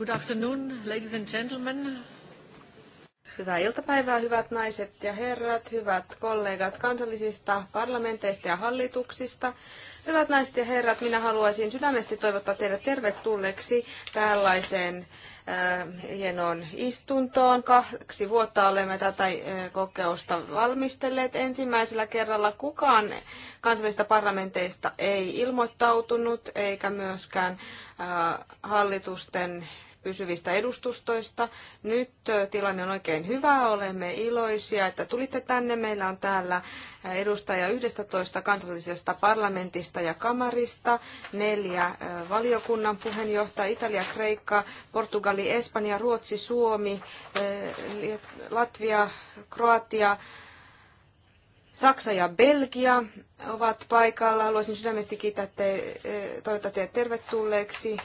Good afternoon, ladies and gentlemen. Hyvää iltapäivää, hyvät naiset ja herrat, hyvät kollegat kansallisista parlamenteista ja hallituksista. Hyvät naiset ja herrat, minä haluaisin sydämesti toivottaa teidät tervetulleeksi tällaiseen äh, hienoon istuntoon. Kaksi vuotta olemme tätä äh, kokeusta valmistelleet. Ensimmäisellä kerralla kukaan kansallisista parlamenteista ei ilmoittautunut, eikä myöskään äh, hallitusten pysyvistä edustustoista. Nyt tilanne on oikein hyvä, olemme iloisia, että tulitte tänne. Meillä on täällä edustaja 11 kansallisesta parlamentista ja kamarista, neljä valiokunnan puheenjohtaja, Italia, Kreikka, Portugali, Espanja, Ruotsi, Suomi, Latvia, Kroatia, Saksa ja Belgia ovat paikalla. Haluaisin sydämesti kiittää te, toivottaa teidät tervetulleeksi.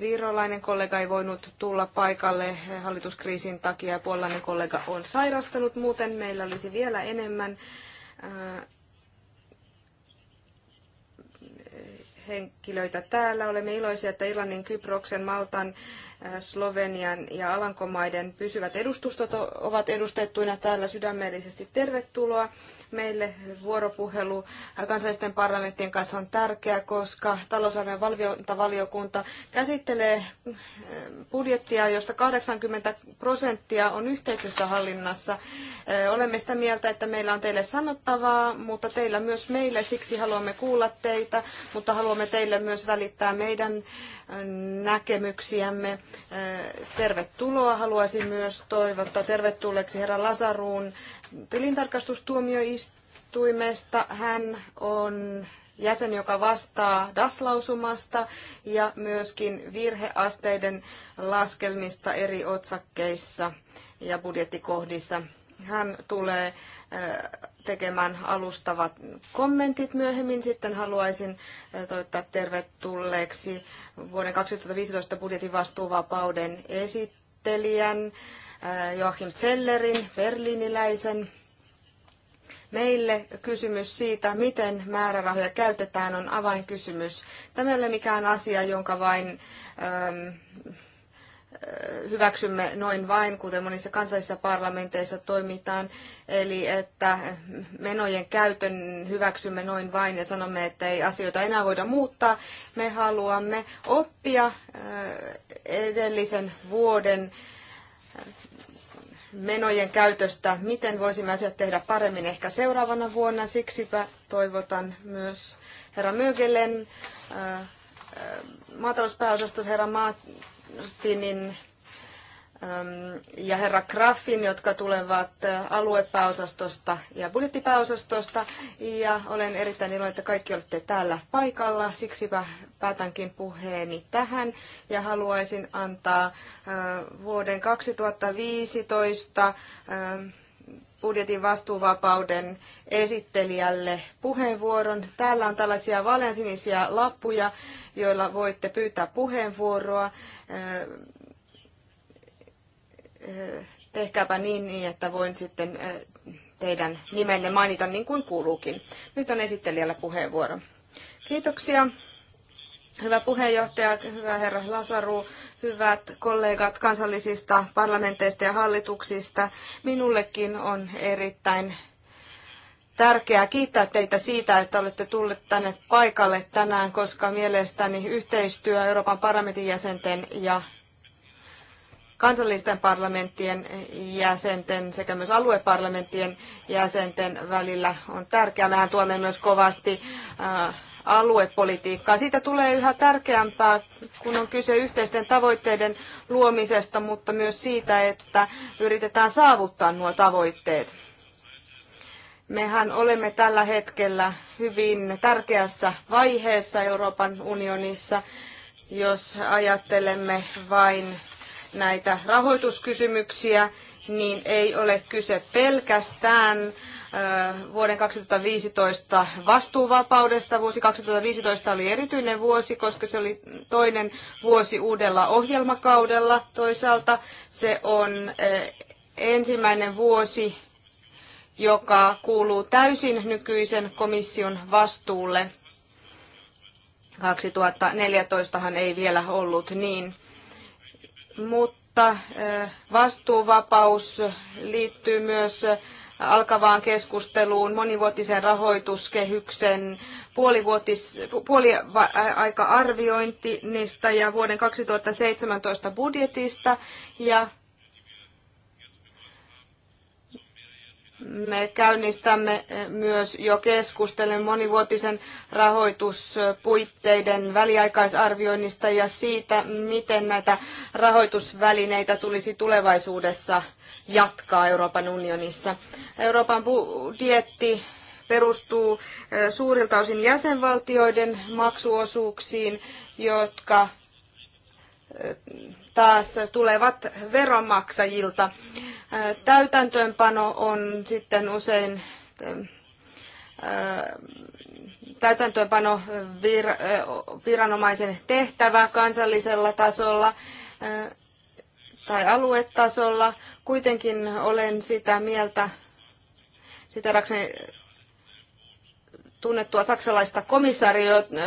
Virolainen kollega ei voinut tulla paikalle hallituskriisin takia ja puolalainen kollega on sairastanut. Muuten meillä olisi vielä enemmän henkilöitä täällä. Olemme iloisia, että Irlannin, Kyproksen, Maltan, Slovenian ja Alankomaiden pysyvät edustustot ovat edustettuina täällä sydämellisesti tervetuloa. Meille vuoropuhelu kansallisten parlamenttien kanssa on tärkeää, koska talousarvion valvontavaliokunta käsittelee eh, budjettia, josta 80 prosenttia on yhteisessä hallinnassa. Eh, olemme sitä mieltä, että meillä on teille sanottavaa, mutta teillä myös meille, siksi haluamme kuulla teitä, mutta haluamme teille myös välittää meidän eh, näkemyksiämme. Tervetuloa. Haluaisin myös toivottaa tervetulleeksi herra Lasaruun tilintarkastustuomioistuimesta. Hän on jäsen, joka vastaa DAS-lausumasta ja myöskin virheasteiden laskelmista eri otsakkeissa ja budjettikohdissa. Hän tulee tekemään alustavat kommentit myöhemmin. Sitten haluaisin toivottaa tervetulleeksi vuoden 2015 budjetin vastuuvapauden esittelijän Äh, Joachim Zellerin, berliiniläisen. Meille kysymys siitä, miten määrärahoja käytetään, on avainkysymys. Tämä ei ole mikään asia, jonka vain ähm, äh, hyväksymme noin vain, kuten monissa kansallisissa parlamenteissa toimitaan, eli että menojen käytön hyväksymme noin vain ja sanomme, että ei asioita enää voida muuttaa. Me haluamme oppia äh, edellisen vuoden menojen käytöstä, miten voisimme asiat tehdä paremmin ehkä seuraavana vuonna. Siksipä toivotan myös herra Mögelen, äh, äh, maatalouspääosastus herra Martinin Ähm, ja herra Graffin, jotka tulevat äh, aluepääosastosta ja budjettipääosastosta. Ja olen erittäin iloinen, että kaikki olette täällä paikalla. siksi päätänkin puheeni tähän ja haluaisin antaa äh, vuoden 2015 ähm, budjetin vastuuvapauden esittelijälle puheenvuoron. Täällä on tällaisia valensinisiä lappuja, joilla voitte pyytää puheenvuoroa. Äh, tehkääpä niin, niin että voin sitten teidän nimenne mainita niin kuin kuuluukin. Nyt on esittelijällä puheenvuoro. Kiitoksia. Hyvä puheenjohtaja, hyvä herra Lasaru, hyvät kollegat kansallisista parlamenteista ja hallituksista. Minullekin on erittäin tärkeää kiittää teitä siitä, että olette tulleet tänne paikalle tänään, koska mielestäni yhteistyö Euroopan parlamentin jäsenten ja kansallisten parlamenttien jäsenten sekä myös alueparlamenttien jäsenten välillä on tärkeää. Mehän tuomme myös kovasti äh, aluepolitiikkaa. Siitä tulee yhä tärkeämpää, kun on kyse yhteisten tavoitteiden luomisesta, mutta myös siitä, että yritetään saavuttaa nuo tavoitteet. Mehän olemme tällä hetkellä hyvin tärkeässä vaiheessa Euroopan unionissa, jos ajattelemme vain näitä rahoituskysymyksiä, niin ei ole kyse pelkästään vuoden 2015 vastuuvapaudesta. Vuosi 2015 oli erityinen vuosi, koska se oli toinen vuosi uudella ohjelmakaudella. Toisaalta se on ensimmäinen vuosi, joka kuuluu täysin nykyisen komission vastuulle. 2014han ei vielä ollut niin mutta vastuuvapaus liittyy myös alkavaan keskusteluun monivuotisen rahoituskehyksen puolivuotis, puoliaika-arvioinnista ja vuoden 2017 budjetista. Ja Me käynnistämme eh, myös jo keskustelen monivuotisen rahoituspuitteiden väliaikaisarvioinnista ja siitä, miten näitä rahoitusvälineitä tulisi tulevaisuudessa jatkaa Euroopan unionissa. Euroopan budjetti perustuu eh, suurilta osin jäsenvaltioiden maksuosuuksiin, jotka eh, taas tulevat veronmaksajilta. Täytäntöönpano on sitten usein täytäntöönpano vir, viranomaisen tehtävä kansallisella tasolla tai aluetasolla. Kuitenkin olen sitä mieltä, sitä tunnettua saksalaista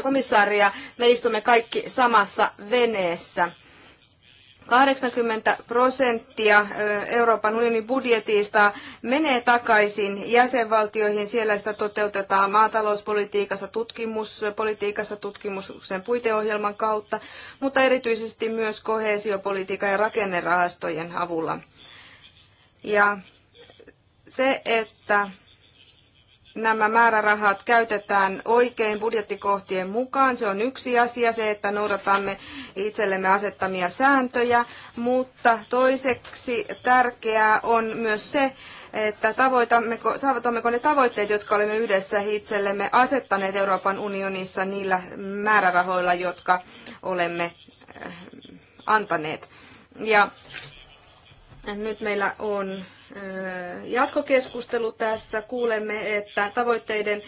komissaria me istumme kaikki samassa veneessä. 80 prosenttia Euroopan unionin budjetista menee takaisin jäsenvaltioihin. Siellä sitä toteutetaan maatalouspolitiikassa, tutkimuspolitiikassa, tutkimuksen puiteohjelman kautta, mutta erityisesti myös koheesiopolitiikan ja rakennerahastojen avulla. Ja se, että nämä määrärahat käytetään oikein budjettikohtien mukaan. Se on yksi asia, se, että noudatamme itsellemme asettamia sääntöjä, mutta toiseksi tärkeää on myös se, että saavutammeko ne tavoitteet, jotka olemme yhdessä itsellemme asettaneet Euroopan unionissa niillä määrärahoilla, jotka olemme eh, antaneet. Ja nyt meillä on jatkokeskustelu tässä. Kuulemme, että tavoitteiden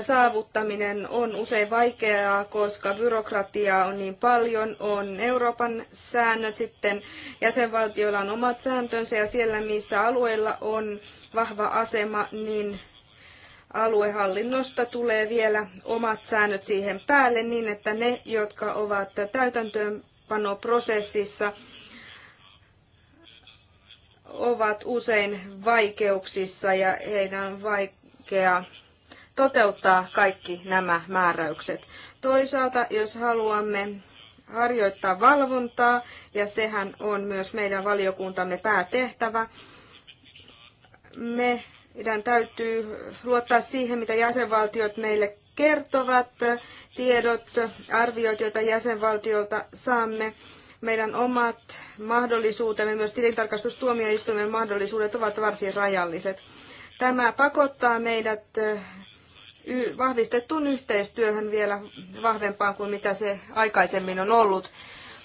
saavuttaminen on usein vaikeaa, koska byrokratiaa on niin paljon. On Euroopan säännöt, sitten jäsenvaltioilla on omat sääntönsä ja siellä, missä alueilla on vahva asema, niin aluehallinnosta tulee vielä omat säännöt siihen päälle niin, että ne, jotka ovat täytäntöönpanoprosessissa, prosessissa ovat usein vaikeuksissa ja heidän on vaikea toteuttaa kaikki nämä määräykset. Toisaalta, jos haluamme harjoittaa valvontaa, ja sehän on myös meidän valiokuntamme päätehtävä, meidän täytyy luottaa siihen, mitä jäsenvaltiot meille kertovat, tiedot, arviot, joita jäsenvaltiolta saamme meidän omat mahdollisuutemme, myös tilintarkastustuomioistuimen mahdollisuudet ovat varsin rajalliset. Tämä pakottaa meidät eh, vahvistettuun yhteistyöhön vielä vahvempaan kuin mitä se aikaisemmin on ollut,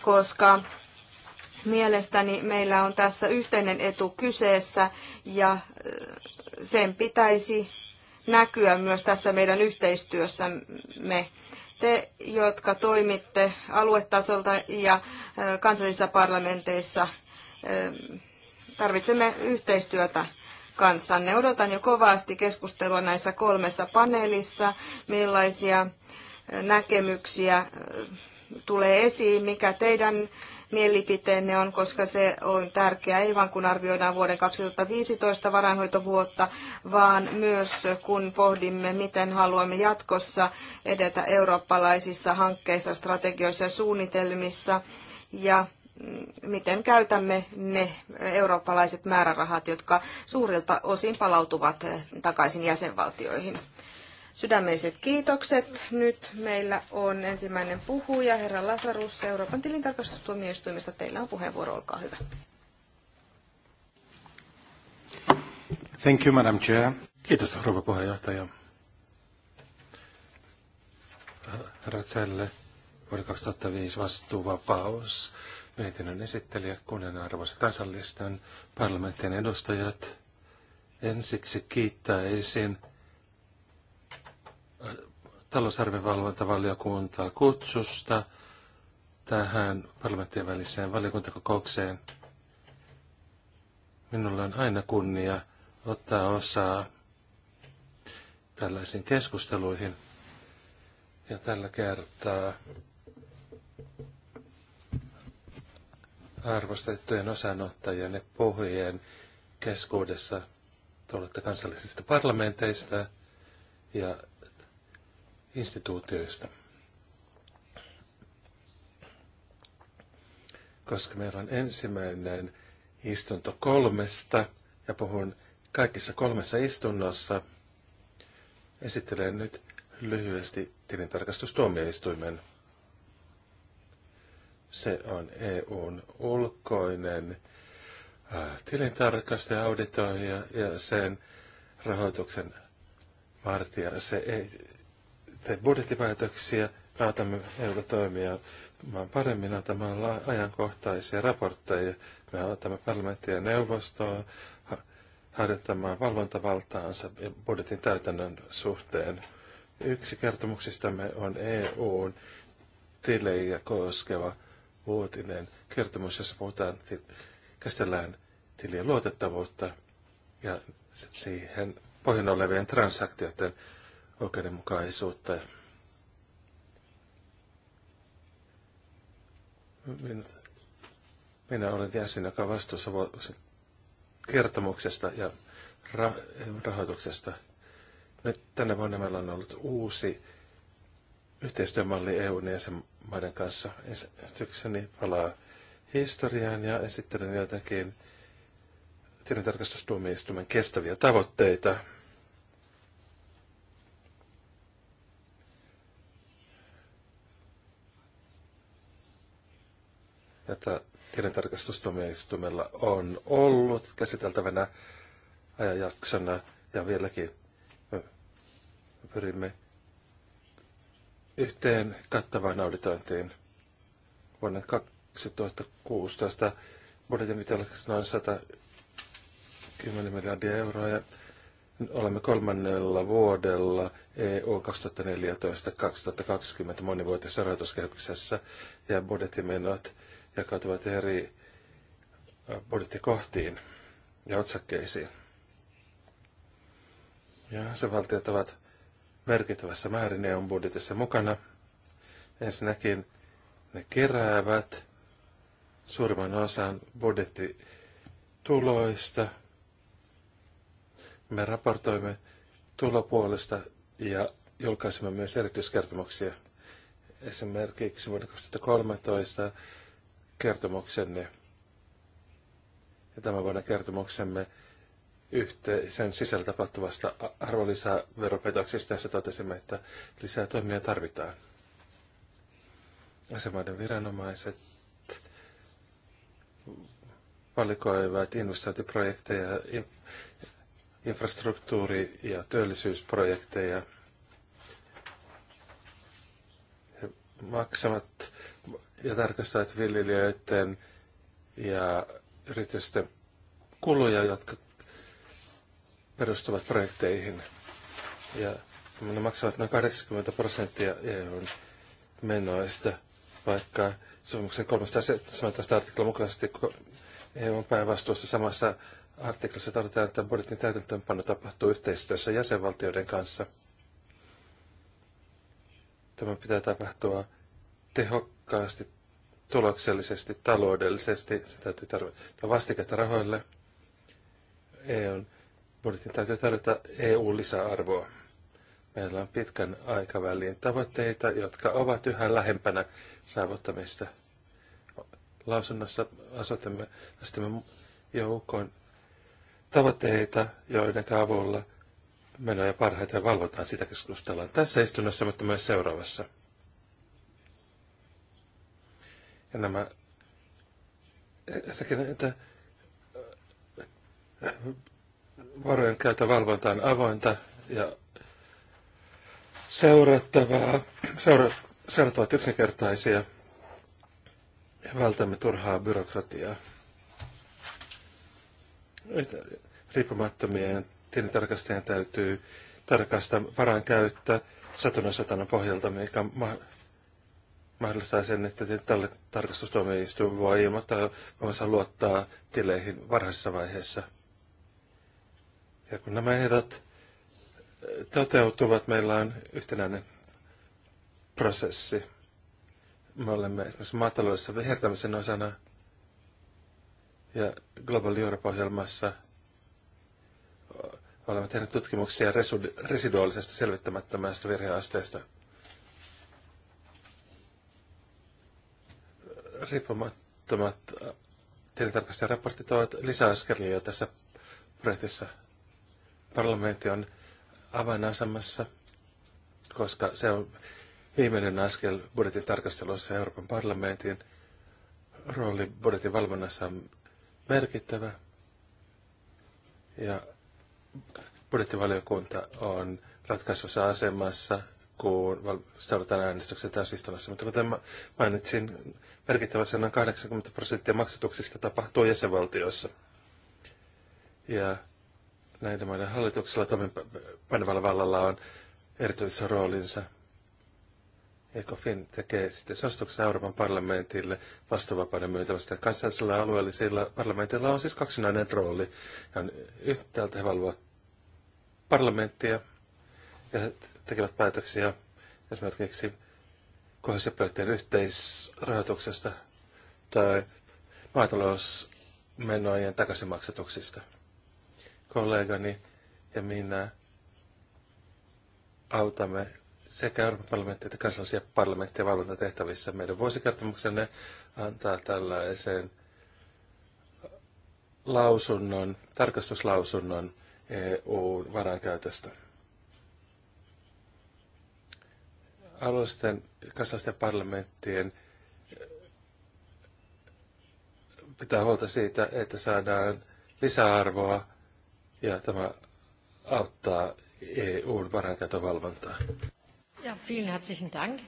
koska mielestäni meillä on tässä yhteinen etu kyseessä ja eh, sen pitäisi näkyä myös tässä meidän yhteistyössämme. Te, jotka toimitte aluetasolta ja kansallisissa parlamenteissa. Tarvitsemme yhteistyötä kanssanne. Odotan jo kovasti keskustelua näissä kolmessa paneelissa, millaisia näkemyksiä tulee esiin, mikä teidän mielipiteenne on, koska se on tärkeää ei vain kun arvioidaan vuoden 2015 varainhoitovuotta, vaan myös kun pohdimme, miten haluamme jatkossa edetä eurooppalaisissa hankkeissa, strategioissa ja suunnitelmissa ja mm, miten käytämme ne eurooppalaiset määrärahat, jotka suurilta osin palautuvat takaisin jäsenvaltioihin. Sydämelliset kiitokset. Nyt meillä on ensimmäinen puhuja, herra Lasarus Euroopan tilintarkastustuomioistuimesta. Teillä on puheenvuoro, olkaa hyvä. Thank you, Madam Chair. Kiitos, rouva puheenjohtaja. Herra Zelle, vuoden 2005 vastuuvapaus. Mietinnön esittelijä, kunnianarvoiset kansallisten parlamenttien edustajat. Ensiksi kiittäisin äh, talousarvivalvontavaliokuntaa kutsusta tähän parlamenttien väliseen valiokuntakokoukseen. Minulla on aina kunnia ottaa osaa tällaisiin keskusteluihin. Ja tällä kertaa arvostettujen osanottajien ja puhujien keskuudessa. Tuolette kansallisista parlamenteista ja instituutioista. Koska meillä on ensimmäinen istunto kolmesta ja puhun kaikissa kolmessa istunnossa, esittelen nyt lyhyesti tilintarkastustuomioistuimen se on EUn ulkoinen äh, tilintarkastaja, auditoija ja sen rahoituksen vartija. Se ei tee budjettipäätöksiä, me autamme EUlle toimia vaan paremmin antamalla ajankohtaisia raportteja. Me autamme parlamenttia ja neuvostoa harjoittamaan valvontavaltaansa budjetin täytännön suhteen. Yksi kertomuksistamme on EUn tilejä koskeva vuotinen kertomus, jossa puhutaan, käsitellään tilien luotettavuutta ja siihen pohjan olevien transaktioiden oikeudenmukaisuutta. Minä, minä olen jäsen, joka on vastuussa kertomuksesta ja rahoituksesta. Nyt tänä vuonna meillä on ollut uusi yhteistyömalli EUn ja sen maiden kanssa. Esitykseni palaa historiaan ja esittelen joitakin tilintarkastustuomioistuimen kestäviä tavoitteita. jota tilintarkastustuomioistuimella on ollut käsiteltävänä ajanjaksona ja vieläkin pyrimme yhteen kattavaan auditointiin vuonna 2016. Budjetin pitää olla noin 110 miljardia euroa ja olemme kolmannella vuodella EU 2014-2020 monivuotisessa rahoituskehyksessä ja budjettimenot jakautuvat eri budjettikohtiin ja otsakkeisiin. Ja se valtiot ovat merkittävässä määrin EUn budjetissa mukana. Ensinnäkin ne keräävät suurimman osan budjettituloista. Me raportoimme tulopuolesta ja julkaisemme myös erityiskertomuksia. Esimerkiksi vuonna 2013 kertomuksenne ja tämän vuoden kertomuksemme sen sisällä tapahtuvasta arvonlisäveropetoksesta, jossa totesimme, että lisää toimia tarvitaan. Asemaiden viranomaiset valikoivat investointiprojekteja, infrastruktuuri- ja työllisyysprojekteja. He maksavat ja tarkastavat viljelijöiden ja yritysten kuluja, jotka perustuvat projekteihin. Ja ne maksavat noin 80 prosenttia EUn menoista, vaikka sopimuksen 317 artikla mukaisesti on päävastuussa samassa artiklassa todetaan, että budjetin täytäntöönpano tapahtuu yhteistyössä jäsenvaltioiden kanssa. Tämä pitää tapahtua tehokkaasti, tuloksellisesti, taloudellisesti. Se täytyy tarvita vastiketta rahoille. EUn budjetin täytyy tarjota EU-lisäarvoa. Meillä on pitkän aikavälin tavoitteita, jotka ovat yhä lähempänä saavuttamista. Lausunnossa asetamme, asetamme joukon tavoitteita, joiden avulla menoja parhaiten valvotaan. Sitä keskustellaan tässä istunnossa, mutta myös seuraavassa. Ja nämä, sekin että varojen käytön valvonta on avointa ja seurattavaa. Seura, seurat ovat yksinkertaisia ja vältämme turhaa byrokratiaa. Riippumattomien tilintarkastajien täytyy tarkastaa varan käyttö satunnan pohjalta, mikä ma- mahdollistaa sen, että tälle tarkastustuomioistuin voi ilmoittaa saa luottaa tileihin varhaisessa vaiheessa – ja kun nämä ehdot eh, toteutuvat, meillä on yhtenäinen prosessi. Me olemme esimerkiksi maataloudessa vihertämisen osana ja Global Europe-ohjelmassa olemme tehneet tutkimuksia residuaalisesta selvittämättömästä virheasteesta. Riippumattomat tilintarkastajan raportit ovat lisäaskelia tässä projektissa parlamentti on avainasemassa, koska se on viimeinen askel budjetin tarkastelussa Euroopan parlamentin rooli budjetin valvonnassa on merkittävä. Ja budjettivaliokunta on ratkaisussa asemassa, kun seurataan äänestyksen täysistunnossa. Mutta kuten mainitsin, merkittävässä noin 80 prosenttia maksatuksista tapahtuu jäsenvaltiossa. Ja näiden maiden hallituksella toimenpanevalla vallalla on erityisessä roolinsa. ECOFIN tekee sitten suosituksen Euroopan parlamentille vastuuvapauden myöntävästä. Kansallisella alueellisilla parlamentilla on siis kaksinainen rooli. Ja on yhtäältä he valvovat parlamenttia ja tekevät päätöksiä esimerkiksi kohdallisen yhteisrahoituksesta tai maatalousmenojen takaisinmaksatuksista kollegani ja minä autamme sekä Euroopan parlamentti että kansallisia parlamenttia valvontatehtävissä. Meidän vuosikertomuksenne antaa tällaisen lausunnon, tarkastuslausunnon EU-varankäytöstä. Alueellisten kansallisten parlamenttien pitää huolta siitä, että saadaan lisäarvoa ja tämä auttaa EUn varainkäytövalvontaa. Ja, vielen herzlichen Dank.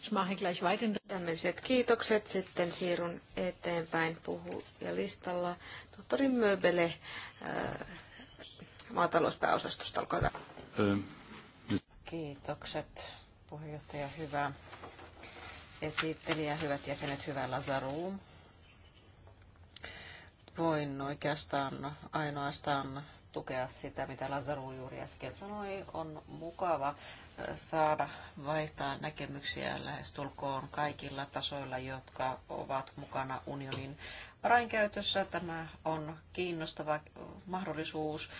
Ich mache gleich weiter. Tämmöiset kiitokset. Sitten siirryn eteenpäin puhujalistalla. Tohtori Möbele äh, maatalouspääosastosta. Olkaa ähm. Kiitokset puheenjohtaja, hyvä esittelijä, hyvät jäsenet, hyvä Lazarum. Voin oikeastaan ainoastaan tukea sitä, mitä Lazaru juuri äsken sanoi. On mukava saada vaihtaa näkemyksiä lähestulkoon kaikilla tasoilla, jotka ovat mukana unionin varainkäytössä. Tämä on kiinnostava mahdollisuus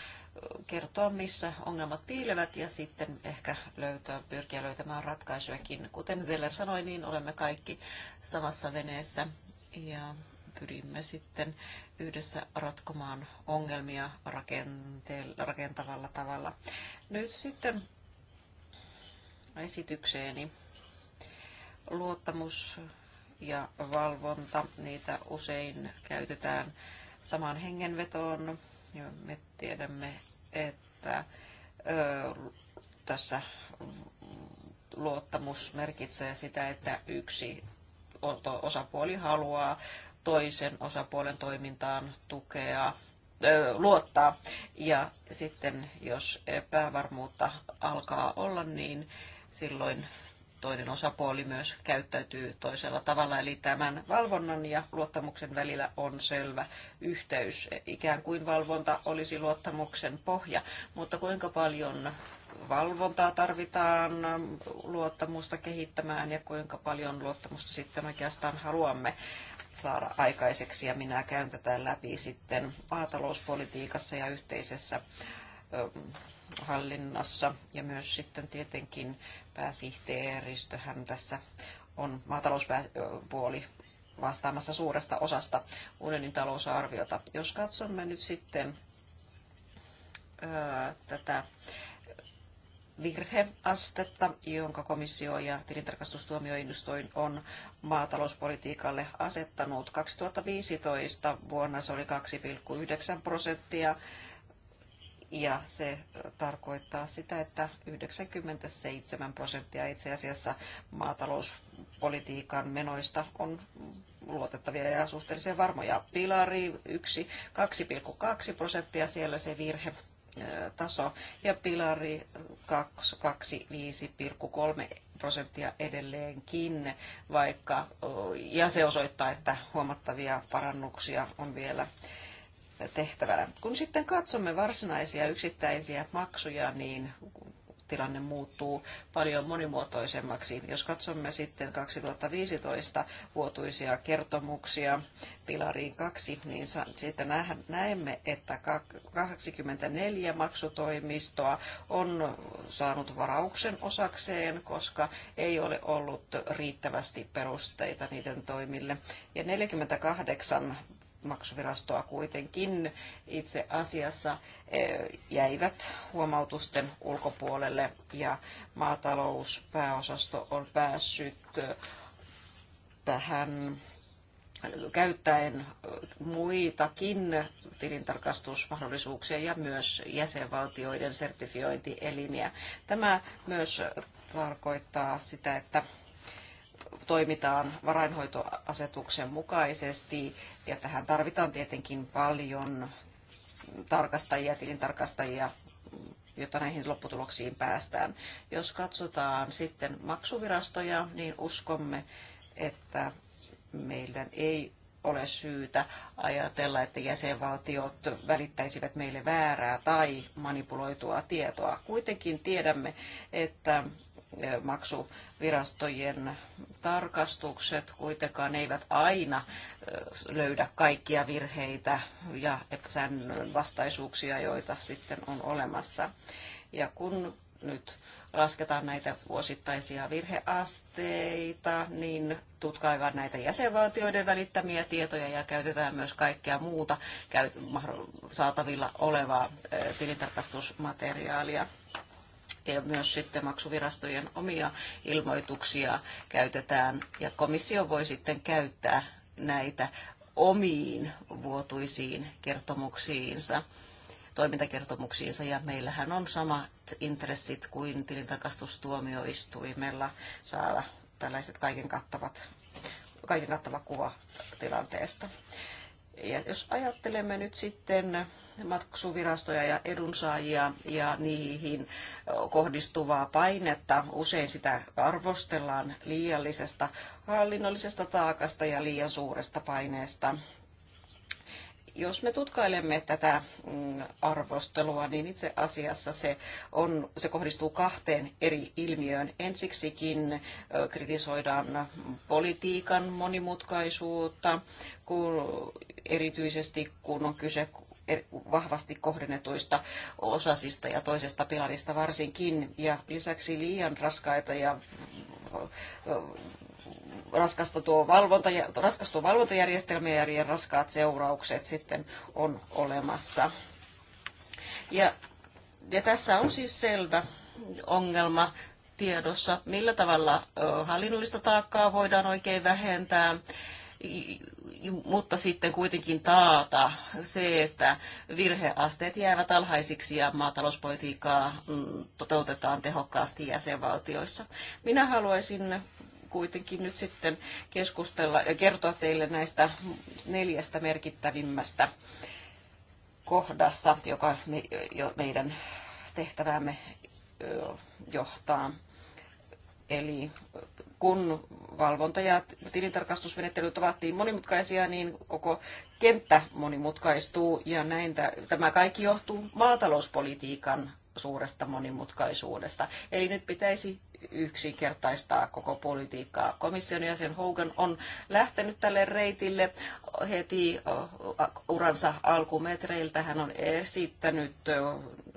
kertoa, missä ongelmat piilevät ja sitten ehkä löytää, pyrkiä löytämään ratkaisujakin. Kuten Zeller sanoi, niin olemme kaikki samassa veneessä ja pyrimme sitten yhdessä ratkomaan ongelmia rakentavalla tavalla. Nyt sitten esitykseeni luottamus ja valvonta, niitä usein käytetään saman hengenvetoon. Me tiedämme, että ö, tässä luottamus merkitsee sitä, että yksi osapuoli haluaa toisen osapuolen toimintaan tukea luottaa. Ja sitten jos epävarmuutta alkaa olla, niin silloin toinen osapuoli myös käyttäytyy toisella tavalla. Eli tämän valvonnan ja luottamuksen välillä on selvä yhteys. Ikään kuin valvonta olisi luottamuksen pohja, mutta kuinka paljon valvontaa tarvitaan, luottamusta kehittämään ja kuinka paljon luottamusta sitten oikeastaan haluamme saada aikaiseksi. Ja minä käyn tätä läpi sitten maatalouspolitiikassa ja yhteisessä ähm, hallinnassa ja myös sitten tietenkin pääsihteeristöhän tässä on maatalouspuoli vastaamassa suuresta osasta unionin talousarviota. Jos katsomme nyt sitten ää, äh, tätä virheastetta, jonka komissio ja tilintarkastustuomioistuin on maatalouspolitiikalle asettanut. 2015 vuonna se oli 2,9 prosenttia ja se tarkoittaa sitä, että 97 prosenttia itse asiassa maatalouspolitiikan menoista on luotettavia ja suhteellisen varmoja. Pilari 1, 2,2 prosenttia siellä se virhe taso ja pilari 25,3 prosenttia edelleenkin, vaikka, ja se osoittaa, että huomattavia parannuksia on vielä tehtävänä. Kun sitten katsomme varsinaisia yksittäisiä maksuja, niin tilanne muuttuu paljon monimuotoisemmaksi. Jos katsomme sitten 2015 vuotuisia kertomuksia pilariin kaksi, niin siitä näemme, että 84 maksutoimistoa on saanut varauksen osakseen, koska ei ole ollut riittävästi perusteita niiden toimille. Ja 48 maksuvirastoa kuitenkin itse asiassa eh, jäivät huomautusten ulkopuolelle ja maatalouspääosasto on päässyt eh, tähän käyttäen eh, muitakin tilintarkastusmahdollisuuksia ja myös jäsenvaltioiden sertifiointielimiä. Tämä myös tarkoittaa sitä, että toimitaan varainhoitoasetuksen mukaisesti ja tähän tarvitaan tietenkin paljon tarkastajia, tilintarkastajia, jotta näihin lopputuloksiin päästään. Jos katsotaan sitten maksuvirastoja, niin uskomme, että meillä ei ole syytä ajatella, että jäsenvaltiot välittäisivät meille väärää tai manipuloitua tietoa. Kuitenkin tiedämme, että maksuvirastojen tarkastukset kuitenkaan eivät aina löydä kaikkia virheitä ja säännönvastaisuuksia, joita sitten on olemassa. Ja kun nyt lasketaan näitä vuosittaisia virheasteita, niin tutkaillaan näitä jäsenvaltioiden välittämiä tietoja ja käytetään myös kaikkea muuta saatavilla olevaa tilintarkastusmateriaalia ja myös sitten maksuvirastojen omia ilmoituksia käytetään ja komissio voi sitten käyttää näitä omiin vuotuisiin kertomuksiinsa toimintakertomuksiinsa ja meillähän on samat intressit kuin tilintarkastustuomioistuimella saada tällaiset kaiken kattavat kaiken kattava kuva tilanteesta. Ja jos ajattelemme nyt sitten maksuvirastoja ja edunsaajia ja niihin kohdistuvaa painetta, usein sitä arvostellaan liiallisesta hallinnollisesta taakasta ja liian suuresta paineesta jos me tutkailemme tätä mm, arvostelua, niin itse asiassa se, on, se kohdistuu kahteen eri ilmiöön. Ensiksikin kritisoidaan politiikan monimutkaisuutta, kun, erityisesti kun on kyse e, vahvasti kohdennetuista osasista ja toisesta pilarista varsinkin, ja lisäksi liian raskaita ja raskasta tuo valvonta, raskas tuo valvontajärjestelmä ja raskaat seuraukset sitten on olemassa. Ja, ja tässä on siis selvä ongelma tiedossa, millä tavalla hallinnollista taakkaa voidaan oikein vähentää, mutta sitten kuitenkin taata se, että virheasteet jäävät alhaisiksi ja maatalouspolitiikkaa mm, toteutetaan tehokkaasti jäsenvaltioissa. Minä haluaisin kuitenkin nyt sitten keskustella ja kertoa teille näistä neljästä merkittävimmästä kohdasta, joka me, jo meidän tehtävämme johtaa. Eli kun valvonta- ja tilintarkastusmenettelyt ovat niin monimutkaisia, niin koko kenttä monimutkaistuu ja näin tämä kaikki johtuu maatalouspolitiikan suuresta monimutkaisuudesta. Eli nyt pitäisi yksinkertaistaa koko politiikkaa. Komission jäsen Hogan on lähtenyt tälle reitille heti uransa alkumetreiltä. Hän on esittänyt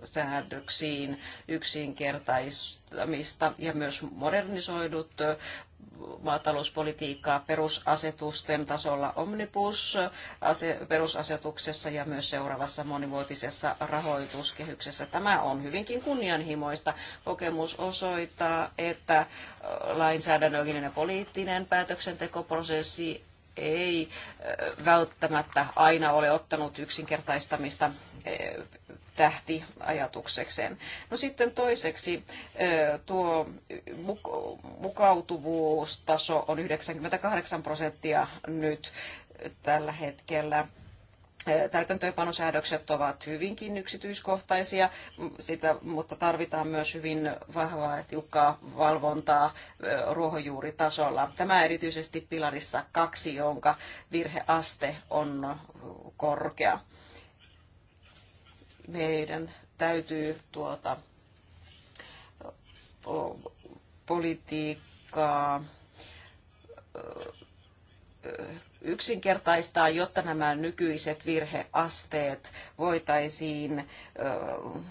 säädöksiin yksinkertaistamista ja myös modernisoidut maatalouspolitiikkaa perusasetusten tasolla Omnibus perusasetuksessa ja myös seuraavassa monivuotisessa rahoituskehyksessä. Tämä on hyvinkin kunnianhimoista. Kokemus osoittaa, että lainsäädännöllinen ja poliittinen päätöksentekoprosessi ei välttämättä aina ole ottanut yksinkertaistamista tähti ajatuksekseen. No sitten toiseksi tuo mukautuvuustaso on 98 prosenttia nyt tällä hetkellä täytäntöönpanosäädökset ovat hyvinkin yksityiskohtaisia, sitä, mutta tarvitaan myös hyvin vahvaa ja tiukkaa valvontaa ruohonjuuritasolla. Tämä erityisesti pilarissa kaksi, jonka virheaste on korkea meidän täytyy tuota politiikkaa yksinkertaistaa, jotta nämä nykyiset virheasteet voitaisiin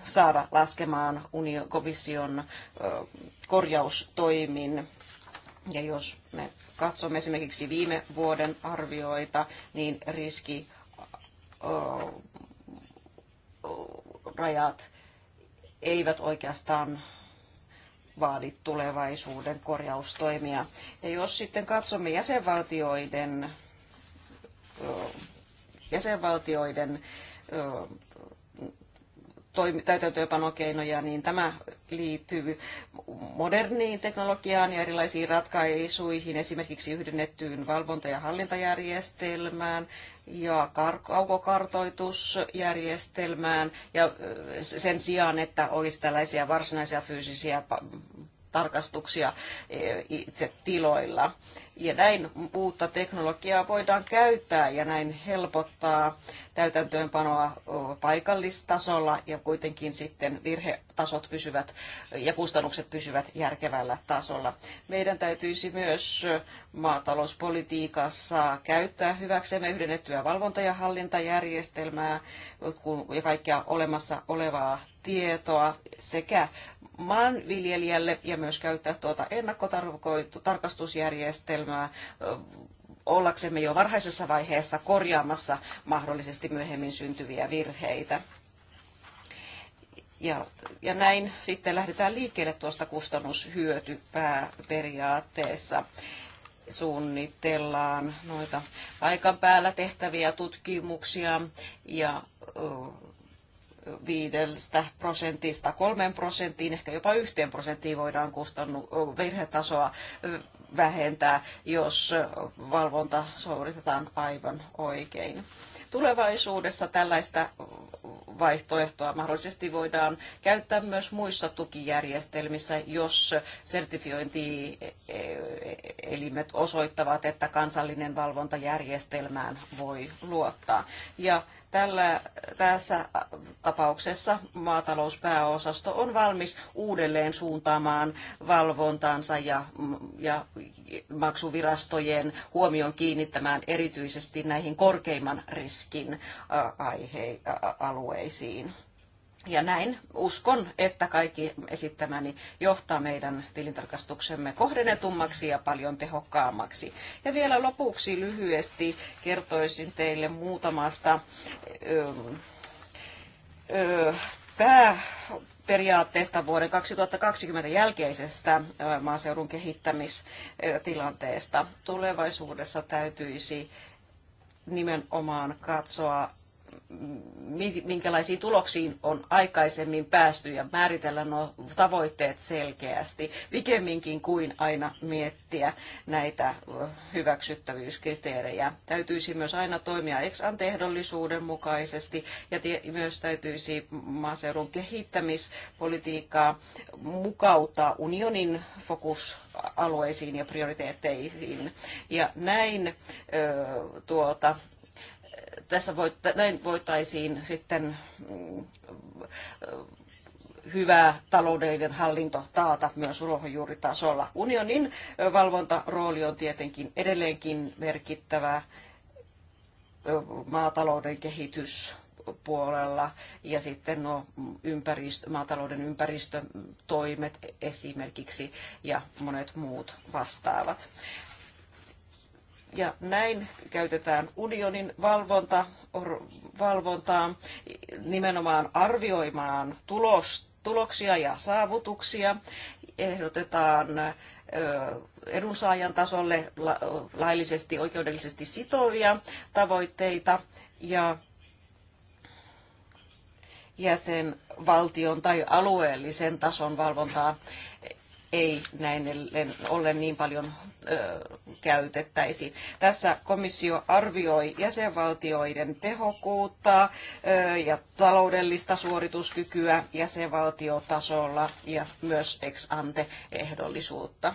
saada laskemaan komission korjaustoimin. Ja jos me katsomme esimerkiksi viime vuoden arvioita, niin riski rajat eivät oikeastaan vaadi tulevaisuuden korjaustoimia. Ja jos sitten katsomme jäsenvaltioiden, jäsenvaltioiden täytäntöönpanokeinoja, niin tämä liittyy moderniin teknologiaan ja erilaisiin ratkaisuihin, esimerkiksi yhdennettyyn valvonta- ja hallintajärjestelmään ja kaukokartoitusjärjestelmään ja sen sijaan, että olisi tällaisia varsinaisia fyysisiä tarkastuksia e, itse tiloilla. Ja näin uutta teknologiaa voidaan käyttää ja näin helpottaa täytäntöönpanoa paikallistasolla ja kuitenkin sitten virhetasot pysyvät ja kustannukset pysyvät järkevällä tasolla. Meidän täytyisi myös maatalouspolitiikassa käyttää hyväksemme yhdennettyä valvonta- ja hallintajärjestelmää ja kaikkea olemassa olevaa tietoa sekä maanviljelijälle ja myös käyttää tuota ennakkotarkastusjärjestelmää ollaksemme jo varhaisessa vaiheessa korjaamassa mahdollisesti myöhemmin syntyviä virheitä. Ja, ja näin sitten lähdetään liikkeelle tuosta kustannushyötypääperiaatteessa suunnitellaan noita paikan päällä tehtäviä tutkimuksia ja viidestä prosentista kolmen prosenttiin, ehkä jopa yhteen prosenttiin voidaan kustannu- virhetasoa vähentää, jos valvonta suoritetaan aivan oikein. Tulevaisuudessa tällaista vaihtoehtoa mahdollisesti voidaan käyttää myös muissa tukijärjestelmissä, jos sertifiointielimet osoittavat, että kansallinen valvontajärjestelmään voi luottaa. Ja Tällä, tässä tapauksessa maatalouspääosasto on valmis uudelleen suuntaamaan valvontaansa ja, ja maksuvirastojen huomion kiinnittämään erityisesti näihin korkeimman riskin aihealueisiin. Ja näin uskon, että kaikki esittämäni johtaa meidän tilintarkastuksemme kohdennetummaksi ja paljon tehokkaammaksi. Ja vielä lopuksi lyhyesti kertoisin teille muutamasta ö, ähm, ö, äh, pää, periaatteesta vuoden 2020 jälkeisestä äh, maaseudun kehittämistilanteesta. Tulevaisuudessa täytyisi nimenomaan katsoa minkälaisiin tuloksiin on aikaisemmin päästy ja määritellä nuo tavoitteet selkeästi, pikemminkin kuin aina miettiä näitä hyväksyttävyyskriteerejä. Täytyisi myös aina toimia ex ehdollisuuden mukaisesti ja myös täytyisi maaseudun kehittämispolitiikkaa mukauttaa unionin fokusalueisiin ja prioriteetteihin. Ja näin ö, tuota, tässä voit, näin voitaisiin sitten mm, hyvä taloudellinen hallinto taata myös ruohonjuuritasolla. Unionin valvontarooli on tietenkin edelleenkin merkittävä maatalouden kehitys puolella ja sitten no ympäristö, maatalouden ympäristötoimet esimerkiksi ja monet muut vastaavat. Ja näin käytetään unionin valvonta, valvontaa nimenomaan arvioimaan tulos, tuloksia ja saavutuksia. Ehdotetaan edunsaajan tasolle laillisesti oikeudellisesti sitovia tavoitteita ja jäsenvaltion tai alueellisen tason valvontaa ei näin ollen niin paljon käytettäisi. Tässä komissio arvioi jäsenvaltioiden tehokkuutta ja taloudellista suorituskykyä jäsenvaltiotasolla ja myös ex ante ehdollisuutta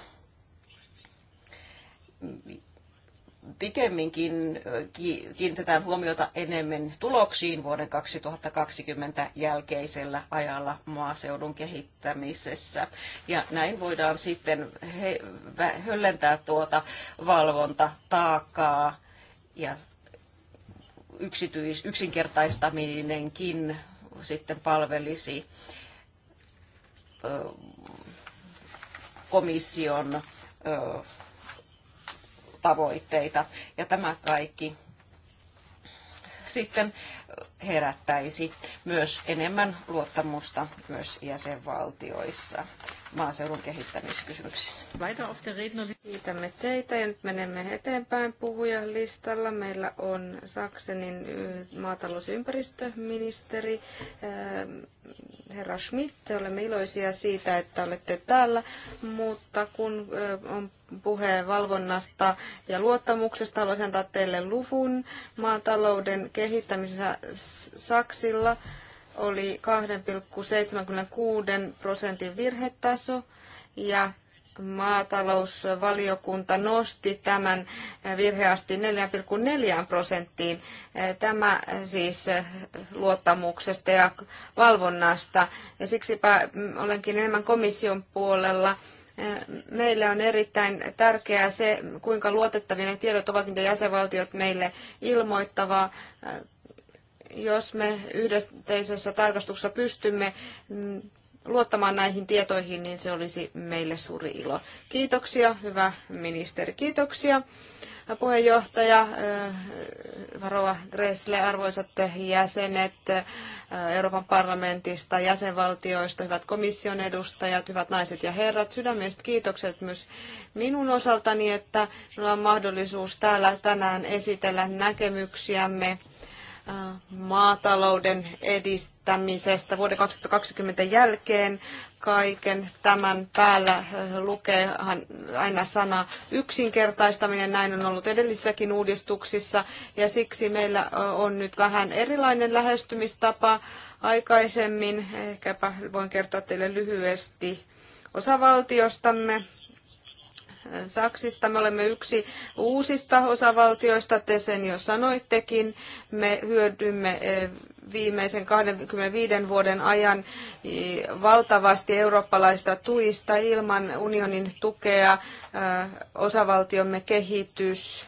pikemminkin kiinnitetään huomiota enemmän tuloksiin vuoden 2020 jälkeisellä ajalla maaseudun kehittämisessä. Ja näin voidaan sitten he, höllentää tuota valvontataakkaa ja yksityis, yksinkertaistaminenkin sitten palvelisi komission tavoitteita. Ja tämä kaikki sitten herättäisi myös enemmän luottamusta myös jäsenvaltioissa maaseudun kehittämiskysymyksissä. Kiitämme teitä ja nyt menemme eteenpäin puhujalistalla. Meillä on Saksenin maatalous- ja ympäristöministeri herra Schmidt. Olemme iloisia siitä, että olette täällä, mutta kun on puhe valvonnasta ja luottamuksesta, haluaisin antaa teille luvun maatalouden kehittämisessä Saksilla oli 2,76 prosentin virhetaso ja maatalousvaliokunta nosti tämän virheasti 4,4 prosenttiin. Tämä siis luottamuksesta ja valvonnasta. Ja siksipä olenkin enemmän komission puolella. Meille on erittäin tärkeää se, kuinka luotettavia ne tiedot ovat, mitä jäsenvaltiot meille ilmoittavat jos me yhdessä tarkastuksessa pystymme mm, luottamaan näihin tietoihin, niin se olisi meille suuri ilo. Kiitoksia, hyvä ministeri. Kiitoksia puheenjohtaja, äh, Varoa Gressle, arvoisat jäsenet äh, Euroopan parlamentista, jäsenvaltioista, hyvät komission edustajat, hyvät naiset ja herrat, sydämestä kiitokset myös minun osaltani, että minulla on mahdollisuus täällä tänään esitellä näkemyksiämme maatalouden edistämisestä vuoden 2020 jälkeen. Kaiken tämän päällä äh, lukee aina sana yksinkertaistaminen. Näin on ollut edellisissäkin uudistuksissa ja siksi meillä äh, on nyt vähän erilainen lähestymistapa aikaisemmin. Ehkäpä voin kertoa teille lyhyesti osavaltiostamme. Saksista. Me olemme yksi uusista osavaltioista, te sen jo sanoittekin. Me hyödymme eh, viimeisen 25 vuoden ajan valtavasti eurooppalaista tuista ilman unionin tukea. Eh, osavaltiomme kehitys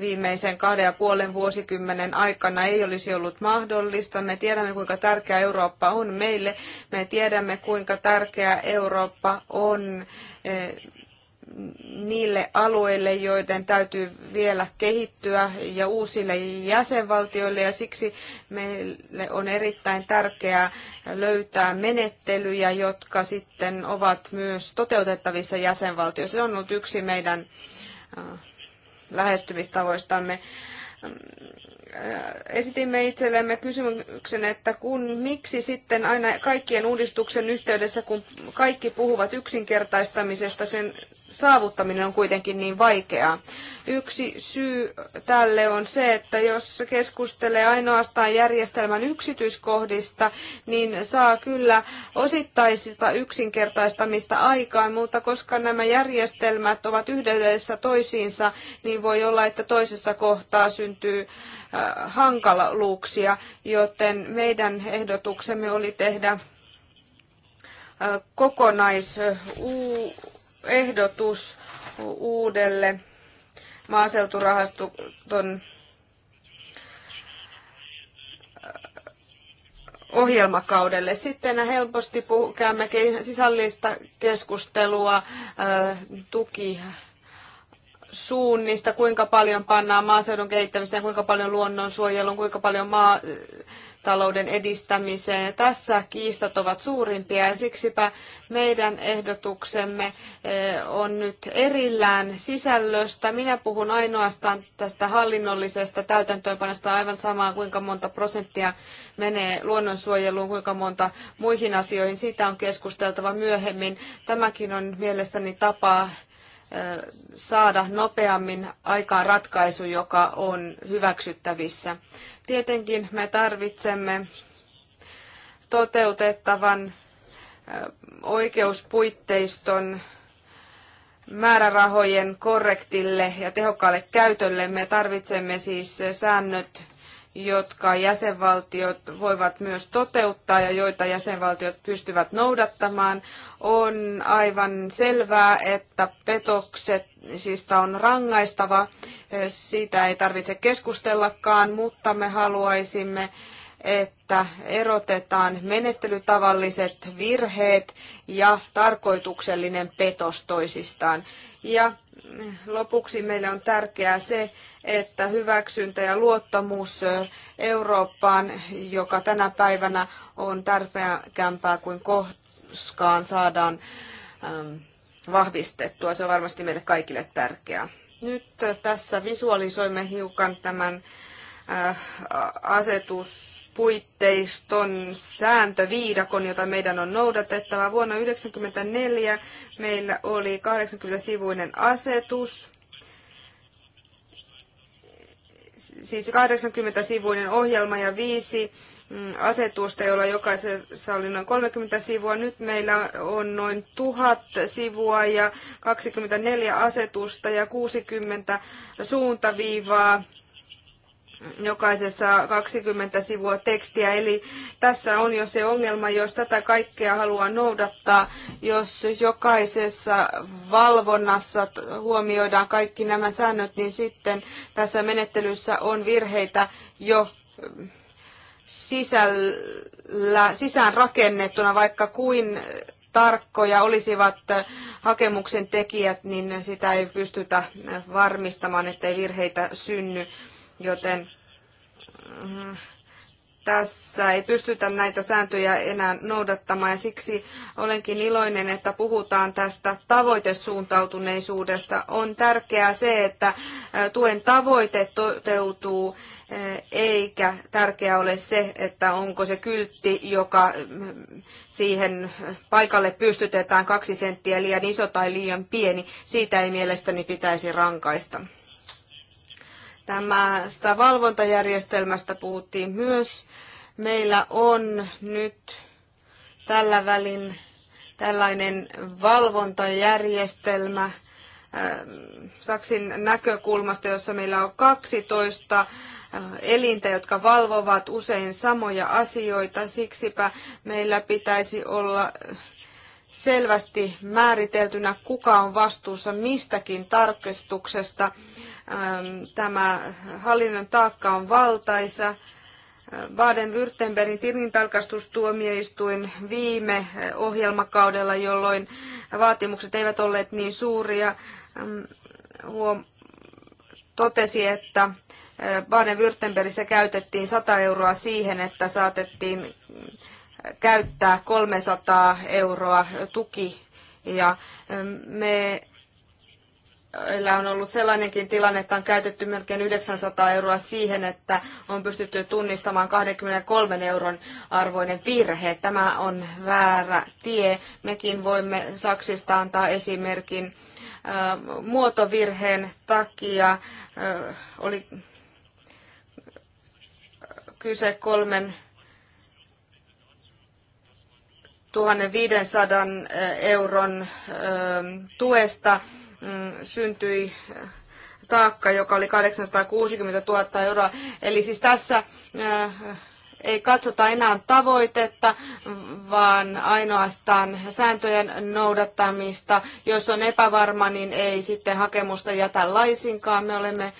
viimeisen kahden ja puolen vuosikymmenen aikana ei olisi ollut mahdollista. Me tiedämme, kuinka tärkeä Eurooppa on meille. Me tiedämme, kuinka tärkeä Eurooppa on eh, niille alueille, joiden täytyy vielä kehittyä ja uusille jäsenvaltioille ja siksi meille on erittäin tärkeää löytää menettelyjä, jotka sitten ovat myös toteutettavissa jäsenvaltioissa. Se on ollut yksi meidän äh, lähestymistavoistamme äh, esitimme itsellemme kysymyksen, että kun miksi sitten aina kaikkien uudistuksen yhteydessä, kun kaikki puhuvat yksinkertaistamisesta, sen saavuttaminen on kuitenkin niin vaikeaa. Yksi syy tälle on se, että jos keskustelee ainoastaan järjestelmän yksityiskohdista, niin saa kyllä osittaisista yksinkertaistamista aikaan, mutta koska nämä järjestelmät ovat yhdessä toisiinsa, niin voi olla, että toisessa kohtaa syntyy äh, hankaluuksia, joten meidän ehdotuksemme oli tehdä äh, kokonaisuus. Äh, ehdotus uudelle maaseuturahaston äh, ohjelmakaudelle. Sitten helposti puh- käymme sisällistä keskustelua äh, tuki suunnista, kuinka paljon pannaan maaseudun kehittämiseen, kuinka paljon luonnonsuojeluun, kuinka paljon maa, talouden edistämiseen. Tässä kiistat ovat suurimpia ja siksipä meidän ehdotuksemme eh, on nyt erillään sisällöstä. Minä puhun ainoastaan tästä hallinnollisesta täytäntöönpanosta aivan samaa, kuinka monta prosenttia menee luonnonsuojeluun, kuinka monta muihin asioihin. Siitä on keskusteltava myöhemmin. Tämäkin on mielestäni tapa eh, saada nopeammin aikaan ratkaisu, joka on hyväksyttävissä. Tietenkin me tarvitsemme toteutettavan oikeuspuitteiston määrärahojen korrektille ja tehokkaalle käytölle. Me tarvitsemme siis säännöt jotka jäsenvaltiot voivat myös toteuttaa ja joita jäsenvaltiot pystyvät noudattamaan. On aivan selvää, että petoksista on rangaistava. Siitä ei tarvitse keskustellakaan, mutta me haluaisimme että erotetaan menettelytavalliset virheet ja tarkoituksellinen petos toisistaan. Ja Lopuksi meille on tärkeää se, että hyväksyntä ja luottamus Eurooppaan, joka tänä päivänä on tärkeämpää kuin koskaan, saadaan vahvistettua. Se on varmasti meille kaikille tärkeää. Nyt tässä visualisoimme hiukan tämän Äh, asetuspuitteiston sääntöviidakon, jota meidän on noudatettava. Vuonna 1994 meillä oli 80-sivuinen asetus, siis 80-sivuinen ohjelma ja viisi mm, asetusta, jolla jokaisessa oli noin 30 sivua. Nyt meillä on noin 1000 sivua ja 24 asetusta ja 60 suuntaviivaa jokaisessa 20 sivua tekstiä. Eli tässä on jo se ongelma, jos tätä kaikkea haluaa noudattaa, jos jokaisessa valvonnassa huomioidaan kaikki nämä säännöt, niin sitten tässä menettelyssä on virheitä jo mm, sisällä, sisään rakennettuna, vaikka kuin tarkkoja olisivat hakemuksen tekijät, niin sitä ei pystytä varmistamaan, ettei virheitä synny joten mm, tässä ei pystytä näitä sääntöjä enää noudattamaan ja siksi olenkin iloinen, että puhutaan tästä tavoitesuuntautuneisuudesta. On tärkeää se, että tuen tavoite toteutuu eikä tärkeää ole se, että onko se kyltti, joka siihen paikalle pystytetään kaksi senttiä liian iso tai liian pieni. Siitä ei mielestäni pitäisi rankaista. Tämästä valvontajärjestelmästä puhuttiin myös. Meillä on nyt tällä välin tällainen valvontajärjestelmä ähm, Saksin näkökulmasta, jossa meillä on 12 äh, elintä, jotka valvovat usein samoja asioita. Siksipä meillä pitäisi olla äh, selvästi määriteltynä, kuka on vastuussa mistäkin tarkistuksesta Ähm, tämä hallinnon taakka on valtaisa. Äh, Baden-Württembergin tilintarkastustuomioistuin viime äh, ohjelmakaudella, jolloin vaatimukset eivät olleet niin suuria, ähm, huom- totesi, että äh, Baden-Württembergissä käytettiin 100 euroa siihen, että saatettiin käyttää 300 euroa tuki. Ja ähm, me Meillä on ollut sellainenkin tilanne, että on käytetty melkein 900 euroa siihen, että on pystytty tunnistamaan 23 euron arvoinen virhe. Tämä on väärä tie. Mekin voimme Saksista antaa esimerkin äh, muotovirheen takia. Äh, oli kyse kolmen 1500 äh, euron tuesta Mm, syntyi äh, taakka, joka oli 860 000 euroa. Eli siis tässä äh, ei katsota enää tavoitetta, vaan ainoastaan sääntöjen noudattamista. Jos on epävarma, niin ei sitten hakemusta jätä laisinkaan. Me olemme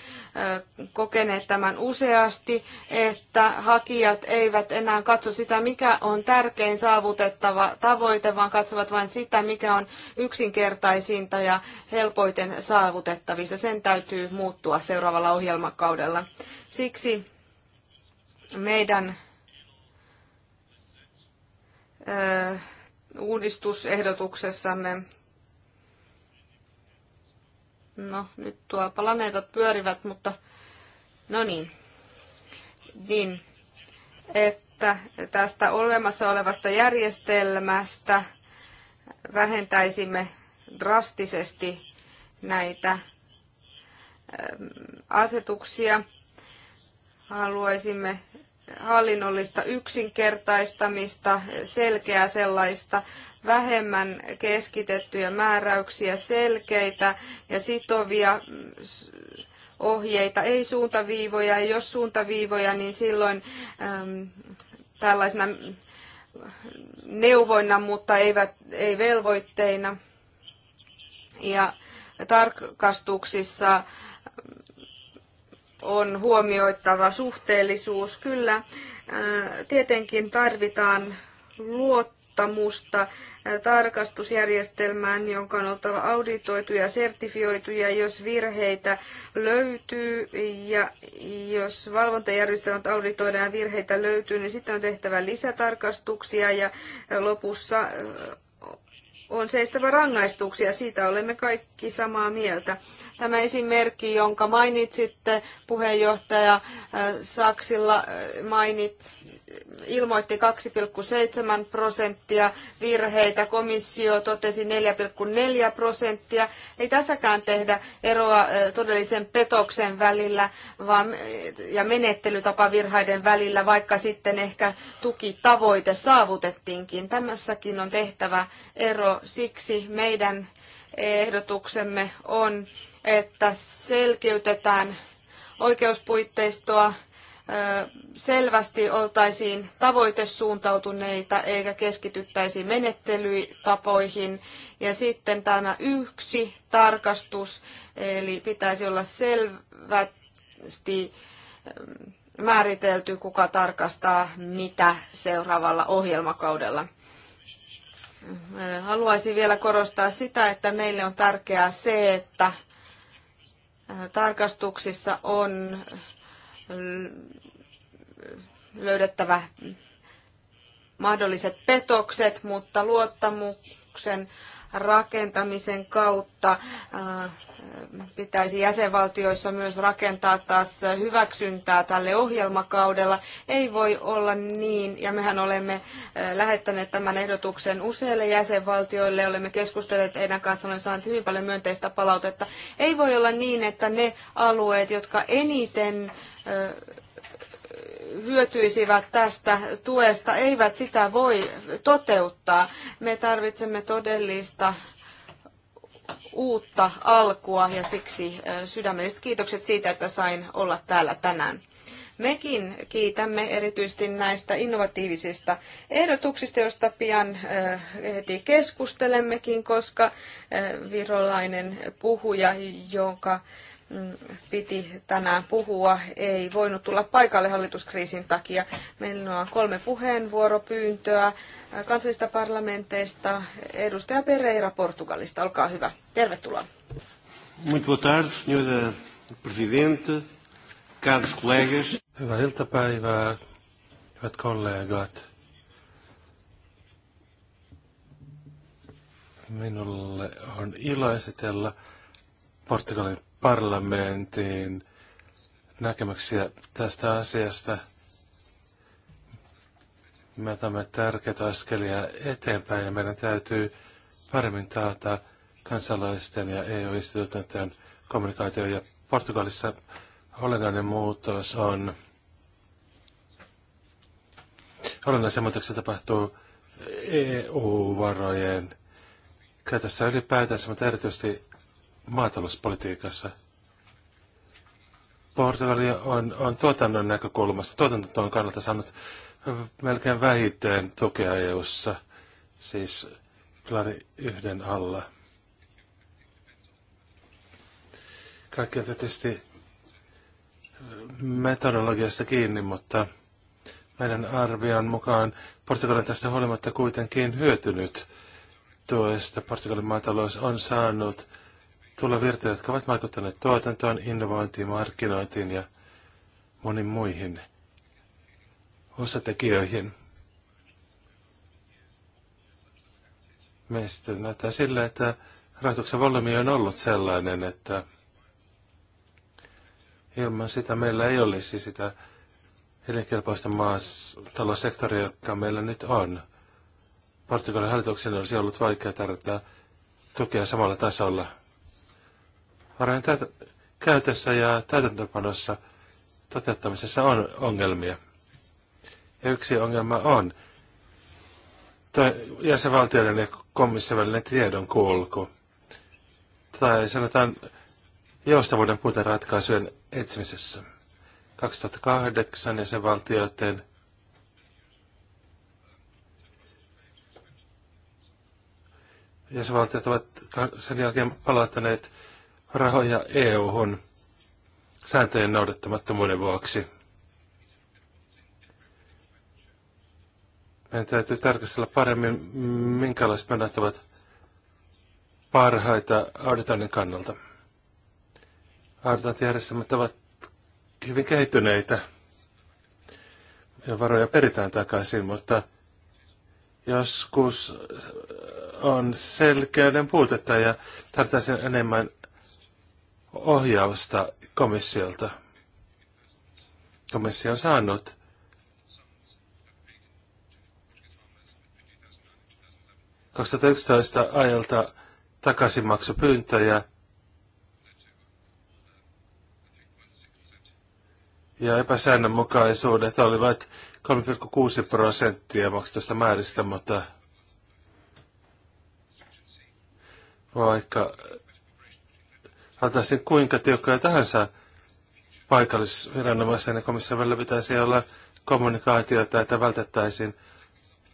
kokeneet tämän useasti, että hakijat eivät enää katso sitä, mikä on tärkein saavutettava tavoite, vaan katsovat vain sitä, mikä on yksinkertaisinta ja helpoiten saavutettavissa. Sen täytyy muuttua seuraavalla ohjelmakaudella. Siksi meidän uudistusehdotuksessamme. No, nyt tuo planeetat pyörivät, mutta no niin. Niin, että tästä olemassa olevasta järjestelmästä vähentäisimme drastisesti näitä asetuksia. Haluaisimme hallinnollista yksinkertaistamista, selkeää sellaista, vähemmän keskitettyjä määräyksiä, selkeitä ja sitovia ohjeita, ei suuntaviivoja, ja jos suuntaviivoja, niin silloin äm, tällaisena neuvoina, mutta eivät, ei velvoitteina. Ja tarkastuksissa on huomioitava suhteellisuus. Kyllä, äh, tietenkin tarvitaan luottamusta äh, tarkastusjärjestelmään, jonka on oltava auditoitu ja sertifioitu, ja jos virheitä löytyy, ja jos valvontajärjestelmät auditoidaan ja virheitä löytyy, niin sitten on tehtävä lisätarkastuksia, ja lopussa äh, on seistävä rangaistuksia, siitä olemme kaikki samaa mieltä. Tämä esimerkki, jonka mainitsitte, puheenjohtaja äh, Saksilla äh, mainits, ilmoitti 2,7 prosenttia virheitä, komissio totesi 4,4 prosenttia. Ei tässäkään tehdä eroa äh, todellisen petoksen välillä vaan, ja menettelytapavirhaiden välillä, vaikka sitten ehkä tukitavoite saavutettiinkin. Tämässäkin on tehtävä ero, siksi meidän ehdotuksemme on että selkeytetään oikeuspuitteistoa, selvästi oltaisiin tavoitesuuntautuneita eikä keskityttäisi menettelytapoihin. Ja sitten tämä yksi tarkastus, eli pitäisi olla selvästi määritelty, kuka tarkastaa mitä seuraavalla ohjelmakaudella. Haluaisin vielä korostaa sitä, että meille on tärkeää se, että tarkastuksissa on löydettävä mahdolliset petokset, mutta luottamuksen rakentamisen kautta äh, pitäisi jäsenvaltioissa myös rakentaa taas hyväksyntää tälle ohjelmakaudella. Ei voi olla niin, ja mehän olemme eh, lähettäneet tämän ehdotuksen useille jäsenvaltioille, olemme keskustelleet heidän kanssaan, olemme saaneet hyvin paljon myönteistä palautetta. Ei voi olla niin, että ne alueet, jotka eniten eh, hyötyisivät tästä tuesta, eivät sitä voi toteuttaa. Me tarvitsemme todellista uutta alkua ja siksi sydämelliset kiitokset siitä, että sain olla täällä tänään. Mekin kiitämme erityisesti näistä innovatiivisista ehdotuksista, joista pian heti keskustelemmekin, koska virolainen puhuja, jonka piti tänään puhua, ei voinut tulla paikalle hallituskriisin takia. Meillä on kolme puheenvuoropyyntöä kansallisista parlamenteista. Edustaja Pereira Portugalista, olkaa hyvä. Tervetuloa. Muito boa tarde, senhora presidente, caros colegas. Hyvää iltapäivää, hyvät kollegat. Minulle on ilo esitellä Portugalin parlamentin näkemyksiä tästä asiasta. Me otamme tärkeitä askelia eteenpäin ja meidän täytyy paremmin taata kansalaisten ja EU-instituutioiden kommunikaatio. Ja Portugalissa olennainen muutos on, olennaisia muutoksia tapahtuu EU-varojen käytössä ylipäätänsä, mutta erityisesti maatalouspolitiikassa. Portugali on, on tuotannon näkökulmasta, tuotantotoon kannalta saanut melkein vähiten tukea EU-ssa, siis pilari yhden alla. Kaikki on tietysti metodologiasta kiinni, mutta meidän arvion mukaan Portugali tästä huolimatta kuitenkin hyötynyt tuesta. Portugalin maatalous on saanut Tulla tulovirtoja, jotka ovat vaikuttaneet tuotantoon, innovointiin, markkinointiin ja moniin muihin osatekijöihin. Meistä näyttää sillä, että rahoituksen volyymi on ollut sellainen, että ilman sitä meillä ei olisi sitä elinkelpoista maataloussektoria, joka meillä nyt on. Portugalin hallituksen olisi ollut vaikea tarjota tukea samalla tasolla – Varojen käytössä ja täytäntöpanossa toteuttamisessa on ongelmia. Ja yksi ongelma on jäsenvaltioiden ja komission välinen tiedon kulku. Tai sanotaan joustavuuden puute ratkaisujen etsimisessä. 2008 jäsenvaltioiden jäsenvaltiot ovat sen jälkeen palauttaneet rahoja EU-hun sääntöjen noudattamattomuuden vuoksi. Meidän täytyy tarkastella paremmin, minkälaiset menot ovat parhaita auditoinnin kannalta. Auditointijärjestelmät ovat hyvin kehittyneitä ja varoja peritään takaisin, mutta joskus on selkeyden puutetta ja tarvitaan enemmän ohjausta komissiolta. Komissio on saanut ...2011 ajalta takaisinmaksupyyntöjä ja epäsäännönmukaisuudet olivat 3,6 prosenttia maksetusta määristä, mutta vaikka Oltaisiin kuinka tiukkoja tahansa paikallisviranomaisen ja komission välillä pitäisi olla kommunikaatiota, että vältettäisiin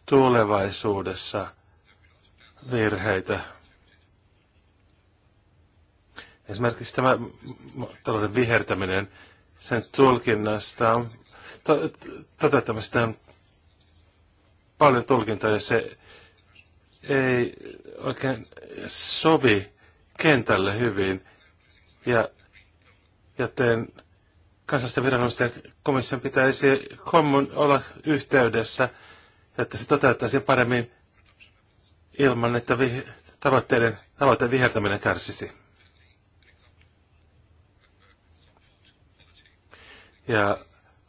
tulevaisuudessa virheitä. Esimerkiksi tämä talouden vihertäminen, sen tulkinnasta on, to, toteuttamista on paljon tulkintoja ja se ei oikein sovi kentälle hyvin ja joten kansallisten viranomaisten komission pitäisi kommun olla yhteydessä, että se toteuttaisi paremmin ilman, että vi- tavoitteiden, tavoitteen vihertäminen kärsisi. Ja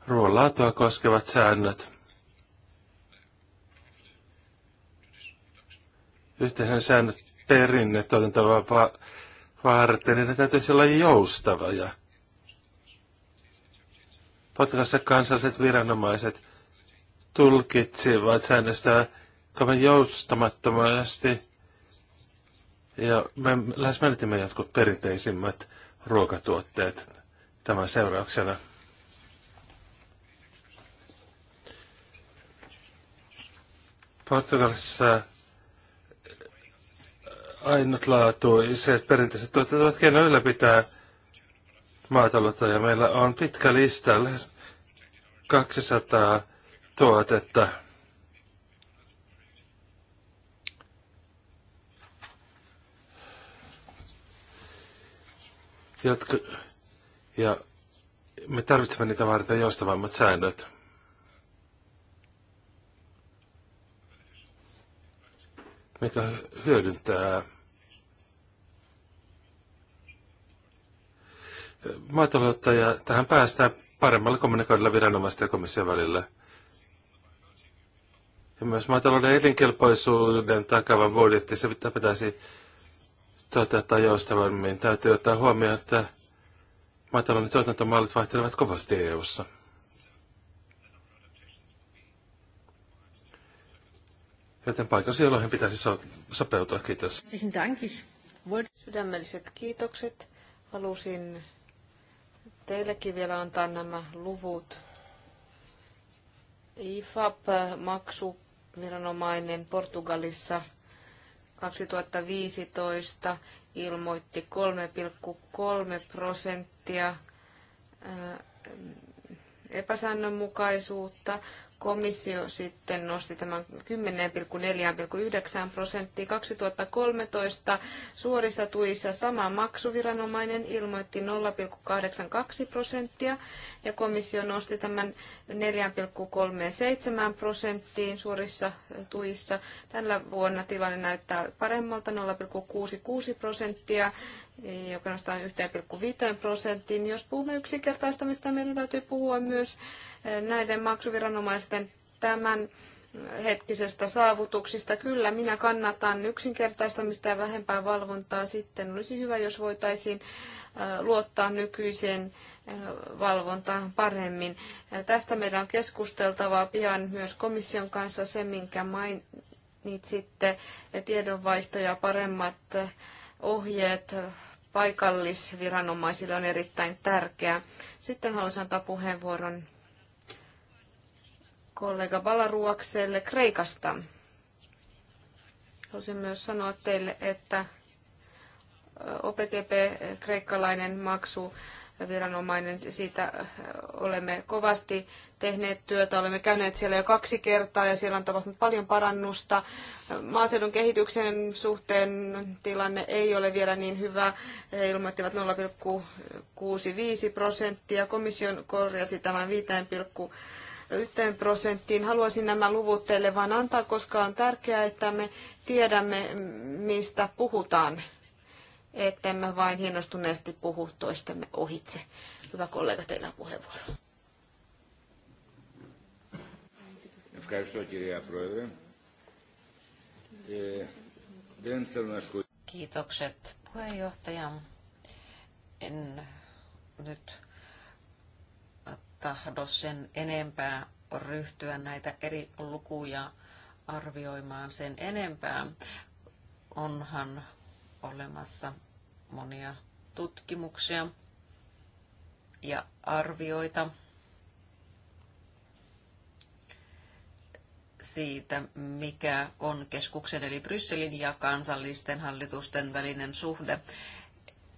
ruoanlaatua koskevat säännöt. Yhteisen säännöt perinne tuotantovapaa varten, niin ne täytyisi olla joustavia. Potilassa kansalliset viranomaiset tulkitsivat säännöstä kovin joustamattomasti, ja me lähes menetimme jotkut perinteisimmät ruokatuotteet tämän seurauksena. Portugalissa ainutlaatuiset perinteiset tuotteet ovat keinoja ylläpitää maataloutta ja meillä on pitkä lista, lähes 200 tuotetta. Jotka, ja me tarvitsemme niitä varten joustavammat säännöt. mikä hyödyntää maataloutta ja tähän päästään paremmalla kommunikoinnilla viranomaisten ja komission välillä. Ja myös maatalouden elinkelpoisuuden takavan budjetti, se pitää, pitäisi toteuttaa joustavammin. Täytyy ottaa huomioon, että maatalouden tuotantomallit vaihtelevat kovasti EU-ssa. joten paikallisiin oloihin pitäisi so- sopeutua. Kiitos. Sydämelliset kiitokset. Halusin teillekin vielä antaa nämä luvut. IFAP-maksu viranomainen Portugalissa 2015 ilmoitti 3,3 prosenttia epäsäännönmukaisuutta. Komissio sitten nosti tämän 10,4,9 prosenttia 2013. Suorissa tuissa sama maksuviranomainen ilmoitti 0,82 prosenttia ja komissio nosti tämän 4,37 prosenttiin suorissa tuissa. Tällä vuonna tilanne näyttää paremmalta 0,66 prosenttia joka nostaa 1,5 prosenttiin. Jos puhumme yksinkertaistamista, meidän täytyy puhua myös eh, näiden maksuviranomaisten tämän hetkisestä saavutuksista. Kyllä, minä kannatan yksinkertaistamista ja vähempää valvontaa sitten. Olisi hyvä, jos voitaisiin eh, luottaa nykyiseen eh, valvontaan paremmin. Tästä meidän on keskusteltavaa pian myös komission kanssa se, minkä mainitsitte, tiedonvaihto ja paremmat ohjeet paikallisviranomaisille on erittäin tärkeää. Sitten haluaisin antaa puheenvuoron kollega Balaruakselle Kreikasta. Haluaisin myös sanoa teille, että OPTP, kreikkalainen maksu, viranomainen. Siitä äh, olemme kovasti tehneet työtä, olemme käyneet siellä jo kaksi kertaa ja siellä on tapahtunut paljon parannusta. Maaseudun kehityksen suhteen tilanne ei ole vielä niin hyvä. He ilmoittivat 0,65 prosenttia. Komission korjasi tämän 5, yhteen prosenttiin. Haluaisin nämä luvut teille vain antaa, koska on tärkeää, että me tiedämme, mistä puhutaan ettemme vain hienostuneesti puhu toistemme ohitse. Hyvä kollega, teillä on puheenvuoro. Kiitokset puheenjohtaja. En nyt tahdo sen enempää ryhtyä näitä eri lukuja arvioimaan sen enempää. Onhan olemassa monia tutkimuksia ja arvioita siitä, mikä on keskuksen eli Brysselin ja kansallisten hallitusten välinen suhde.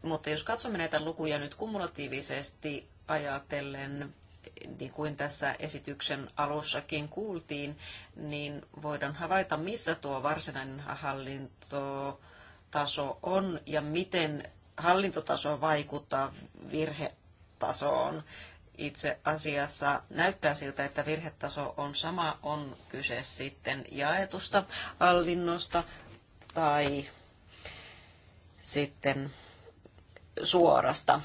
Mutta jos katsomme näitä lukuja nyt kumulatiivisesti ajatellen, niin kuin tässä esityksen alussakin kuultiin, niin voidaan havaita, missä tuo varsinainen hallinto taso on ja miten hallintotaso vaikuttaa virhetasoon. Itse asiassa näyttää siltä, että virhetaso on sama, on kyse sitten jaetusta hallinnosta tai sitten suorasta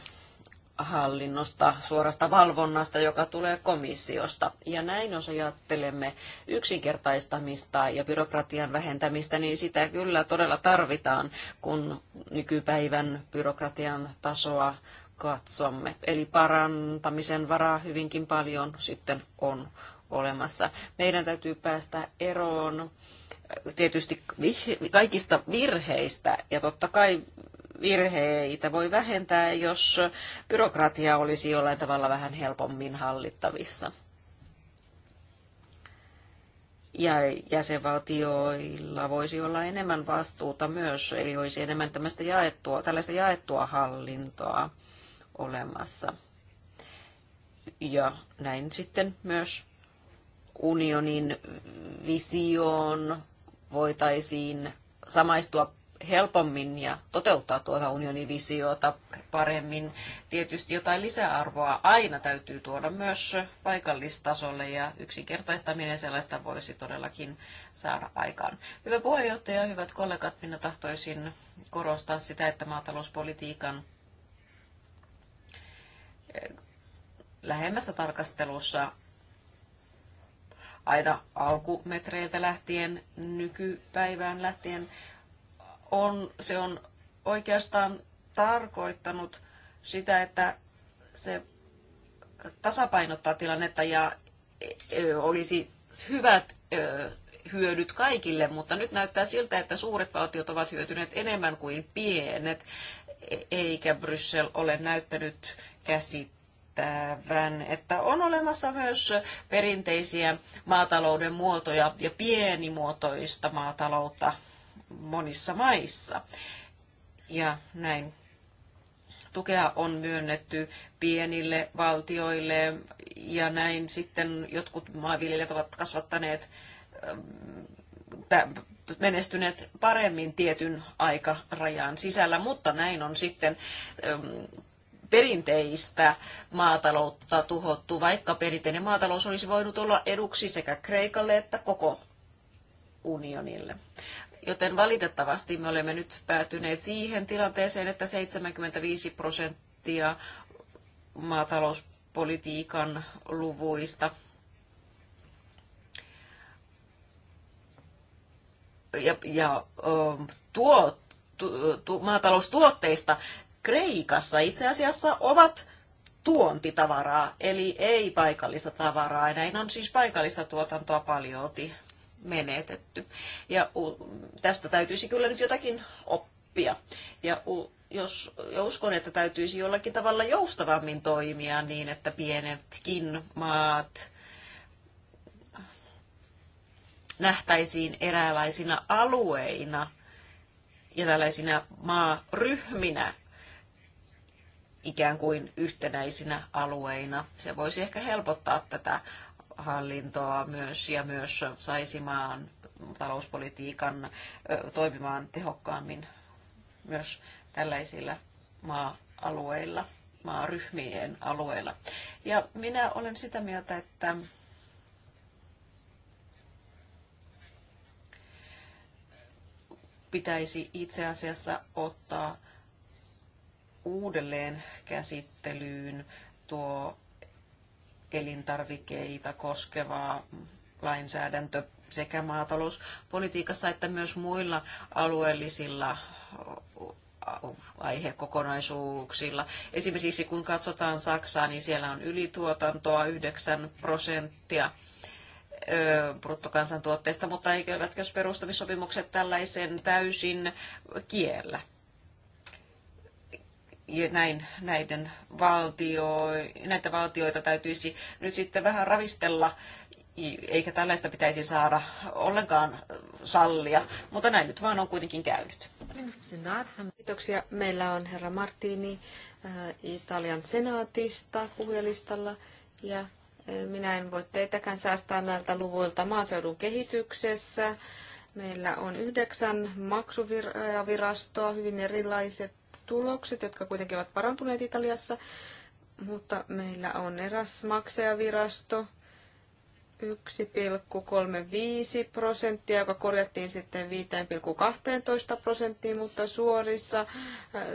hallinnosta, suorasta valvonnasta, joka tulee komissiosta. Ja näin, jos ajattelemme yksinkertaistamista ja byrokratian vähentämistä, niin sitä kyllä todella tarvitaan, kun nykypäivän byrokratian tasoa katsomme. Eli parantamisen varaa hyvinkin paljon sitten on olemassa. Meidän täytyy päästä eroon äh, tietysti kaikista virheistä ja totta kai virheitä voi vähentää, jos byrokratia olisi jollain tavalla vähän helpommin hallittavissa. Ja jäsenvaltioilla voisi olla enemmän vastuuta myös, eli olisi enemmän tämmöistä jaettua, tällaista jaettua hallintoa olemassa. Ja näin sitten myös unionin visioon voitaisiin samaistua helpommin ja toteuttaa tuota unionin visiota paremmin. Tietysti jotain lisäarvoa aina täytyy tuoda myös paikallistasolle ja yksinkertaistaminen sellaista voisi todellakin saada aikaan. Hyvä puheenjohtaja, hyvät kollegat, minä tahtoisin korostaa sitä, että maatalouspolitiikan eh, lähemmässä tarkastelussa aina alkumetreiltä lähtien, nykypäivään lähtien on, se on oikeastaan tarkoittanut sitä, että se tasapainottaa tilannetta ja e, e, olisi hyvät e, hyödyt kaikille, mutta nyt näyttää siltä, että suuret valtiot ovat hyötyneet enemmän kuin pienet, eikä Bryssel ole näyttänyt käsittävän, että on olemassa myös perinteisiä maatalouden muotoja ja pienimuotoista maataloutta monissa maissa. Ja näin tukea on myönnetty pienille valtioille ja näin sitten jotkut maanviljelijät ovat kasvattaneet ähm, menestyneet paremmin tietyn aikarajan sisällä, mutta näin on sitten ähm, perinteistä maataloutta tuhottu, vaikka perinteinen maatalous olisi voinut olla eduksi sekä Kreikalle että koko unionille. Joten valitettavasti me olemme nyt päätyneet siihen tilanteeseen, että 75 prosenttia maatalouspolitiikan luvuista ja, ja tuo, tu, tu, maataloustuotteista Kreikassa itse asiassa ovat tuontitavaraa, eli ei paikallista tavaraa. Näin on siis paikallista tuotantoa paljolti menetetty. Ja tästä täytyisi kyllä nyt jotakin oppia. Ja jos, ja uskon, että täytyisi jollakin tavalla joustavammin toimia niin, että pienetkin maat nähtäisiin eräänlaisina alueina ja tällaisina maaryhminä ikään kuin yhtenäisinä alueina. Se voisi ehkä helpottaa tätä hallintoa myös ja myös saisi maan talouspolitiikan toimimaan tehokkaammin myös tällaisilla maa-alueilla, maaryhmien alueilla. Ja minä olen sitä mieltä, että pitäisi itse asiassa ottaa uudelleen käsittelyyn tuo elintarvikeita koskevaa lainsäädäntö sekä maatalouspolitiikassa että myös muilla alueellisilla aihekokonaisuuksilla. Esimerkiksi kun katsotaan Saksaa, niin siellä on ylituotantoa 9 prosenttia bruttokansantuotteesta, mutta eivätkö perustamissopimukset tällaisen täysin kiellä? ja näin näiden valtio, näitä valtioita täytyisi nyt sitten vähän ravistella, eikä tällaista pitäisi saada ollenkaan sallia, mutta näin nyt vaan on kuitenkin käynyt. Kiitoksia. Meillä on herra Martini äh, Italian senaatista puhujalistalla ja äh, minä en voi teitäkään säästää näiltä luvuilta maaseudun kehityksessä. Meillä on yhdeksän maksuvirastoa, hyvin erilaiset tulokset, jotka kuitenkin ovat parantuneet Italiassa, mutta meillä on eräs maksajavirasto, 1,35 prosenttia, joka korjattiin sitten 5,12 prosenttiin, mutta suorissa äh,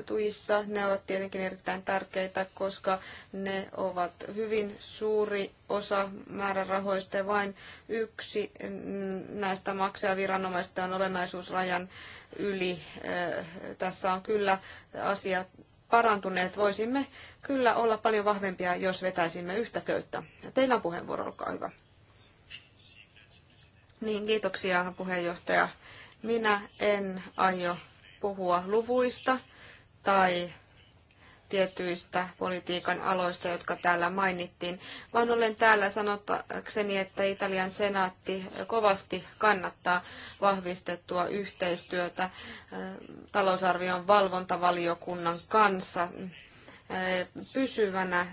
tuissa ne ovat tietenkin erittäin tärkeitä, koska ne ovat hyvin suuri osa määrärahoista ja vain yksi näistä maksajaviranomaista on olennaisuusrajan yli. Äh, tässä on kyllä asiat parantuneet. Voisimme kyllä olla paljon vahvempia, jos vetäisimme yhtä köyttä. Teillä on puheenvuoro, olkaa hyvä. Niin, kiitoksia puheenjohtaja. Minä en aio puhua luvuista tai tietyistä politiikan aloista, jotka täällä mainittiin, vaan olen täällä sanottakseni, että Italian senaatti kovasti kannattaa vahvistettua yhteistyötä äh, talousarvion valvontavaliokunnan kanssa äh, pysyvänä äh,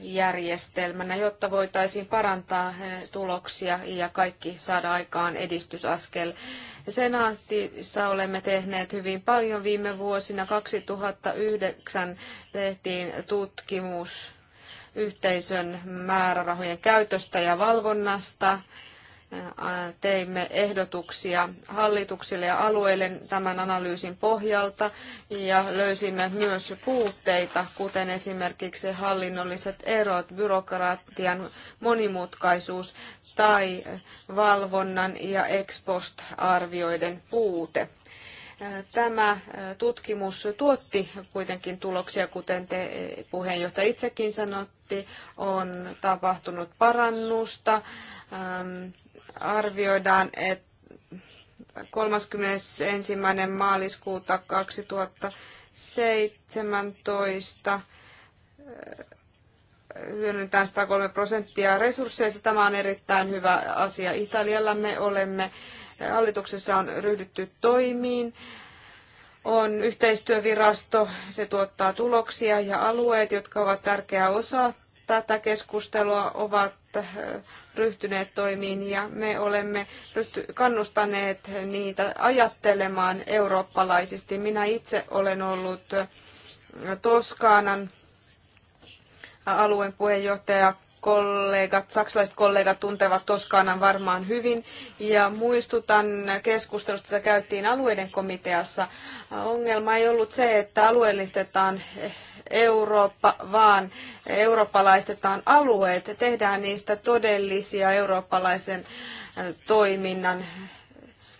järjestelmänä, jotta voitaisiin parantaa eh, tuloksia ja kaikki saada aikaan edistysaskel. Senaatissa olemme tehneet hyvin paljon viime vuosina. 2009 tehtiin tutkimus yhteisön määrärahojen käytöstä ja valvonnasta teimme ehdotuksia hallituksille ja alueille tämän analyysin pohjalta ja löysimme myös puutteita, kuten esimerkiksi hallinnolliset erot, byrokratian monimutkaisuus tai valvonnan ja ex post-arvioiden puute. Tämä tutkimus tuotti kuitenkin tuloksia, kuten te puheenjohtaja itsekin sanotti, on tapahtunut parannusta arvioidaan, että 31. maaliskuuta 2017 eh, hyödynnetään 103 prosenttia resursseista. Tämä on erittäin hyvä asia. Italialla me olemme, eh, hallituksessa on ryhdytty toimiin. On yhteistyövirasto, se tuottaa tuloksia ja alueet, jotka ovat tärkeä osa tätä keskustelua, ovat Äh, ryhtyneet toimiin ja me olemme kannustaneet niitä ajattelemaan eurooppalaisesti. Minä itse olen ollut äh, Toskaanan alueen puheenjohtaja kollegat, saksalaiset kollegat tuntevat Toskaanan varmaan hyvin. Ja muistutan keskustelusta, jota käytiin alueiden komiteassa. Ongelma ei ollut se, että alueellistetaan Eurooppa, vaan eurooppalaistetaan alueet ja tehdään niistä todellisia eurooppalaisen äh, toiminnan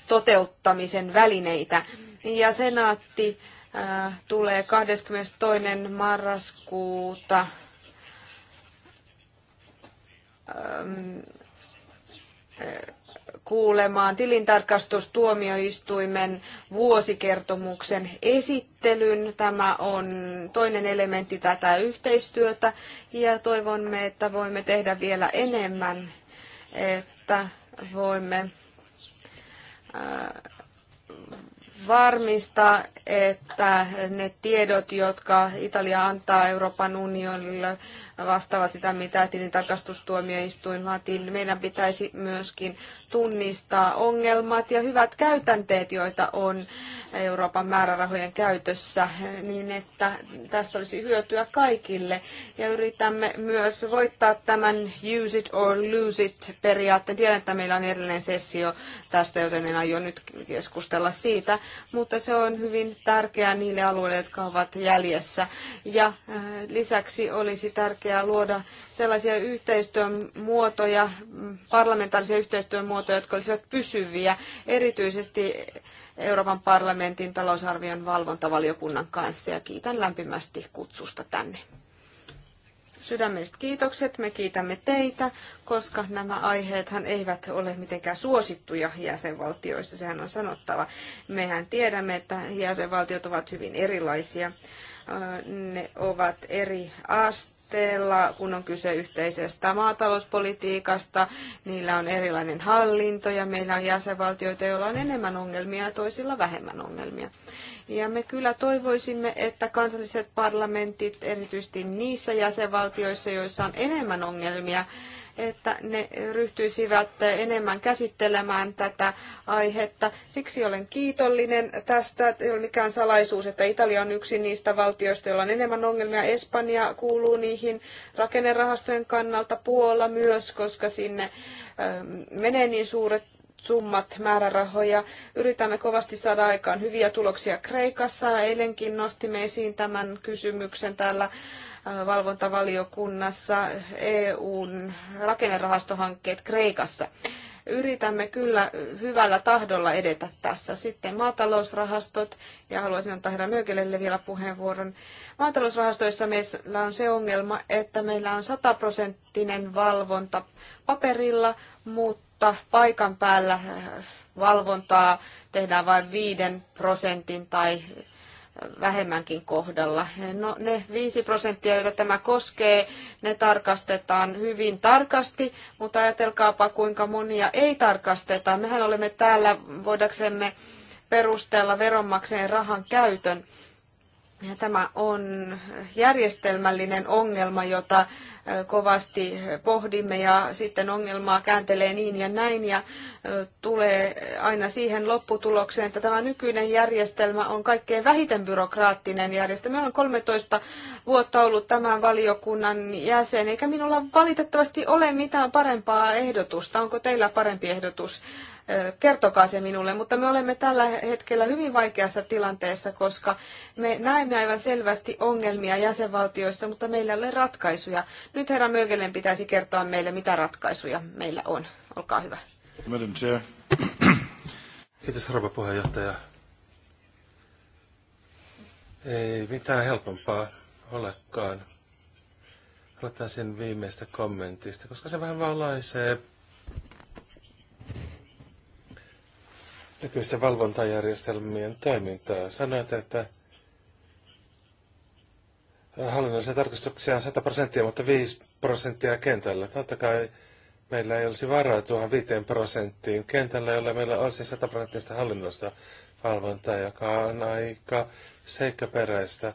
toteuttamisen välineitä. Ja senaatti äh, tulee 22. marraskuuta ähm, kuulemaan tilintarkastustuomioistuimen vuosikertomuksen esittelyn. Tämä on toinen elementti tätä yhteistyötä ja toivomme, että voimme tehdä vielä enemmän, että voimme äh, varmistaa, että ne tiedot, jotka Italia antaa Euroopan unionille, vastaavat sitä, mitä tilintarkastustuomioistuin vaatii. Meidän pitäisi myöskin tunnistaa ongelmat ja hyvät käytänteet, joita on Euroopan määrärahojen käytössä, niin että tästä olisi hyötyä kaikille. Ja yritämme myös voittaa tämän use it or lose it periaatteen. Tiedän, että meillä on erillinen sessio tästä, joten en aio nyt keskustella siitä mutta se on hyvin tärkeää niille alueille, jotka ovat jäljessä. Ja äh, lisäksi olisi tärkeää luoda sellaisia yhteistyön muotoja, mm, parlamentaarisia yhteistyön muotoja, jotka olisivat pysyviä, erityisesti Euroopan parlamentin talousarvion valvontavaliokunnan kanssa ja kiitän lämpimästi kutsusta tänne. Sydämelliset kiitokset, me kiitämme teitä, koska nämä aiheethan eivät ole mitenkään suosittuja jäsenvaltioissa, sehän on sanottava. Mehän tiedämme, että jäsenvaltiot ovat hyvin erilaisia. Ne ovat eri asteella, kun on kyse yhteisestä maatalouspolitiikasta. Niillä on erilainen hallinto ja meillä on jäsenvaltioita, joilla on enemmän ongelmia ja toisilla vähemmän ongelmia. Ja me kyllä toivoisimme, että kansalliset parlamentit, erityisesti niissä jäsenvaltioissa, joissa on enemmän ongelmia, että ne ryhtyisivät enemmän käsittelemään tätä aihetta. Siksi olen kiitollinen tästä. Ei ole mikään salaisuus, että Italia on yksi niistä valtioista, joilla on enemmän ongelmia. Espanja kuuluu niihin rakennerahastojen kannalta, Puola myös, koska sinne menee niin suuret summat määrärahoja. Yritämme kovasti saada aikaan hyviä tuloksia Kreikassa. Eilenkin nostimme esiin tämän kysymyksen täällä äh, valvontavaliokunnassa EUn rakennerahastohankkeet Kreikassa. Yritämme kyllä hyvällä tahdolla edetä tässä. Sitten maatalousrahastot, ja haluaisin antaa herra Myökelelle vielä puheenvuoron. Maatalousrahastoissa meillä on se ongelma, että meillä on sataprosenttinen valvonta paperilla, mutta mutta paikan päällä äh, valvontaa tehdään vain 5 prosentin tai äh, vähemmänkin kohdalla. No, ne 5 prosenttia, joita tämä koskee, ne tarkastetaan hyvin tarkasti, mutta ajatelkaapa kuinka monia ei tarkasteta. Mehän olemme täällä voidaksemme perusteella veronmaksajien rahan käytön ja Tämä on järjestelmällinen ongelma, jota kovasti pohdimme ja sitten ongelmaa kääntelee niin ja näin ja tulee aina siihen lopputulokseen, että tämä nykyinen järjestelmä on kaikkein vähiten byrokraattinen järjestelmä. Olen 13 vuotta ollut tämän valiokunnan jäsen, eikä minulla valitettavasti ole mitään parempaa ehdotusta. Onko teillä parempi ehdotus? kertokaa se minulle. Mutta me olemme tällä hetkellä hyvin vaikeassa tilanteessa, koska me näemme aivan selvästi ongelmia jäsenvaltioissa, mutta meillä ei ole ratkaisuja. Nyt herra Mögelen pitäisi kertoa meille, mitä ratkaisuja meillä on. Olkaa hyvä. Madam Chair. Kiitos, rouva puheenjohtaja. Ei mitään helpompaa olekaan. Aloitetaan sen viimeistä kommentista, koska se vähän valaisee nykyisten valvontajärjestelmien toimintaa. Sanoit, että hallinnollisia tarkastuksia on 100 prosenttia, mutta 5 prosenttia kentällä. Totta kai meillä ei olisi varaa tuohon 5 prosenttiin kentällä, jolla meillä olisi 100 prosenttista hallinnollista valvontaa, joka on aika seikkaperäistä.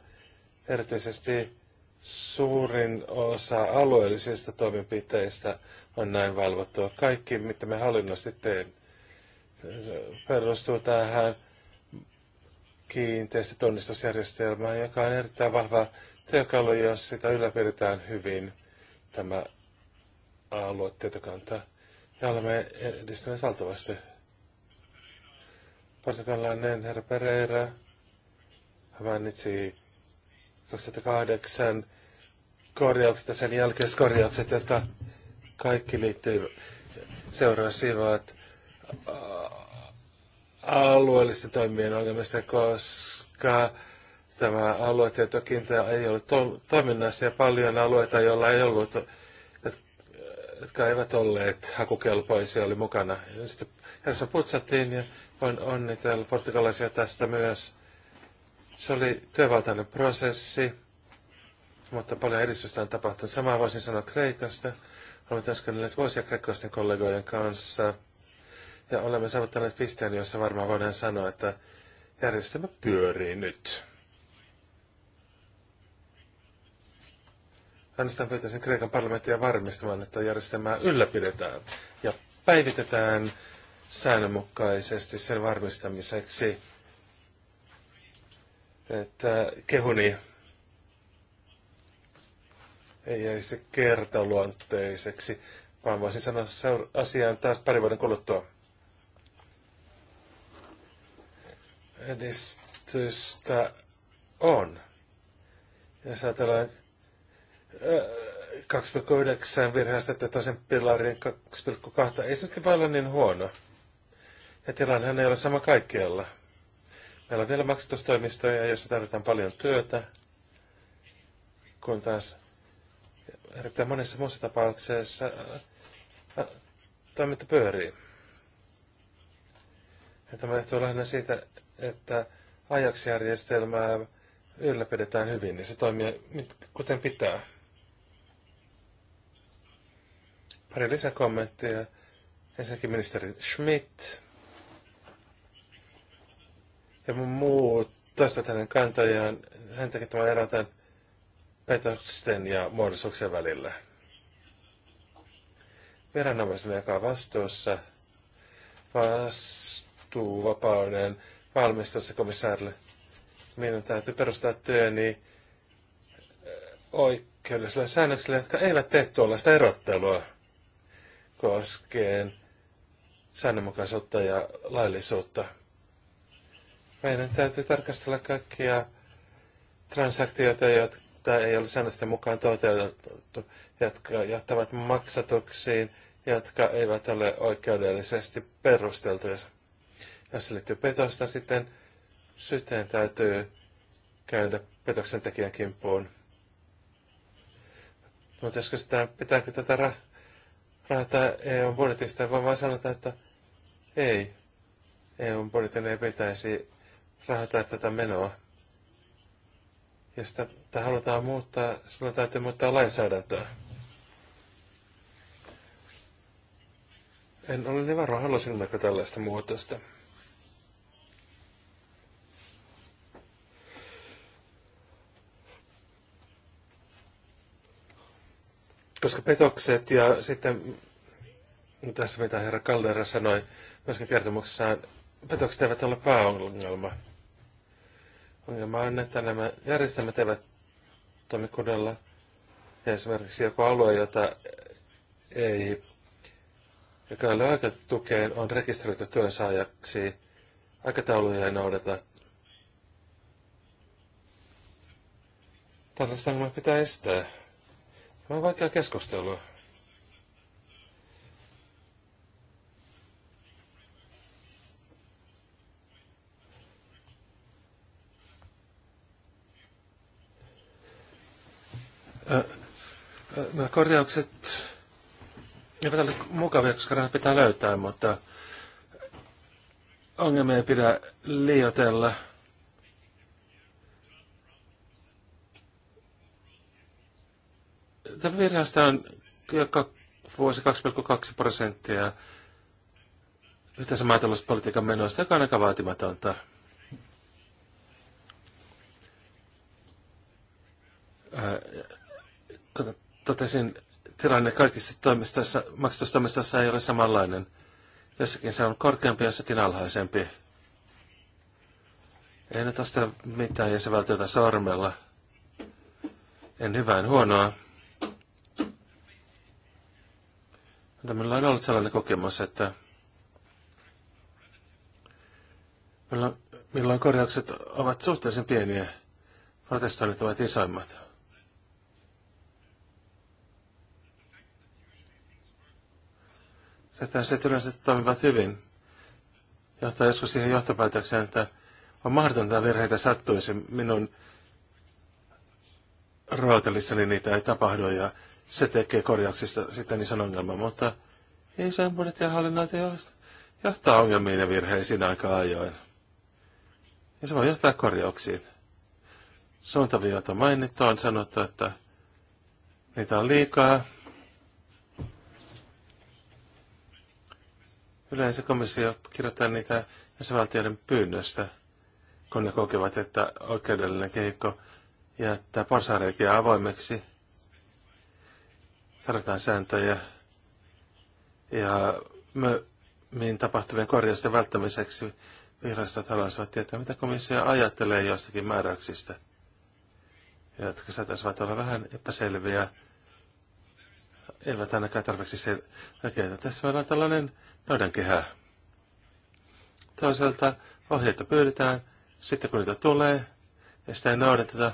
Erityisesti suurin osa alueellisista toimenpiteistä on näin valvottua. Kaikki, mitä me hallinnosti teemme perustuu tähän kiinteistötunnistusjärjestelmään, joka on erittäin vahva työkalu, jos sitä ylläpidetään hyvin, tämä aluetietokanta. Ja olemme edistyneet valtavasti. Portugalainen herra Pereira mainitsi 2008 korjaukset ja sen jälkeiset korjaukset, jotka kaikki liittyy seuraasivat alueellisten toimien ongelmista, koska tämä aluetietokinta ei ollut to- toiminnassa ja paljon alueita, joilla ei ollut, jotka eivät olleet hakukelpoisia, oli mukana. Ja sitten järjestelmä putsattiin ja voin onnitella portugalaisia tästä myös. Se oli työvaltainen prosessi, mutta paljon edistystä on tapahtunut. Samaa voisin sanoa Kreikasta. Olemme työskennelleet vuosia kreikkalaisten kollegojen kanssa – ja olemme saavuttaneet pisteen, jossa varmaan voidaan sanoa, että järjestelmä pyörii nyt. Ainoastaan pyytäisin Kreikan parlamenttia varmistamaan, että järjestelmää ylläpidetään ja päivitetään säännönmukaisesti sen varmistamiseksi, että kehuni ei jäisi kertaluonteiseksi, vaan voisin sanoa asiaan taas pari vuoden kuluttua. edistystä on. Jos ajatellaan 2,9 äh, virheastettä toisen pilarin 2,2, ei se nyt vaan ole niin huono. Ja tilannehan ei ole sama kaikkialla. Meillä on vielä maksatustoimistoja, joissa tarvitaan paljon työtä, kun taas erittäin monessa muussa tapauksessa äh, äh, toiminta pyörii. Ja tämä johtuu lähinnä siitä, että ajaksijärjestelmää ylläpidetään hyvin, niin se toimii kuten pitää. Pari lisäkommenttia. Ensinnäkin ministeri Schmidt ja muut toistavat hänen kantojaan. Hän teki tämän erotan petosten ja muodostuksen välillä. Viranomaisen, joka on vastuussa, vastuuvapauden valmistelussa komissaarille. Meidän täytyy perustaa työni eh, oikeudellisilla säännöksillä, jotka eivät tee tuollaista erottelua koskien säännönmukaisuutta ja laillisuutta. Meidän täytyy tarkastella kaikkia transaktioita, jotka ei ole säännösten mukaan toteutettu, jotka johtavat maksatuksiin, jotka eivät ole oikeudellisesti perusteltuja jos se liittyy petosta, sitten syteen täytyy käydä petoksen tekijän kimppuun. Mutta joskus sitä, pitääkö tätä rah- rahata EU budjetista, vaan vaan sanota, että ei, EU budjetin ei pitäisi rahata tätä menoa. Ja sitä, että halutaan muuttaa, silloin täytyy muuttaa lainsäädäntöä. En ole niin varma, haluaisinko tällaista muutosta. Koska petokset ja sitten no tässä mitä herra Caldera sanoi myöskin kertomuksessaan, petokset eivät ole pääongelma. Ongelma on, että nämä järjestelmät eivät toimi kunnolla. Esimerkiksi joku alue, jota ei, joka ei ole tukeen, on rekisteröity työnsaajaksi. Aikatauluja ei noudata. Tällaista pitää estää. Mä oon vaikea keskustelu. Nämä korjaukset eivät ole mukavia, koska nämä pitää löytää, mutta ongelmia ei pidä liioitella – Tämä virheistä on joka vuosi 2,2 prosenttia yhteensä maatalouspolitiikan menoista, joka on aika vaatimatonta. Kuten totesin, tilanne kaikissa toimistoissa, maksatustoimistoissa ei ole samanlainen. Jossakin se on korkeampi, jossakin alhaisempi. Ei nyt osta mitään ja se vältetään sormella. En hyvään huonoa. Mutta meillä on ollut sellainen kokemus, että milloin, korjaukset ovat suhteellisen pieniä, protestoinnit ovat isoimmat. Se, se yleensä toimivat hyvin, johtaa joskus siihen johtopäätökseen, että on mahdotonta virheitä sattuisi. Minun rootelissani niitä ei tapahdu ja se tekee korjauksista sitten ison ongelman, mutta isän budjettihallinnointi johtaa ongelmiin ja virheisiin aika ajoin. Ja se voi johtaa korjauksiin. Suuntaviota mainittu on sanottu, että niitä on liikaa. Yleensä komissio kirjoittaa niitä jäsenvaltioiden pyynnöstä, kun ne kokevat, että oikeudellinen kehikko jättää porsareikiä avoimeksi – tarvitaan sääntöjä ja myöhemmin tapahtuvien korjausten välttämiseksi virastot haluaisivat tietää, mitä komissio ajattelee joistakin määräyksistä, jotka saattaisivat olla vähän epäselviä, eivät ainakaan tarpeeksi näkee, Tässä olla tällainen noidankehä. Toisaalta ohjeita pyydetään, sitten kun niitä tulee, ja sitä ei noudateta,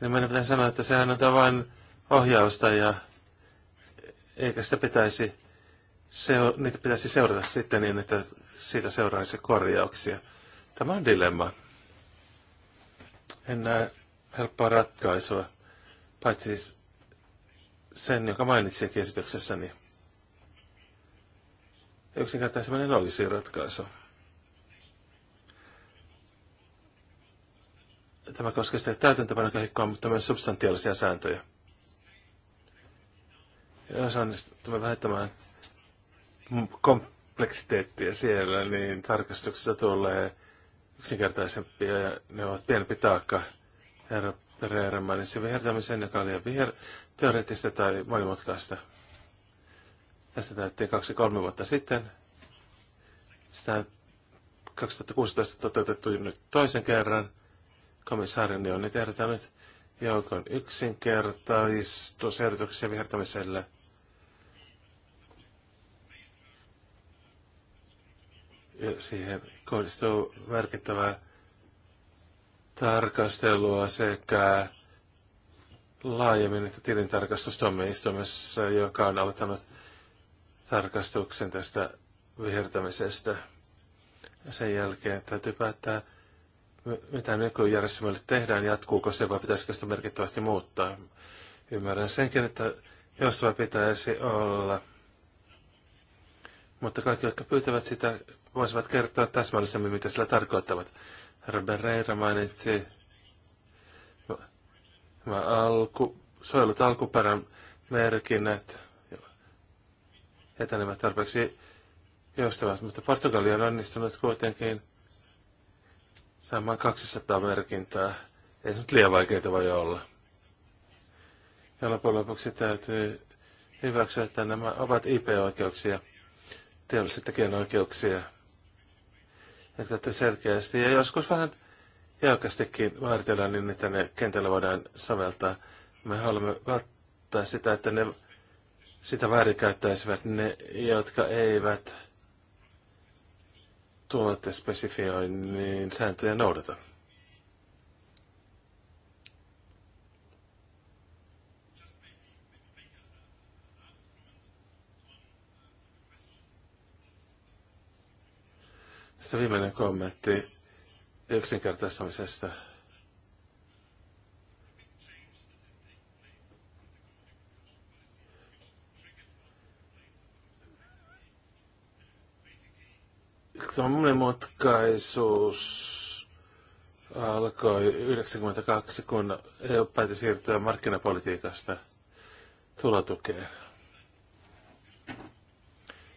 niin meidän pitää sanoa, että sehän on tavan ohjausta ja eikä sitä pitäisi, se niitä pitäisi seurata sitten niin, että siitä seuraisi korjauksia. Tämä on dilemma. En näe helppoa ratkaisua, paitsi siis sen, joka mainitsinkin esityksessäni. Yksinkertaisemmin olisi ratkaisu. Tämä koskee sitä täytäntöpanokehikkoa, mutta myös substantiaalisia sääntöjä jos onnistumme vähentämään kompleksiteettia siellä, niin tarkastuksessa tulee yksinkertaisempia ja ne ovat pienempi taakka herra Pereira mainitsi vihertämisen, joka oli viher, teoreettista tai monimutkaista. Tästä täyttiin kaksi-kolme vuotta sitten. Sitä 2016 toteutettu nyt toisen kerran. Komissaarini on nyt ehdottanut joukon yksinkertaistusehdotuksia vihertämiselle – siihen kohdistuu merkittävää tarkastelua sekä laajemmin että tilintarkastustuomioistuimessa, joka on aloittanut tarkastuksen tästä vihertämisestä. Sen jälkeen täytyy päättää, mitä nykyjärjestelmälle tehdään, jatkuuko se vai pitäisikö sitä merkittävästi muuttaa. Ymmärrän senkin, että joustava pitäisi olla. Mutta kaikki, jotka pyytävät sitä, voisivat kertoa täsmällisemmin, mitä sillä tarkoittavat. Herra Bereira mainitsi alku, soilut alkuperän merkinnät etenevät tarpeeksi joustavat, mutta Portugali on onnistunut kuitenkin saamaan 200 merkintää. Ei se nyt liian vaikeita voi olla. Ja lopun lopuksi täytyy hyväksyä, että nämä ovat IP-oikeuksia, teollisia tekijänoikeuksia että täytyy selkeästi ja joskus vähän jäykästikin määritellä niin, että ne kentällä voidaan soveltaa. Me haluamme välttää sitä, että ne sitä väärinkäyttäisivät ne, jotka eivät tuotespesifioinnin sääntöjä noudata. Se viimeinen kommentti yksinkertaistamisesta. Tämä monimutkaisuus alkoi 92, kun EU päätti siirtyä markkinapolitiikasta tulotukeen.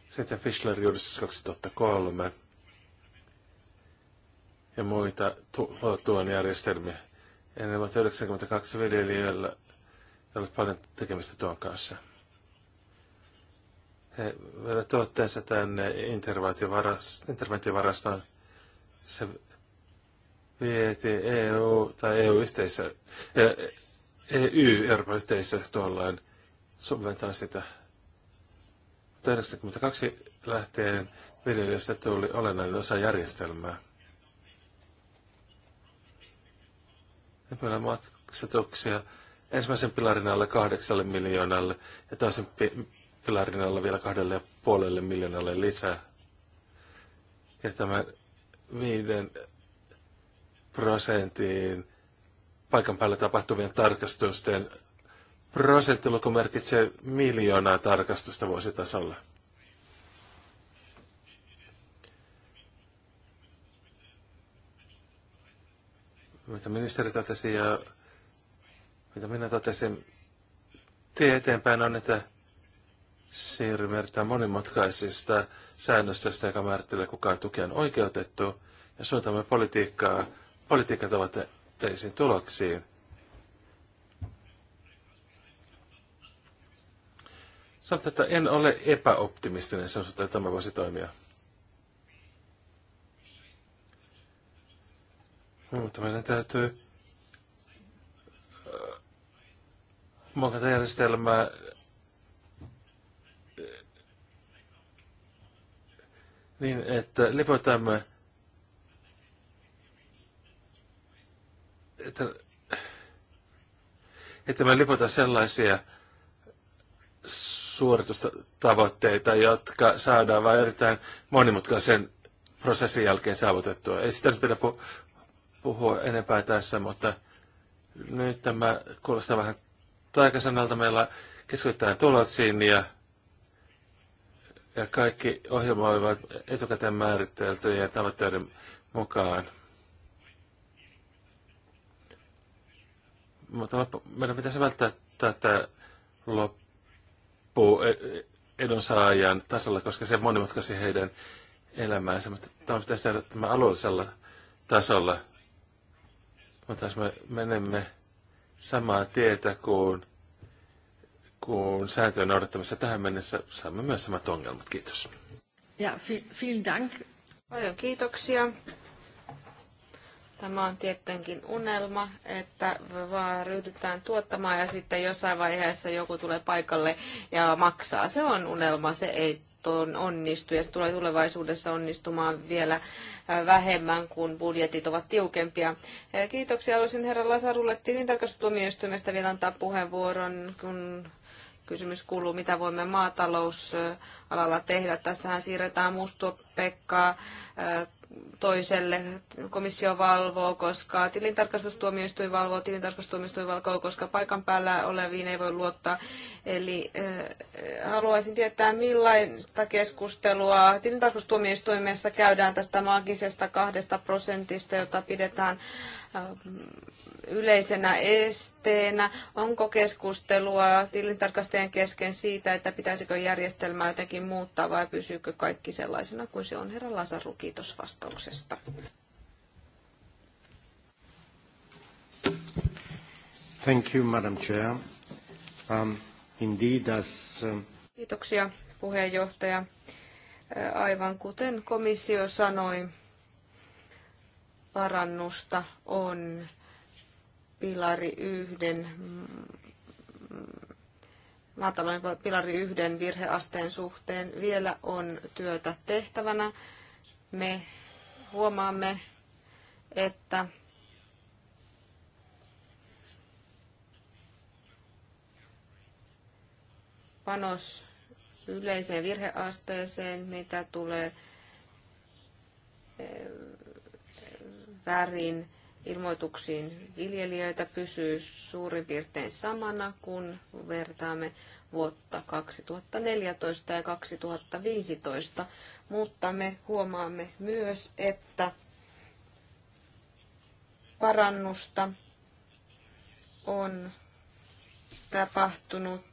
Sitten Fischler-julistus 2003 ja muita tuon järjestelmiä. Ja ne ovat 92 viljelijöillä, joilla on paljon tekemistä tuon kanssa. He veivät tuotteensa tänne interventiovarastoon. Se vietiin EU tai EU-yhteisö, EU, e Euroopan yhteisö tuollain, subventaan sitä. 1992 lähtien viljelijöistä tuli olennainen osa järjestelmää. Nyt meillä on maksatuksia ensimmäisen pilarin alle kahdeksalle miljoonalle ja toisen pilarin alle vielä kahdelle ja puolelle miljoonalle lisää. Ja tämä viiden prosentin paikan päällä tapahtuvien tarkastusten prosenttiluku merkitsee miljoonaa tarkastusta vuositasolla. mitä ministeri totesi ja mitä minä totesin, tie eteenpäin on, että siirrymme erittäin monimutkaisista säännöstöstä, joka määrittelee kukaan tukeen oikeutettu, ja suuntaamme politiikkaa politiikkatavoitteisiin tuloksiin. Sanotaan, että en ole epäoptimistinen, sanotaan, että tämä voisi toimia. Mutta meidän täytyy äh, muokata järjestelmää äh, niin, että lipotamme että, että me lipota sellaisia suoritustavoitteita, jotka saadaan vain erittäin monimutkaisen prosessin jälkeen saavutettua. Ei sitä nyt pidä puhua enempää tässä, mutta nyt tämä kuulostaa vähän taikasanalta. Meillä keskitytään tuloksiin ja, ja kaikki olivat etukäteen määriteltyjen tavoitteiden mukaan. Mutta loppu, meidän pitäisi välttää tätä loppu edunsaajan tasolla, koska se monimutkaisi heidän elämäänsä, mutta tämä pitäisi tehdä tämä alueellisella tasolla – mutta jos me menemme samaa tietä kuin, kuin sääntöjen noudattamassa tähän mennessä, saamme myös samat ongelmat. Kiitos. Ja, vielen dank. Paljon kiitoksia. Tämä on tietenkin unelma, että vaan ryhdytään tuottamaan ja sitten jossain vaiheessa joku tulee paikalle ja maksaa. Se on unelma, se ei onnistu ja se tulee tulevaisuudessa onnistumaan vielä vähemmän, kun budjetit ovat tiukempia. Kiitoksia. Haluaisin herra Lasarulle tilintarkastustuomioistuimesta vielä antaa puheenvuoron, kun kysymys kuuluu, mitä voimme maatalousalalla tehdä. Tässähän siirretään Musto Pekkaa toiselle komissio valvoo, koska tilintarkastustuomioistuin valvoo, tilintarkastustuomioistuin valvoo, koska paikan päällä oleviin ei voi luottaa. Eli äh, haluaisin tietää, millaista keskustelua tilintarkastustuomioistuimessa käydään tästä maagisesta kahdesta prosentista, jota pidetään äh, Ähm, yleisenä esteenä? Onko keskustelua tilintarkastajien kesken siitä, että pitäisikö järjestelmää jotenkin muuttaa vai pysyykö kaikki sellaisena kuin se on? Herra Lasaru, kiitos vastauksesta. Thank you, Madam Chair. Um, indeed, as, um... Kiitoksia, puheenjohtaja. Äh, aivan kuten komissio sanoi, parannusta on pilari yhden, maatalouden pilari yhden virheasteen suhteen. Vielä on työtä tehtävänä. Me huomaamme, että panos yleiseen virheasteeseen, mitä tulee eh, värin ilmoituksiin viljelijöitä pysyy suurin piirtein samana, kun vertaamme vuotta 2014 ja 2015, mutta me huomaamme myös, että parannusta on tapahtunut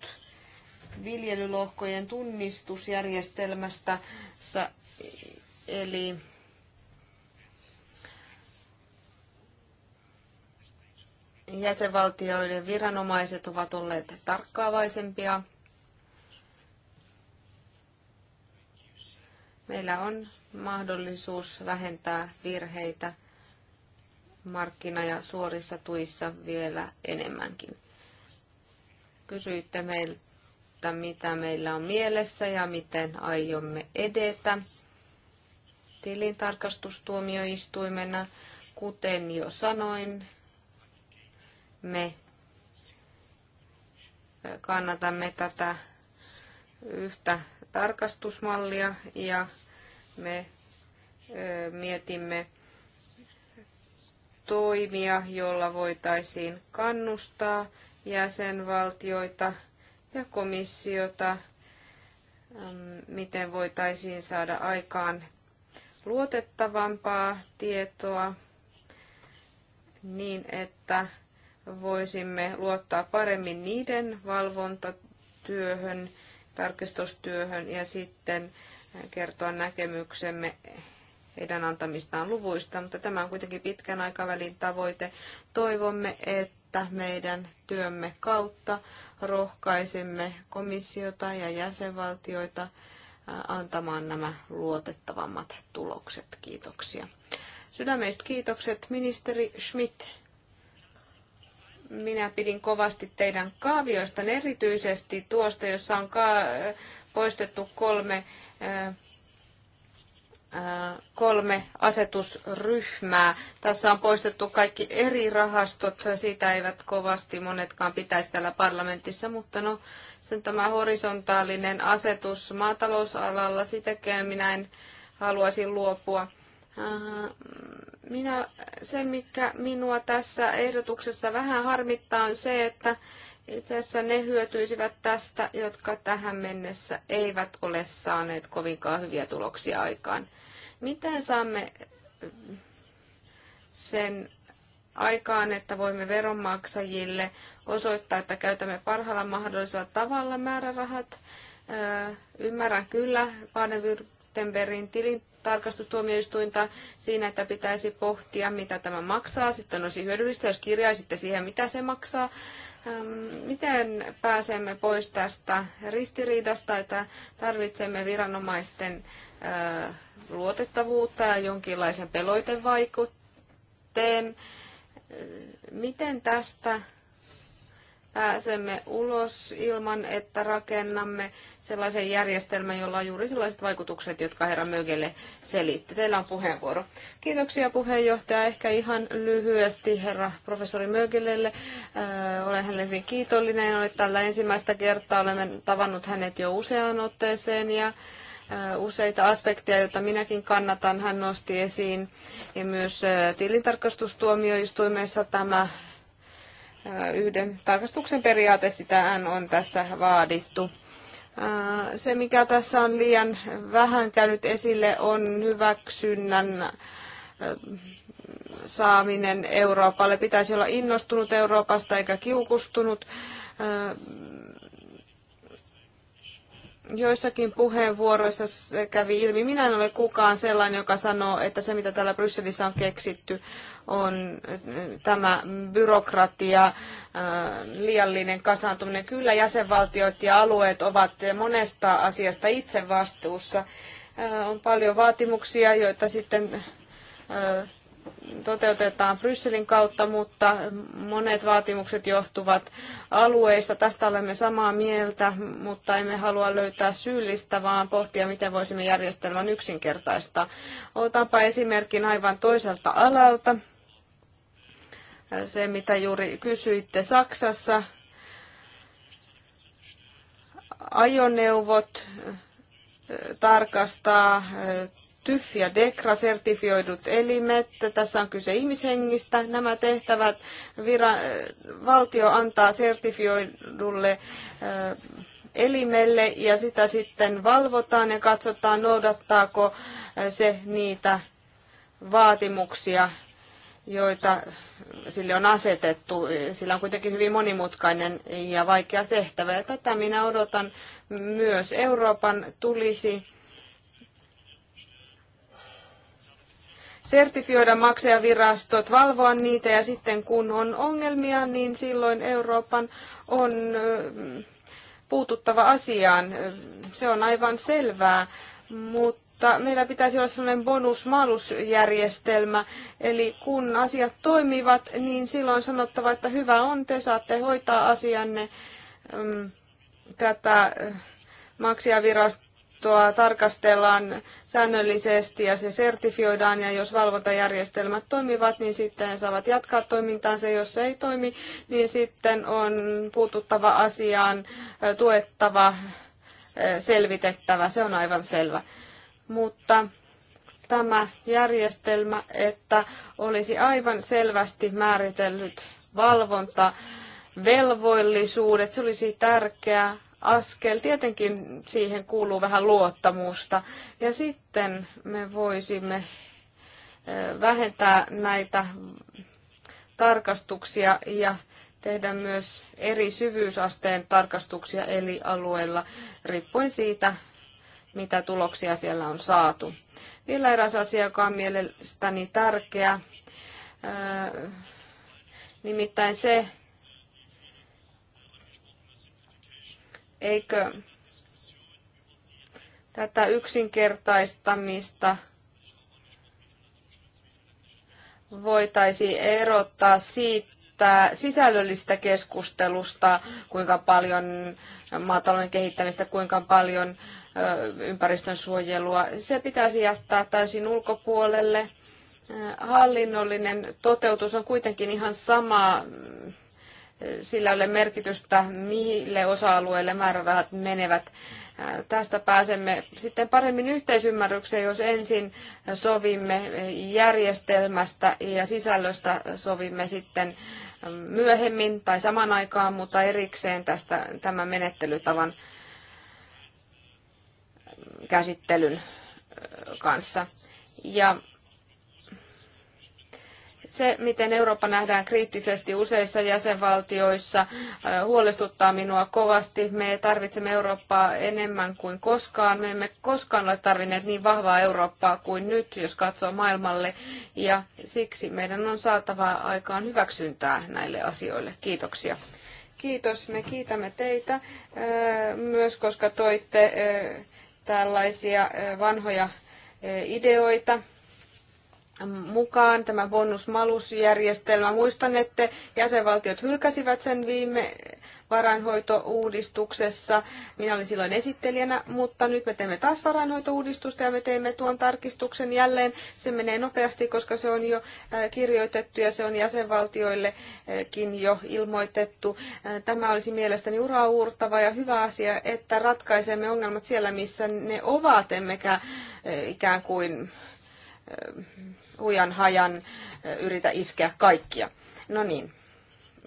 viljelylohkojen tunnistusjärjestelmästä, eli jäsenvaltioiden viranomaiset ovat olleet tarkkaavaisempia. Meillä on mahdollisuus vähentää virheitä markkina- ja suorissa tuissa vielä enemmänkin. Kysyitte meiltä, mitä meillä on mielessä ja miten aiomme edetä tilintarkastustuomioistuimena. Kuten jo sanoin, me kannatamme tätä yhtä tarkastusmallia ja me mietimme toimia, jolla voitaisiin kannustaa jäsenvaltioita ja komissiota, miten voitaisiin saada aikaan luotettavampaa tietoa niin, että voisimme luottaa paremmin niiden valvontatyöhön, tarkistustyöhön ja sitten kertoa näkemyksemme heidän antamistaan luvuista, mutta tämä on kuitenkin pitkän aikavälin tavoite. Toivomme, että meidän työmme kautta rohkaisemme komissiota ja jäsenvaltioita antamaan nämä luotettavammat tulokset. Kiitoksia. Sydämeistä kiitokset ministeri Schmidt. Minä pidin kovasti teidän kaavioista, erityisesti tuosta, jossa on ka- poistettu kolme, kolme asetusryhmää. Tässä on poistettu kaikki eri rahastot, siitä eivät kovasti monetkaan pitäisi täällä parlamentissa, mutta no, sen tämä horisontaalinen asetus maatalousalalla, sitäkään minä en haluaisin luopua. Äh, minä, se, mikä minua tässä ehdotuksessa vähän harmittaa, on se, että itse asiassa ne hyötyisivät tästä, jotka tähän mennessä eivät ole saaneet kovinkaan hyviä tuloksia aikaan. Miten saamme sen aikaan, että voimme veronmaksajille osoittaa, että käytämme parhaalla mahdollisella tavalla määrärahat Ymmärrän kyllä Baden-Württembergin tilintarkastustuomioistuinta siinä, että pitäisi pohtia, mitä tämä maksaa. Sitten olisi hyödyllistä, jos kirjaisitte siihen, mitä se maksaa. Miten pääsemme pois tästä ristiriidasta, että tarvitsemme viranomaisten luotettavuutta ja jonkinlaisen peloitevaikutteen? Miten tästä pääsemme ulos ilman, että rakennamme sellaisen järjestelmän, jolla on juuri sellaiset vaikutukset, jotka herra Mögelle selitti. Teillä on puheenvuoro. Kiitoksia puheenjohtaja. Ehkä ihan lyhyesti herra professori Mögelelle. olen hänelle hyvin kiitollinen. Olen tällä ensimmäistä kertaa. Olemme tavannut hänet jo useaan otteeseen ja useita aspekteja, joita minäkin kannatan. Hän nosti esiin ja myös tilintarkastustuomioistuimessa tämä yhden tarkastuksen periaate, sitähän on tässä vaadittu. Se, mikä tässä on liian vähän käynyt esille, on hyväksynnän saaminen Euroopalle. Pitäisi olla innostunut Euroopasta eikä kiukustunut. Joissakin puheenvuoroissa se kävi ilmi. Minä en ole kukaan sellainen, joka sanoo, että se mitä täällä Brysselissä on keksitty on tämä byrokratia, äh, liiallinen kasaantuminen. Kyllä jäsenvaltiot ja alueet ovat monesta asiasta itse vastuussa. Äh, on paljon vaatimuksia, joita sitten äh, toteutetaan Brysselin kautta, mutta monet vaatimukset johtuvat alueista. Tästä olemme samaa mieltä, mutta emme halua löytää syyllistä, vaan pohtia, miten voisimme järjestelmän yksinkertaista. Otanpa esimerkin aivan toiselta alalta. Se, mitä juuri kysyitte Saksassa, ajoneuvot eh, tarkastaa eh, TYF ja DEKRA sertifioidut elimet. Tässä on kyse ihmishengistä. Nämä tehtävät vira, eh, valtio antaa sertifioidulle elimelle ja sitä sitten valvotaan ja katsotaan, noudattaako se niitä vaatimuksia, joita sille on asetettu. Sillä on kuitenkin hyvin monimutkainen ja vaikea tehtävä. Ja tätä minä odotan myös. Euroopan tulisi sertifioida maksajavirastot, valvoa niitä ja sitten kun on ongelmia, niin silloin Euroopan on puututtava asiaan. Se on aivan selvää mutta meillä pitäisi olla sellainen bonus malusjärjestelmä eli kun asiat toimivat, niin silloin sanottava, että hyvä on, te saatte hoitaa asianne mm, tätä eh, maksijavirastoa tarkastellaan säännöllisesti ja se sertifioidaan ja jos valvontajärjestelmät toimivat, niin sitten he saavat jatkaa toimintaansa. Jos se ei toimi, niin sitten on puututtava asiaan, eh, tuettava selvitettävä, se on aivan selvä. Mutta tämä järjestelmä, että olisi aivan selvästi määritellyt valvonta, velvollisuudet, se olisi tärkeä askel. Tietenkin siihen kuuluu vähän luottamusta. Ja sitten me voisimme vähentää näitä tarkastuksia ja tehdä myös eri syvyysasteen tarkastuksia eli alueilla riippuen siitä, mitä tuloksia siellä on saatu. Vielä eräs asia, joka on mielestäni tärkeä, öö, nimittäin se, eikö tätä yksinkertaistamista voitaisi erottaa siitä, tästä sisällöllisestä keskustelusta, kuinka paljon maatalouden kehittämistä, kuinka paljon ympäristön suojelua. Se pitäisi jättää täysin ulkopuolelle. Hallinnollinen toteutus on kuitenkin ihan sama. Sillä ei ole merkitystä, mille osa alueille määrärahat menevät. Tästä pääsemme sitten paremmin yhteisymmärrykseen, jos ensin sovimme järjestelmästä ja sisällöstä sovimme sitten myöhemmin tai saman aikaan, mutta erikseen tästä tämän menettelytavan käsittelyn kanssa. Ja se, miten Eurooppa nähdään kriittisesti useissa jäsenvaltioissa, huolestuttaa minua kovasti. Me tarvitsemme Eurooppaa enemmän kuin koskaan. Me emme koskaan ole tarvinneet niin vahvaa Eurooppaa kuin nyt, jos katsoo maailmalle. Ja siksi meidän on saatava aikaan hyväksyntää näille asioille. Kiitoksia. Kiitos, me kiitämme teitä myös, koska toitte tällaisia vanhoja ideoita mukaan tämä bonusmalusjärjestelmä. Muistan, että jäsenvaltiot hylkäsivät sen viime varainhoitouudistuksessa. Minä olin silloin esittelijänä, mutta nyt me teemme taas varainhoitouudistusta ja me teemme tuon tarkistuksen jälleen. Se menee nopeasti, koska se on jo äh, kirjoitettu ja se on jäsenvaltioillekin jo ilmoitettu. Äh, tämä olisi mielestäni uraa uurtava ja hyvä asia, että ratkaisemme ongelmat siellä, missä ne ovat, emmekä äh, ikään kuin huijan hajan yritä iskeä kaikkia. No niin,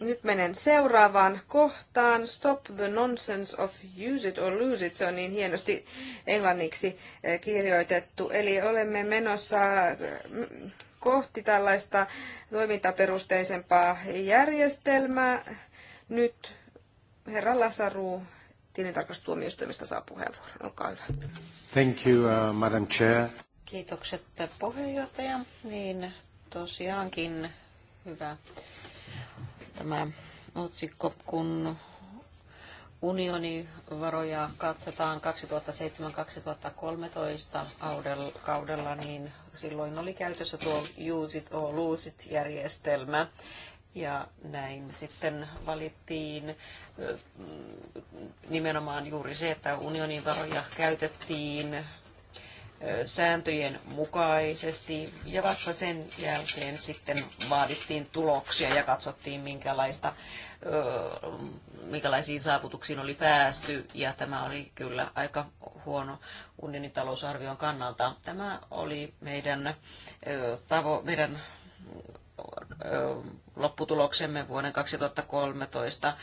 nyt menen seuraavaan kohtaan. Stop the nonsense of use it or lose it. Se on niin hienosti englanniksi kirjoitettu. Eli olemme menossa kohti tällaista toimintaperusteisempaa järjestelmää. Nyt herra Lasaru tilintarkastustuomioistuimesta saa puheenvuoron. Olkaa hyvä. Thank you, uh, Madam Chair. Kiitokset puheenjohtaja. Niin tosiaankin hyvä tämä otsikko, kun unionivaroja katsotaan 2007-2013 kaudella, niin silloin oli käytössä tuo Use it or Lose it järjestelmä. Ja näin sitten valittiin nimenomaan juuri se, että unionin varoja käytettiin sääntöjen mukaisesti ja vasta sen jälkeen sitten vaadittiin tuloksia ja katsottiin minkälaista, minkälaisiin saavutuksiin oli päästy ja tämä oli kyllä aika huono unionin talousarvion kannalta. Tämä oli meidän, tavo, meidän lopputuloksemme vuoden 2013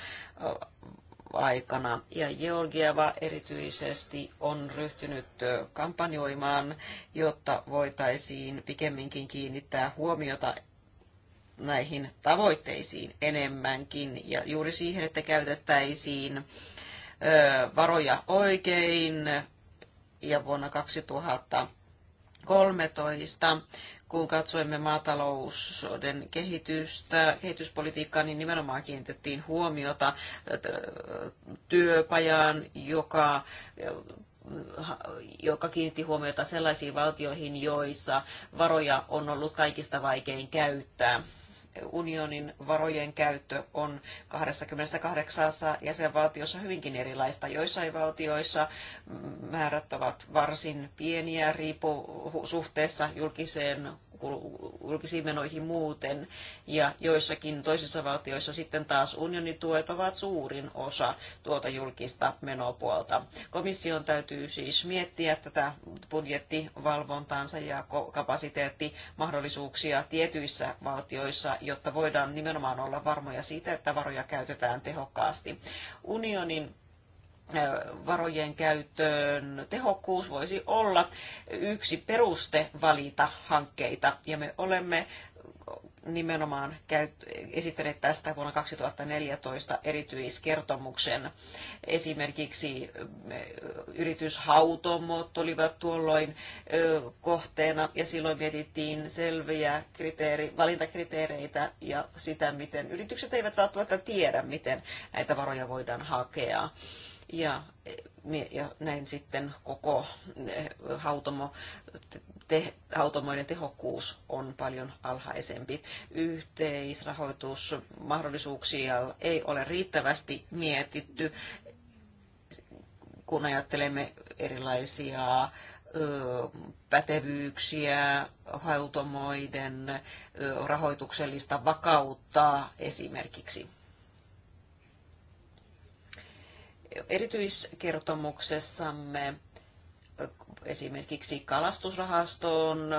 aikana. Ja Georgieva erityisesti on ryhtynyt kampanjoimaan, jotta voitaisiin pikemminkin kiinnittää huomiota näihin tavoitteisiin enemmänkin ja juuri siihen, että käytettäisiin varoja oikein ja vuonna 2000 2013, kun katsoimme maatalouden kehitystä, kehityspolitiikkaa, niin nimenomaan kiinnitettiin huomiota työpajaan, joka joka kiinnitti huomiota sellaisiin valtioihin, joissa varoja on ollut kaikista vaikein käyttää unionin varojen käyttö on 28 jäsenvaltiossa hyvinkin erilaista. Joissain valtioissa määrät ovat varsin pieniä riippu suhteessa julkiseen julkisiin menoihin muuten, ja joissakin toisissa valtioissa sitten taas unionituet ovat suurin osa tuota julkista menopuolta. Komission täytyy siis miettiä tätä budjettivalvontaansa ja kapasiteettimahdollisuuksia tietyissä valtioissa, jotta voidaan nimenomaan olla varmoja siitä, että varoja käytetään tehokkaasti. Unionin varojen käyttöön tehokkuus voisi olla yksi peruste valita hankkeita. Ja me olemme nimenomaan esittäneet tästä vuonna 2014 erityiskertomuksen. Esimerkiksi yrityshautomot olivat tuolloin kohteena ja silloin mietittiin selviä kriteeri, valintakriteereitä ja sitä, miten yritykset eivät välttämättä tiedä, miten näitä varoja voidaan hakea ja, ja näin sitten koko eh, hautomo, te, hautomoiden tehokkuus on paljon alhaisempi. Yhteisrahoitusmahdollisuuksia ei ole riittävästi mietitty, kun ajattelemme erilaisia pätevyyksiä, hautomoiden rahoituksellista vakautta esimerkiksi. erityiskertomuksessamme esimerkiksi kalastusrahaston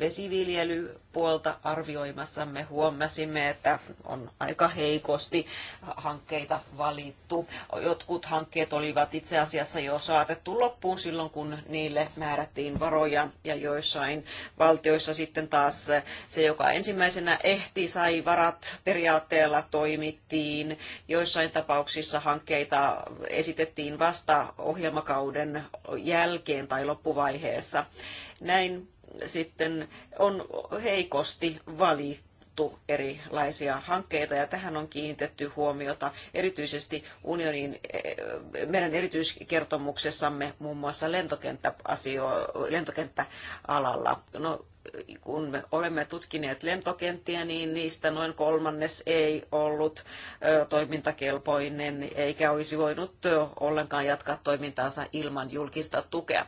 vesiviljelypuolta arvioimassamme huomasimme, että on aika heikosti hankkeita valittu. Jotkut hankkeet olivat itse asiassa jo saatettu loppuun silloin, kun niille määrättiin varoja ja joissain valtioissa sitten taas se, joka ensimmäisenä ehti, sai varat periaatteella toimittiin. Joissain tapauksissa hankkeita esitettiin vasta ohjelmakauden jälkeen tai loppuvaiheessa. Näin sitten on heikosti valittu erilaisia hankkeita ja tähän on kiinnitetty huomiota erityisesti unionin, eh, meidän erityiskertomuksessamme muun muassa lentokenttäasio lentokenttäalalla. No, kun me olemme tutkineet lentokenttiä, niin niistä noin kolmannes ei ollut toimintakelpoinen eikä olisi voinut ollenkaan jatkaa toimintaansa ilman julkista tukea.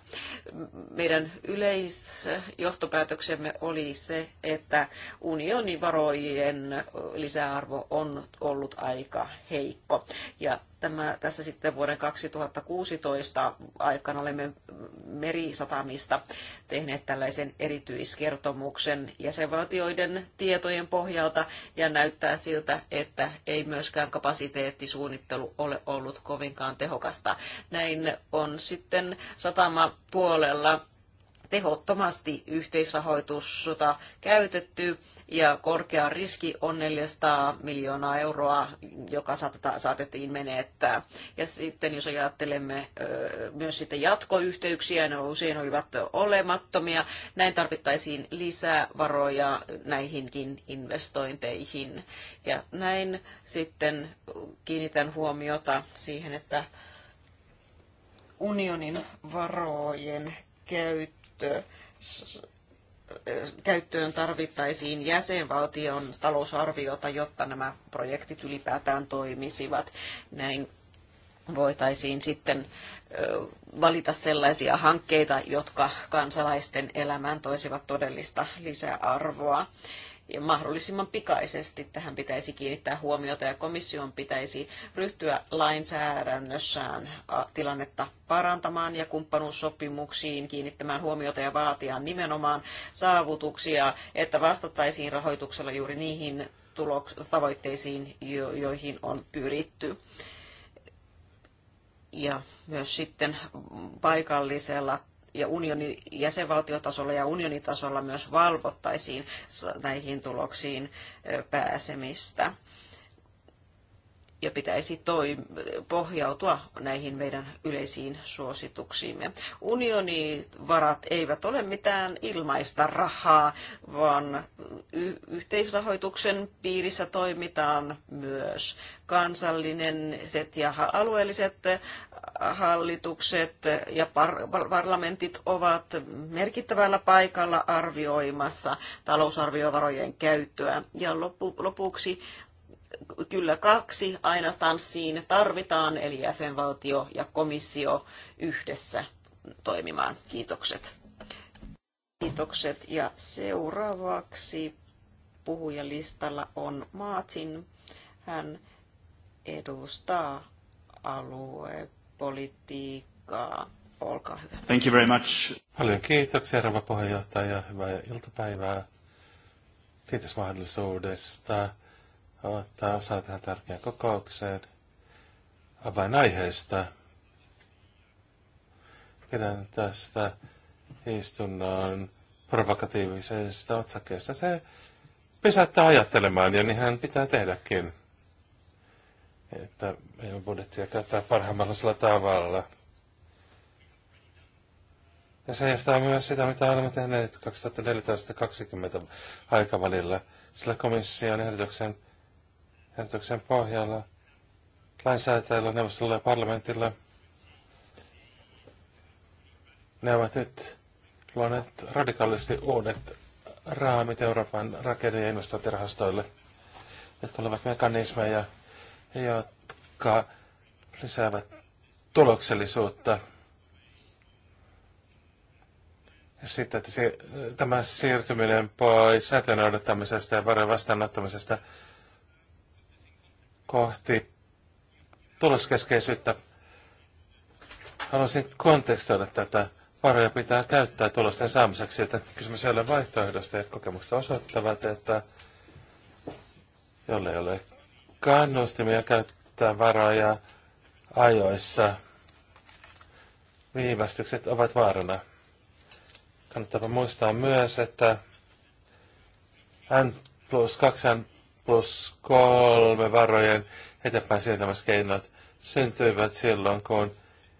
Meidän yleisjohtopäätöksemme oli se, että unionin varojen lisäarvo on ollut aika heikko ja Tämä, tässä sitten vuoden 2016 aikana olemme merisatamista tehneet tällaisen erityiskertomuksen jäsenvaltioiden tietojen pohjalta ja näyttää siltä, että ei myöskään kapasiteettisuunnittelu ole ollut kovinkaan tehokasta. Näin on sitten satama puolella tehottomasti yhteisrahoitusta käytetty ja korkea riski on 400 miljoonaa euroa, joka saatettiin menettää. Ja sitten jos ajattelemme myös sitten jatkoyhteyksiä, ne usein olivat olemattomia. Näin tarvittaisiin lisää varoja näihinkin investointeihin. Ja näin sitten kiinnitän huomiota siihen, että unionin varojen käyttö käyttöön käyttöön tarvittaisiin jäsenvaltion talousarviota, jotta nämä projektit ylipäätään toimisivat. Näin voitaisiin sitten valita sellaisia hankkeita, jotka kansalaisten elämään toisivat todellista lisäarvoa ja mahdollisimman pikaisesti tähän pitäisi kiinnittää huomiota ja komission pitäisi ryhtyä lainsäädännössään tilannetta parantamaan ja kumppanuussopimuksiin kiinnittämään huomiota ja vaatia nimenomaan saavutuksia, että vastattaisiin rahoituksella juuri niihin tavoitteisiin, joihin on pyritty ja myös sitten paikallisella ja unionin jäsenvaltiotasolla ja unionin tasolla myös valvottaisiin näihin tuloksiin pääsemistä ja pitäisi pohjautua näihin meidän yleisiin suosituksiimme. Unionivarat eivät ole mitään ilmaista rahaa, vaan yhteisrahoituksen piirissä toimitaan myös kansallinen set ja alueelliset hallitukset ja par- parlamentit ovat merkittävällä paikalla arvioimassa talousarviovarojen käyttöä. Ja lopu- lopuksi kyllä kaksi aina tanssiin tarvitaan, eli jäsenvaltio ja komissio yhdessä toimimaan. Kiitokset. Kiitokset. Ja seuraavaksi puhujalistalla on Maatin. Hän edustaa aluepolitiikkaa. Olkaa hyvä. Thank you very much. Paljon kiitoksia, rouva puheenjohtaja. Hyvää iltapäivää. Kiitos mahdollisuudesta ottaa osaa tähän tärkeään kokoukseen avainaiheesta. Pidän tästä istunnon provokatiivisesta otsakkeesta. Se pysäyttää ajattelemaan, ja niinhän pitää tehdäkin. Että meidän budjettia käyttää parhaimmalla tavalla. Ja se estää myös sitä, mitä olemme tehneet 2014-2020 aikavälillä, sillä komission ehdotuksen ehdotuksen pohjalla lainsäätäjällä, neuvostolla ja parlamentilla. Ne ovat nyt luoneet radikaalisti uudet raamit Euroopan rakenne- ja investointirahastoille, jotka olivat mekanismeja, jotka lisäävät tuloksellisuutta sitten, että se, tämä siirtyminen pois säätön odottamisesta ja varojen vastaanottamisesta kohti tuloskeskeisyyttä. Haluaisin kontekstoida tätä. Varoja pitää käyttää tulosten saamiseksi, että kysymys ei ole vaihtoehdosta, että kokemukset osoittavat, että jolle ei ole kannustimia käyttää varoja ajoissa, viivästykset ovat vaarana. Kannattaa muistaa myös, että N plus 2 plus kolme varojen eteenpäin siirtämiskeinot syntyivät silloin, kun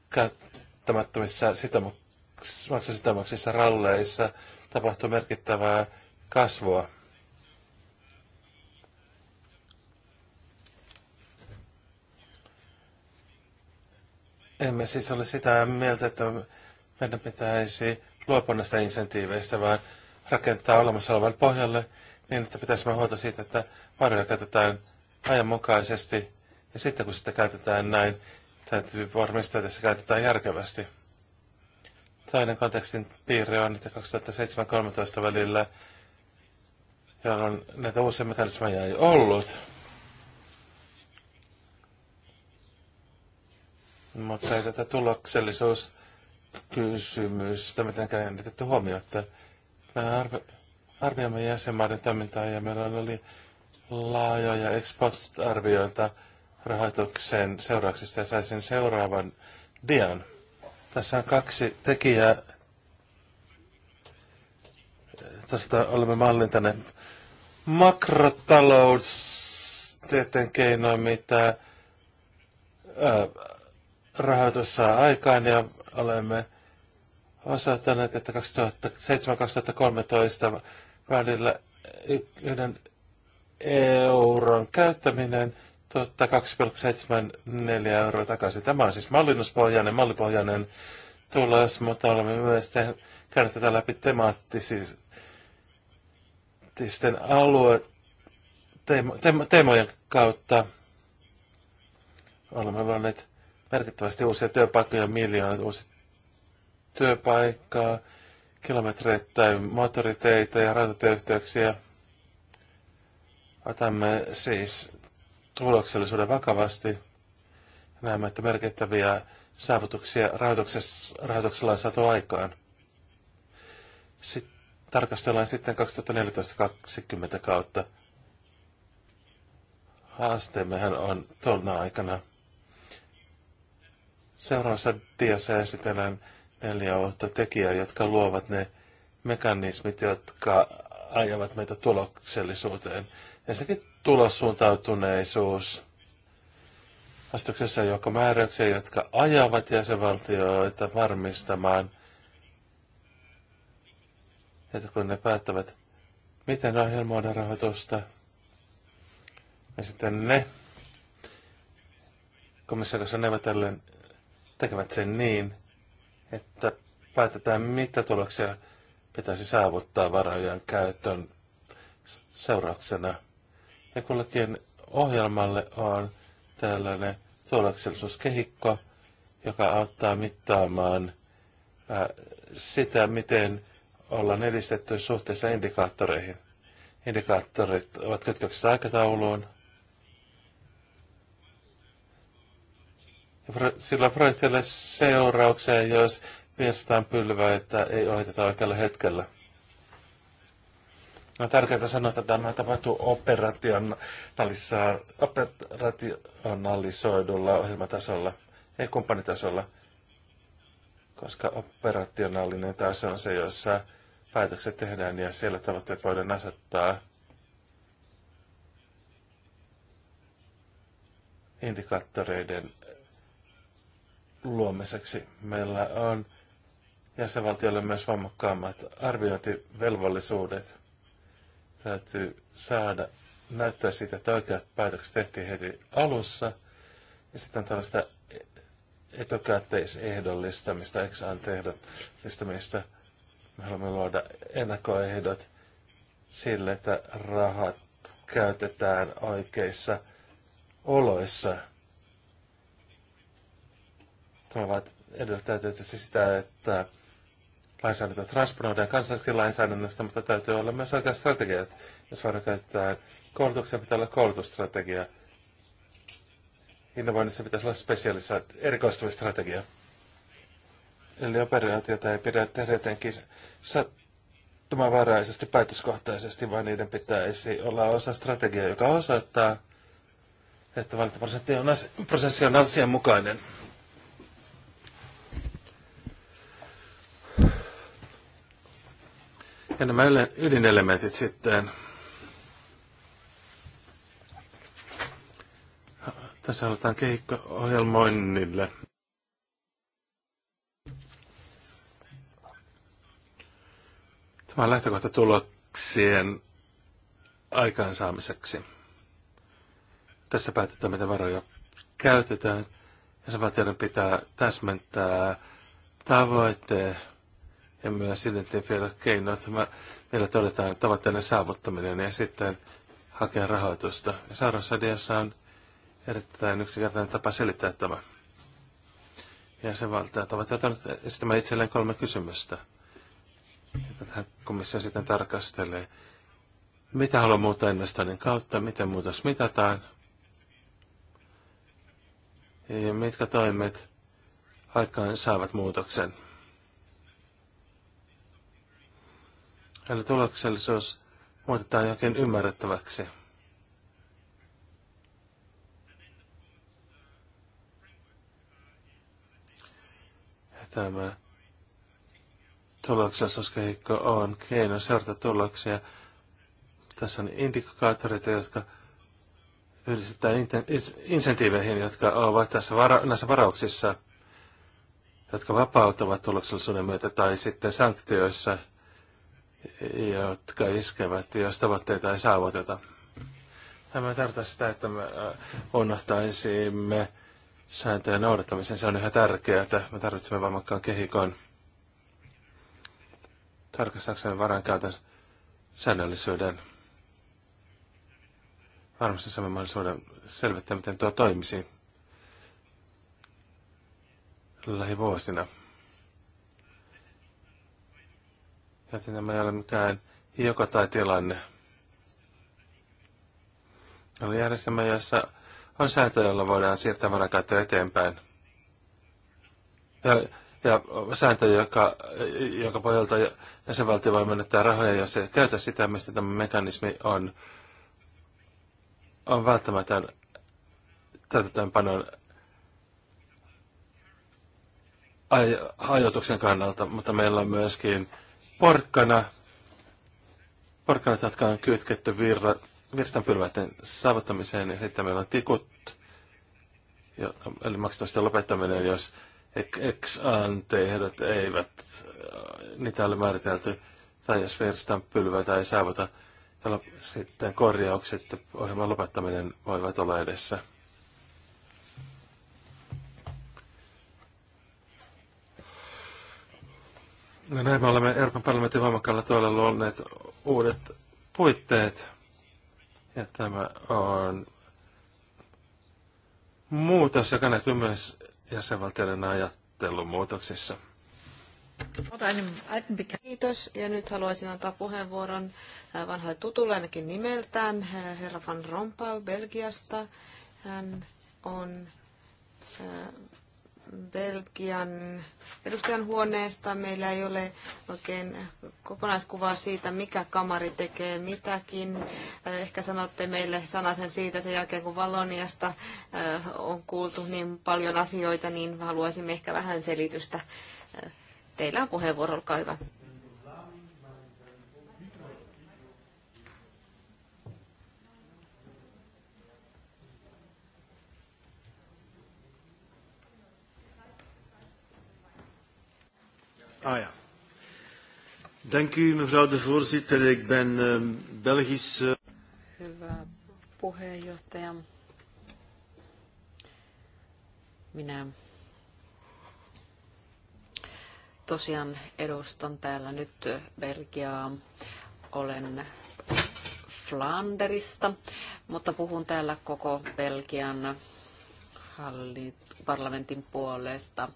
kattamattomissa maksusitoumuksissa ralleissa tapahtui merkittävää kasvua. Emme siis ole sitä mieltä, että meidän pitäisi luopua näistä insentiiveistä, vaan rakentaa olemassa olevan pohjalle niin, että pitäisi huolta siitä, että varoja käytetään ajanmukaisesti ja sitten kun sitä käytetään näin, täytyy varmistaa, että se käytetään järkevästi. Toinen kontekstin piirre on, että 2007-2013 välillä, jolloin näitä uusia mekanismeja ei ollut, mutta ei tätä tuloksellisuuskysymystä mitenkään huomioon, että Nämä arve- arvioimme jäsenmaiden toimintaa ja meillä oli laajoja ex arvioita rahoituksen seurauksista ja saisin seuraavan dian. Tässä on kaksi tekijää. Tästä olemme mallintaneet makrotaloustieteen keinoin, mitä rahoitus saa aikaan ja olemme osoittaneet, että 2007-2013 roundilla yhden euron käyttäminen tuottaa 2,74 euroa takaisin. Tämä on siis mallinnuspohjainen, mallipohjainen tulos, mutta olemme myös käyneet tätä läpi temaattisten alue teemo, teemo, teemojen kautta. Olemme luoneet merkittävästi uusia työpaikkoja, miljoonat uusia työpaikkaa – kilometreittäin moottoriteitä ja rautatieyhteyksiä. Otamme siis tuloksellisuuden vakavasti. Näemme, että merkittäviä saavutuksia rahoituksella on saatu aikaan. Sitten tarkastellaan sitten 2014-2020 kautta. Haasteemmehän on tuona aikana. Seuraavassa diassa esitellään neljä uutta tekijää, jotka luovat ne mekanismit, jotka ajavat meitä tuloksellisuuteen. Ensinnäkin tulossuuntautuneisuus. Astuksessa joko määräyksiä, jotka ajavat jäsenvaltioita varmistamaan, että kun ne päättävät, miten ohjelmoida rahoitusta, ja sitten ne komissaarissa neuvotellen tekevät sen niin, että päätetään, mitä tuloksia pitäisi saavuttaa varojen käytön seurauksena. Ja kullakin ohjelmalle on tällainen tuloksellisuuskehikko, joka auttaa mittaamaan sitä, miten ollaan edistetty suhteessa indikaattoreihin. Indikaattorit ovat kytköksessä aikatauluun, Ja sillä projektilla seurauksia, jos viestään pylvää, että ei ohiteta oikealla hetkellä. On tärkeää sanoa, että tämä tapahtuu operationalisoidulla ohjelmatasolla, ei kumppanitasolla, koska operationaalinen taso on se, jossa päätökset tehdään ja siellä tavoitteet voidaan asettaa indikaattoreiden luomiseksi. Meillä on jäsenvaltiolle myös vammakkaammat arviointivelvollisuudet. Täytyy saada näyttää siitä, että oikeat päätökset tehtiin heti alussa. Ja sitten on tällaista etukäteisehdollistamista, ex ante ehdollistamista. Me haluamme luoda ennakkoehdot sille, että rahat käytetään oikeissa oloissa – Tämä edellyttää tietysti sitä, että lainsäädäntö transponoidaan kansallisesti lainsäädännöstä, mutta täytyy olla myös oikeat strategiat, jos voidaan käyttää koulutuksia, pitää olla koulutusstrategia. Innovoinnissa pitäisi olla spesiaalissa erikoistumistrategia. Eli operaatiota ei pidä tehdä jotenkin sattumavaraisesti, päätöskohtaisesti, vaan niiden pitäisi olla osa strategiaa, joka osoittaa, että valintaprosessi on, as- prosessi on asianmukainen. mukainen. Ja nämä ydinelementit sitten. Tässä aletaan kehikko-ohjelmoinnille. Tämä on lähtökohta tuloksien aikaansaamiseksi. Tässä päätetään, mitä varoja käytetään. ja Jäsenvaltioiden pitää täsmentää tavoite, emme identifioida että Meillä todetaan tavoitteiden saavuttaminen ja sitten hakea rahoitusta. Ja Saurasadiassa on erittäin yksinkertainen tapa selittää tämä. valtaa tavoitteita nyt esittämään itselleen kolme kysymystä. Tätä komissio sitten tarkastelee. Mitä haluaa muuttaa investoinnin kautta? Miten muutos mitataan? Ja mitkä toimet aikaan saavat muutoksen? Eli tuloksellisuus muutetaan jokin ymmärrettäväksi. Tämä tuloksellisuuskehikko on keino seurata tuloksia. Tässä on indikaattoreita, jotka yhdistetään insentiiveihin, jotka ovat tässä vara- näissä varauksissa, jotka vapautuvat tuloksellisuuden myötä tai sitten sanktioissa – jotka iskevät, jos tavoitteita ei saavuteta. Tämä tarkoittaa sitä, että me äh, unohtaisimme sääntöjen noudattamisen. Se on yhä tärkeää. että Me tarvitsemme voimakkaan kehikon tarkastaksemme varankäytön säännöllisyyden. Varmasti saamme mahdollisuuden selvittää, miten tuo toimisi lähivuosina. että tämä ei ole mikään hiuka tai tilanne. Oli järjestelmä, jossa on sääntö, jolla voidaan siirtää varankäyttöä eteenpäin. Ja, ja sääntö, joka, joka pohjalta jäsenvaltio voi menettää rahoja, jos se käytä sitä, mistä tämä mekanismi on, on välttämätön täytäntöönpanon ajoituksen kannalta, mutta meillä on myöskin porkkana, porkkanat, jotka on kytketty virra, virstanpylväiden saavuttamiseen, ja sitten meillä on tikut, jo, eli maksatusten lopettaminen, jos ex ante eivät, äh, niitä ole määritelty, tai jos virstanpylväitä ei saavuta, sitten korjaukset ohjelman lopettaminen voivat olla edessä. No näin me olemme Euroopan parlamentin voimakkaalla tuolla luonneet uudet puitteet. Ja tämä on muutos, joka näkyy myös jäsenvaltioiden ajattelumuutoksissa. Kiitos. Ja nyt haluaisin antaa puheenvuoron vanhalle tutulle ainakin nimeltään, herra Van Rompuy Belgiasta. Hän on Belgian edustajan huoneesta. Meillä ei ole oikein kokonaiskuvaa siitä, mikä kamari tekee mitäkin. Äh, ehkä sanotte meille sanasen siitä sen jälkeen, kun Valoniasta äh, on kuultu niin paljon asioita, niin haluaisimme ehkä vähän selitystä. Äh, teillä on puheenvuoro, olkaa hyvä. Ah ja. Dank u, mevrouw de voorzitter. Ik ben ehm, Belgisch... Eh, puheenjohtaja. Minä tosiaan edustan täällä nyt Belgiaa. Olen Flanderista, mutta puhun täällä koko Belgian hallit- parlamentin puolesta.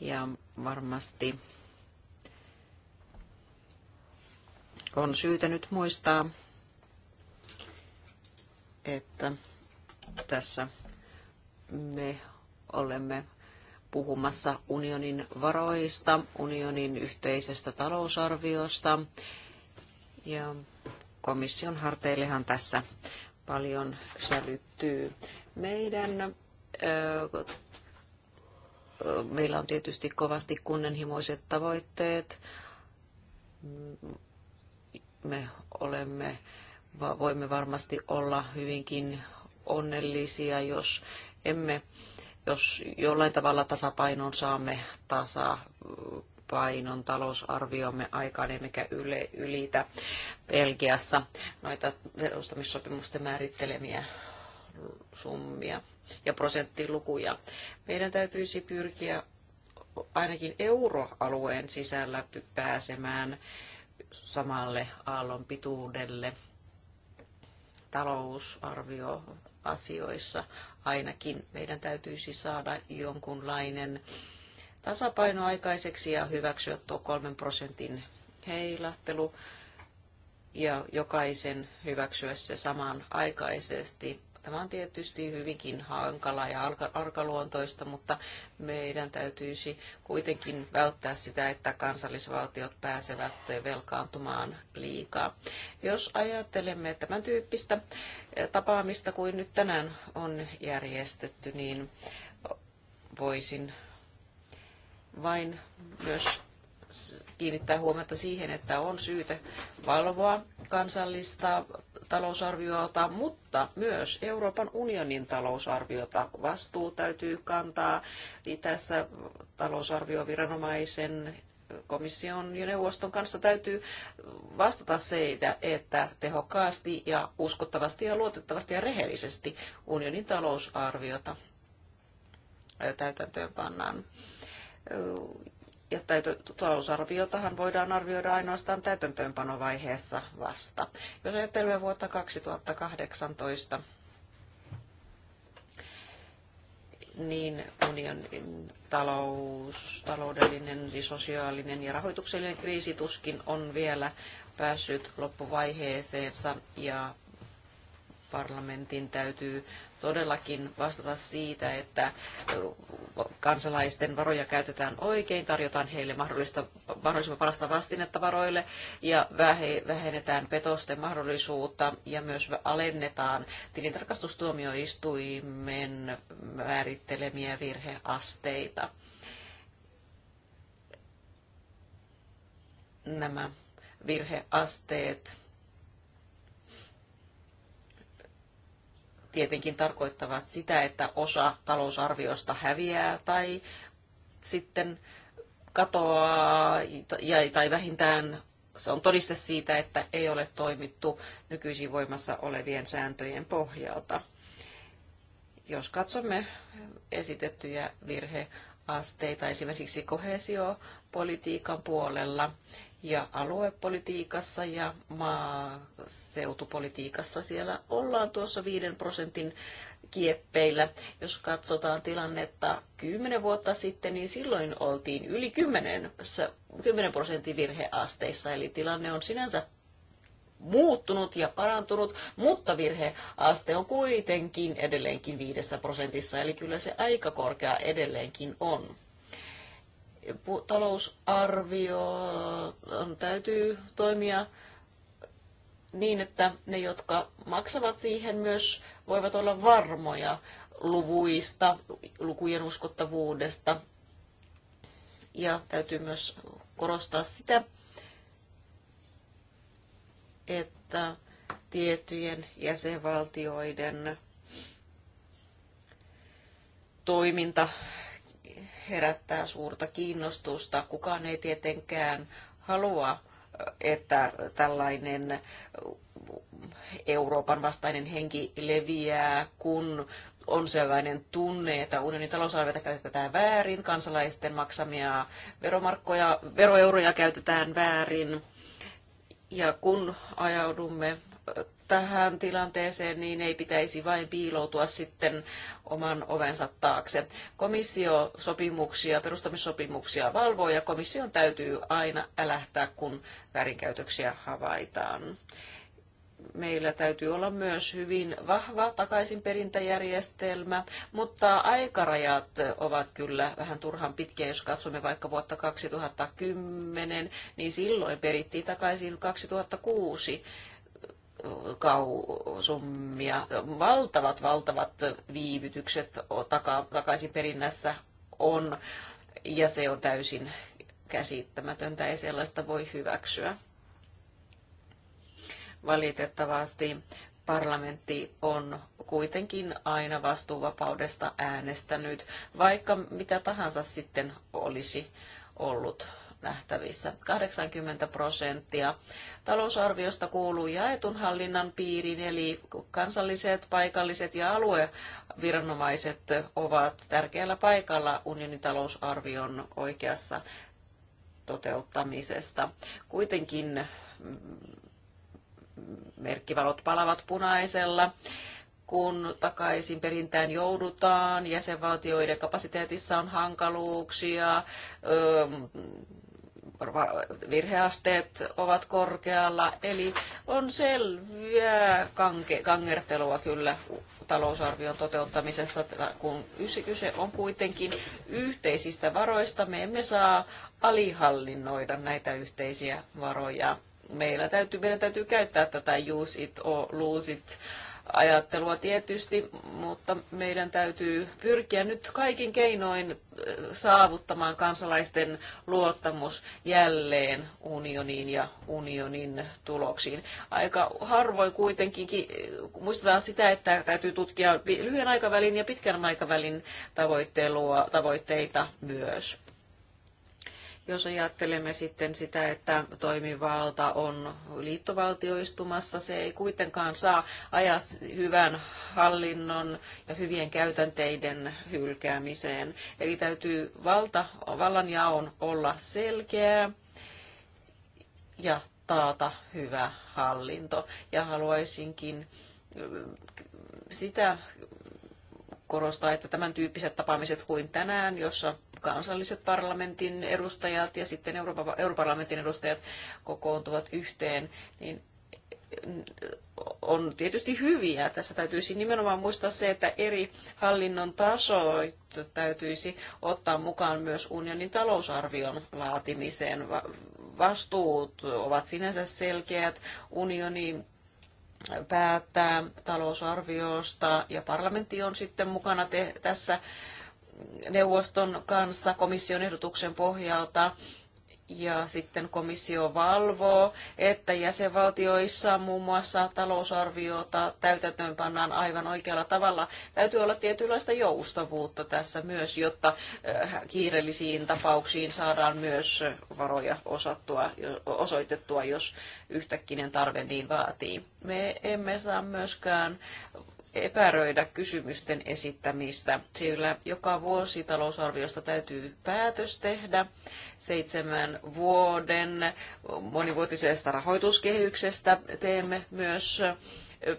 Ja varmasti On syytä nyt muistaa, että tässä me olemme puhumassa unionin varoista, unionin yhteisestä talousarviosta. Ja komission harteillehan tässä paljon sälyttyy. Meidän ö, Meillä on tietysti kovasti kunnianhimoiset tavoitteet, me olemme, voimme varmasti olla hyvinkin onnellisia, jos emme, jos jollain tavalla tasapainon saamme tasapainon talousarviomme aikaan, emmekä yle, ylitä Belgiassa noita perustamissopimusten määrittelemiä summia ja prosenttilukuja. Meidän täytyisi pyrkiä ainakin euroalueen sisällä pääsemään samalle aallonpituudelle pituudelle talousarvioasioissa ainakin. Meidän täytyisi saada jonkunlainen tasapaino aikaiseksi ja hyväksyä tuo kolmen prosentin heilahtelu ja jokaisen hyväksyä se samaan aikaisesti Tämä on tietysti hyvinkin hankala ja arkaluontoista, mutta meidän täytyisi kuitenkin välttää sitä, että kansallisvaltiot pääsevät velkaantumaan liikaa. Jos ajattelemme tämän tyyppistä eh, tapaamista kuin nyt tänään on järjestetty, niin voisin vain myös kiinnittää huomiota siihen, että on syytä valvoa kansallista talousarviota, mutta myös Euroopan unionin talousarviota. Vastuu täytyy kantaa niin tässä talousarvioviranomaisen komission ja neuvoston kanssa täytyy vastata siitä, että tehokkaasti ja uskottavasti ja luotettavasti ja rehellisesti unionin talousarviota täytäntöön pannaan ja talousarviotahan voidaan arvioida ainoastaan täytäntöönpanovaiheessa vasta. Jos ajattelemme vuotta 2018, niin unionin talous, taloudellinen, siis sosiaalinen ja rahoituksellinen kriisi tuskin on vielä päässyt loppuvaiheeseensa ja parlamentin täytyy todellakin vastata siitä, että kansalaisten varoja käytetään oikein, tarjotaan heille mahdollista, mahdollisimman parasta vastinetta varoille ja vähennetään petosten mahdollisuutta ja myös alennetaan tilintarkastustuomioistuimen määrittelemiä virheasteita. Nämä virheasteet tietenkin tarkoittavat sitä, että osa talousarviosta häviää tai sitten katoaa tai vähintään se on todiste siitä, että ei ole toimittu nykyisin voimassa olevien sääntöjen pohjalta. Jos katsomme esitettyjä virheasteita esimerkiksi kohesiopolitiikan puolella, ja aluepolitiikassa ja maaseutupolitiikassa siellä ollaan tuossa 5 prosentin kieppeillä. Jos katsotaan tilannetta 10 vuotta sitten, niin silloin oltiin yli 10, 10 prosentin virheasteissa, eli tilanne on sinänsä muuttunut ja parantunut, mutta virheaste on kuitenkin edelleenkin viidessä prosentissa, eli kyllä se aika korkea edelleenkin on talousarvio on ähm, täytyy toimia niin, että ne, jotka maksavat siihen myös, voivat olla varmoja luvuista, lukujen uskottavuudesta. Ja täytyy myös korostaa sitä, että tiettyjen jäsenvaltioiden toiminta herättää suurta kiinnostusta. Kukaan ei tietenkään halua, että tällainen Euroopan vastainen henki leviää, kun on sellainen tunne, että unionin talousarviota käytetään väärin, kansalaisten maksamia veromarkkoja, veroeuroja käytetään väärin. Ja kun ajaudumme tähän tilanteeseen, niin ei pitäisi vain piiloutua sitten oman ovensa taakse. Komissio sopimuksia, perustamissopimuksia valvoo ja komission täytyy aina älähtää, kun väärinkäytöksiä havaitaan meillä täytyy olla myös hyvin vahva takaisinperintäjärjestelmä, mutta aikarajat ovat kyllä vähän turhan pitkiä. Jos katsomme vaikka vuotta 2010, niin silloin perittiin takaisin 2006 kausummia, valtavat, valtavat viivytykset takaisin perinnässä on, ja se on täysin käsittämätöntä, ei sellaista voi hyväksyä. Valitettavasti parlamentti on kuitenkin aina vastuuvapaudesta äänestänyt, vaikka mitä tahansa sitten olisi ollut nähtävissä. 80 prosenttia talousarviosta kuuluu jaetun hallinnan piiriin, eli kansalliset, paikalliset ja alueviranomaiset ovat tärkeällä paikalla unionin talousarvion oikeassa toteuttamisesta. Kuitenkin merkkivalot palavat punaisella kun takaisin perintään joudutaan, jäsenvaltioiden kapasiteetissa on hankaluuksia, virheasteet ovat korkealla, eli on selviä kanke, kangertelua kyllä talousarvion toteuttamisessa, kun kyse on kuitenkin yhteisistä varoista. Me emme saa alihallinnoida näitä yhteisiä varoja. Meillä täytyy, meidän täytyy käyttää tätä use it or lose it ajattelua tietysti, mutta meidän täytyy pyrkiä nyt kaikin keinoin äh, saavuttamaan kansalaisten luottamus jälleen unioniin ja unionin tuloksiin. Aika harvoin kuitenkin muistetaan sitä, että täytyy tutkia lyhyen aikavälin ja pitkän aikavälin tavoitteita myös. Jos ajattelemme sitten sitä, että toimivalta on liittovaltioistumassa, se ei kuitenkaan saa ajaa hyvän hallinnon ja hyvien käytänteiden hylkäämiseen. Eli täytyy valta, vallanjaon olla selkeä ja taata hyvä hallinto. Ja haluaisinkin sitä korostaa, että tämän tyyppiset tapaamiset kuin tänään, jossa kansalliset parlamentin edustajat ja sitten Euroopan, parlamentin edustajat kokoontuvat yhteen, niin mm, on tietysti hyviä. Tässä täytyisi nimenomaan muistaa se, että eri hallinnon tasoit täytyisi ottaa mukaan myös unionin talousarvion laatimiseen. Vastuut ovat sinänsä selkeät. Unioni päättää talousarviosta ja parlamentti on sitten mukana te- tässä neuvoston kanssa komission ehdotuksen pohjalta ja sitten komissio valvoo, että jäsenvaltioissa muun muassa talousarviota täytäntöönpannaan aivan oikealla tavalla. Täytyy olla tietynlaista joustavuutta tässä myös, jotta äh, kiireellisiin tapauksiin saadaan myös varoja osattua, osoitettua, jos yhtäkkinen tarve niin vaatii. Me emme saa myöskään epäröidä kysymysten esittämistä, sillä joka vuosi talousarviosta täytyy päätös tehdä seitsemän vuoden monivuotisesta rahoituskehyksestä. Teemme myös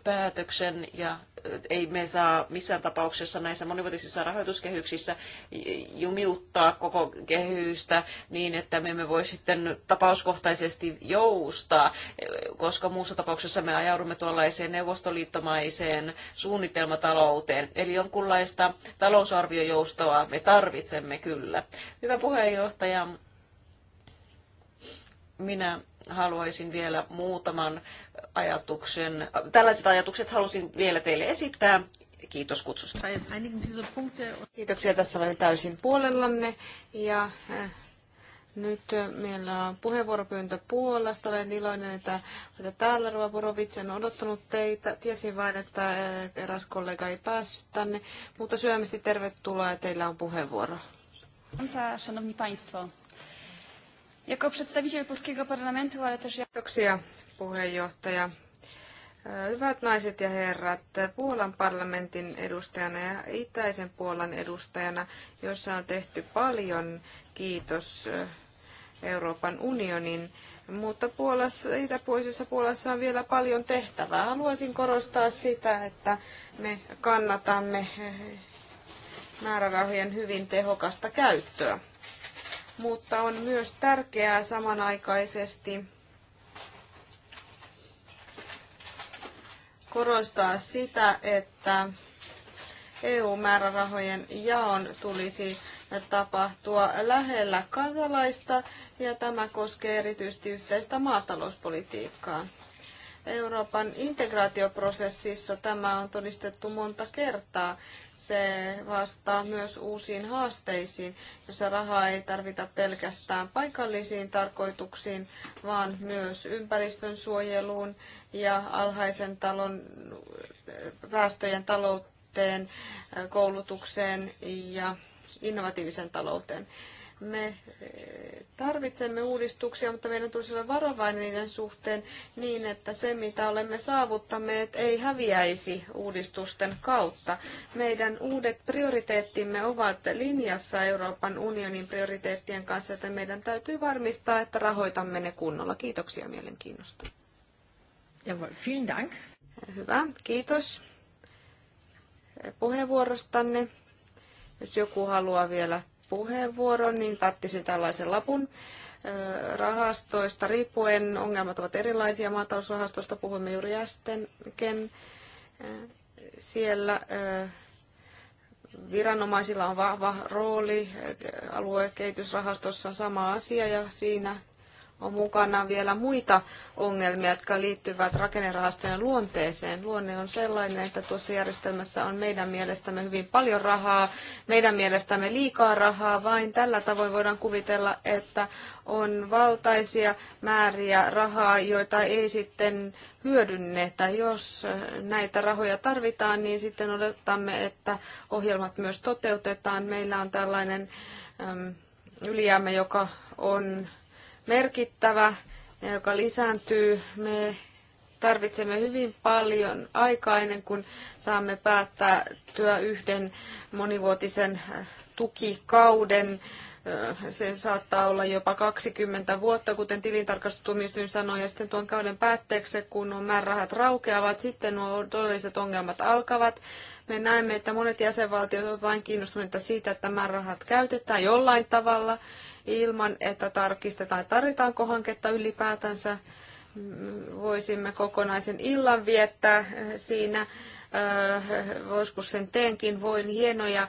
päätöksen ja ei me saa missään tapauksessa näissä monivuotisissa rahoituskehyksissä jumiuttaa koko kehystä niin, että me emme voi sitten tapauskohtaisesti joustaa, koska muussa tapauksessa me ajaudumme tuollaiseen neuvostoliittomaiseen suunnitelmatalouteen. Eli jonkunlaista talousarviojoustoa me tarvitsemme kyllä. Hyvä puheenjohtaja, minä haluaisin vielä muutaman ajatuksen, tällaiset ajatukset halusin vielä teille esittää. Kiitos kutsusta. Kiitoksia, tässä olen täysin puolellanne. Ja äh, nyt meillä on puheenvuoropyyntö Puolasta. Olen iloinen, että täällä, Rova En odottanut teitä. Tiesin vain, että äh, eräs kollega ei päässyt tänne, mutta syömästi tervetuloa ja teillä on puheenvuoro. Szanowni Państwo, Jako przedstawiciel polskiego parlamentu, ale też... Kiitoksia puheenjohtaja. Hyvät naiset ja herrat, Puolan parlamentin edustajana ja itäisen Puolan edustajana, jossa on tehty paljon kiitos Euroopan unionin, mutta Puolassa, itäpuolisessa Puolassa on vielä paljon tehtävää. Haluaisin korostaa sitä, että me kannatamme määrärahojen hyvin tehokasta käyttöä mutta on myös tärkeää samanaikaisesti korostaa sitä, että EU-määrärahojen jaon tulisi tapahtua lähellä kansalaista ja tämä koskee erityisesti yhteistä maatalouspolitiikkaa. Euroopan integraatioprosessissa tämä on todistettu monta kertaa se vastaa myös uusiin haasteisiin, jossa rahaa ei tarvita pelkästään paikallisiin tarkoituksiin, vaan myös ympäristön suojeluun ja alhaisen talon päästöjen talouteen, koulutukseen ja innovatiivisen talouteen. Me eh, tarvitsemme uudistuksia, mutta meidän tulisi olla varovainen niiden suhteen niin, että se mitä olemme saavuttaneet ei häviäisi uudistusten kautta. Meidän uudet prioriteettimme ovat linjassa Euroopan unionin prioriteettien kanssa, joten meidän täytyy varmistaa, että rahoitamme ne kunnolla. Kiitoksia mielenkiinnosta. vielen Dank. Hyvä, kiitos puheenvuorostanne. Jos joku haluaa vielä puheenvuoron, niin tarttisin tällaisen lapun rahastoista riippuen. Ongelmat ovat erilaisia. Maatalousrahastosta puhuimme juuri äsken. Siellä viranomaisilla on vahva rooli. Aluekehitysrahastossa sama asia ja siinä on mukana vielä muita ongelmia, jotka liittyvät rakennerahastojen luonteeseen. Luonne on sellainen, että tuossa järjestelmässä on meidän mielestämme hyvin paljon rahaa, meidän mielestämme liikaa rahaa, vain tällä tavoin voidaan kuvitella, että on valtaisia määriä rahaa, joita ei sitten hyödynnetä. Jos näitä rahoja tarvitaan, niin sitten odotamme, että ohjelmat myös toteutetaan. Meillä on tällainen ylijäämä, joka on merkittävä, joka lisääntyy. Me tarvitsemme hyvin paljon aikaa ennen kuin saamme päättää työ yhden monivuotisen tukikauden. Se saattaa olla jopa 20 vuotta, kuten tilintarkastustuomioistuin sanoi, ja sitten tuon kauden päätteeksi, kun nuo määrärahat raukeavat, sitten nuo todelliset ongelmat alkavat. Me näemme, että monet jäsenvaltiot ovat vain kiinnostuneita siitä, että määrärahat käytetään jollain tavalla, ilman, että tarkistetaan, tarvitaanko hanketta ylipäätänsä. Mm, voisimme kokonaisen illan viettää siinä. Joskus äh, sen teenkin, voin hienoja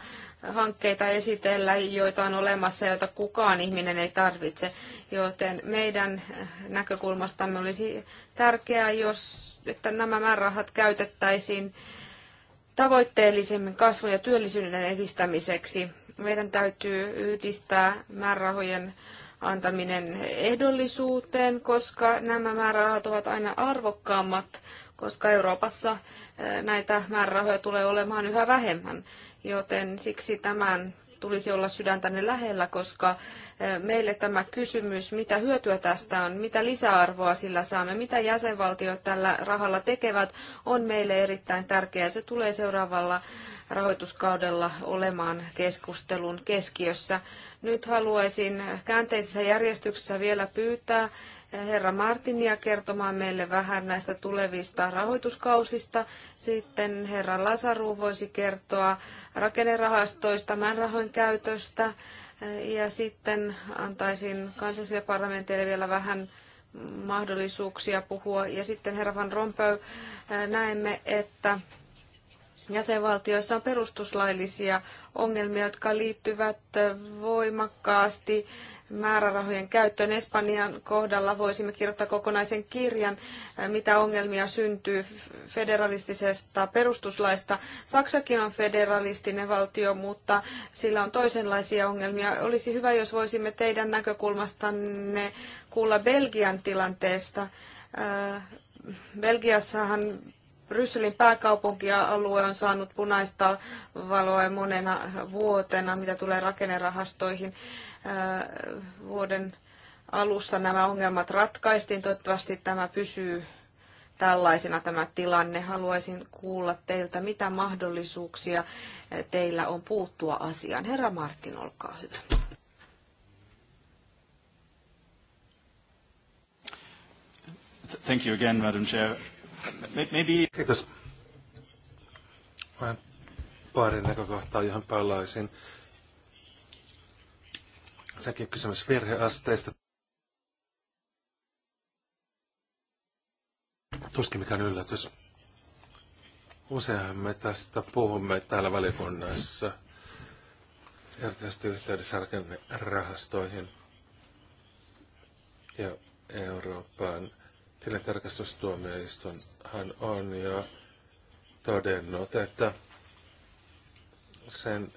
hankkeita esitellä, joita on olemassa, joita kukaan ihminen ei tarvitse. Joten meidän äh, näkökulmastamme olisi tärkeää, jos, että nämä määrärahat käytettäisiin tavoitteellisemmin kasvun ja työllisyyden edistämiseksi meidän täytyy yhdistää määrärahojen antaminen ehdollisuuteen, koska nämä määrärahat ovat aina arvokkaammat, koska Euroopassa eh, näitä määrärahoja tulee olemaan yhä vähemmän. Joten siksi tämän tulisi olla sydäntäne lähellä, koska eh, meille tämä kysymys, mitä hyötyä tästä on, mitä lisäarvoa sillä saamme, mitä jäsenvaltiot tällä rahalla tekevät, on meille erittäin tärkeää. Se tulee seuraavalla rahoituskaudella olemaan keskustelun keskiössä. Nyt haluaisin käänteisessä järjestyksessä vielä pyytää herra Martinia kertomaan meille vähän näistä tulevista rahoituskausista. Sitten herra Lasaru voisi kertoa rakennerahastoista, määrärahojen käytöstä. Ja sitten antaisin kansallisille parlamenteille vielä vähän mahdollisuuksia puhua. Ja sitten herra Van Rompuy, näemme, että jäsenvaltioissa on perustuslaillisia ongelmia, jotka liittyvät voimakkaasti määrärahojen käyttöön. Espanjan kohdalla voisimme kirjoittaa kokonaisen kirjan, mitä ongelmia syntyy federalistisesta perustuslaista. Saksakin on federalistinen valtio, mutta sillä on toisenlaisia ongelmia. Olisi hyvä, jos voisimme teidän näkökulmastanne kuulla Belgian tilanteesta. Belgiassahan Brysselin pääkaupunkialue on saanut punaista valoa monena vuotena, mitä tulee rakennerahastoihin äh, vuoden alussa nämä ongelmat ratkaistiin. Toivottavasti tämä pysyy tällaisena tämä tilanne. Haluaisin kuulla teiltä, mitä mahdollisuuksia teillä on puuttua asiaan. Herra Martin, olkaa hyvä. Thank you again, Madam Chair. Maybe... Kiitos. Vain pari näkökohtaa, johon palaisin. Sekin kysymys virheasteista. Tuskin mikään yllätys. Usein me tästä puhumme täällä valiokunnassa, erityisesti yhteydessä rakennerahastoihin ja Euroopan hän on jo todennut, että sen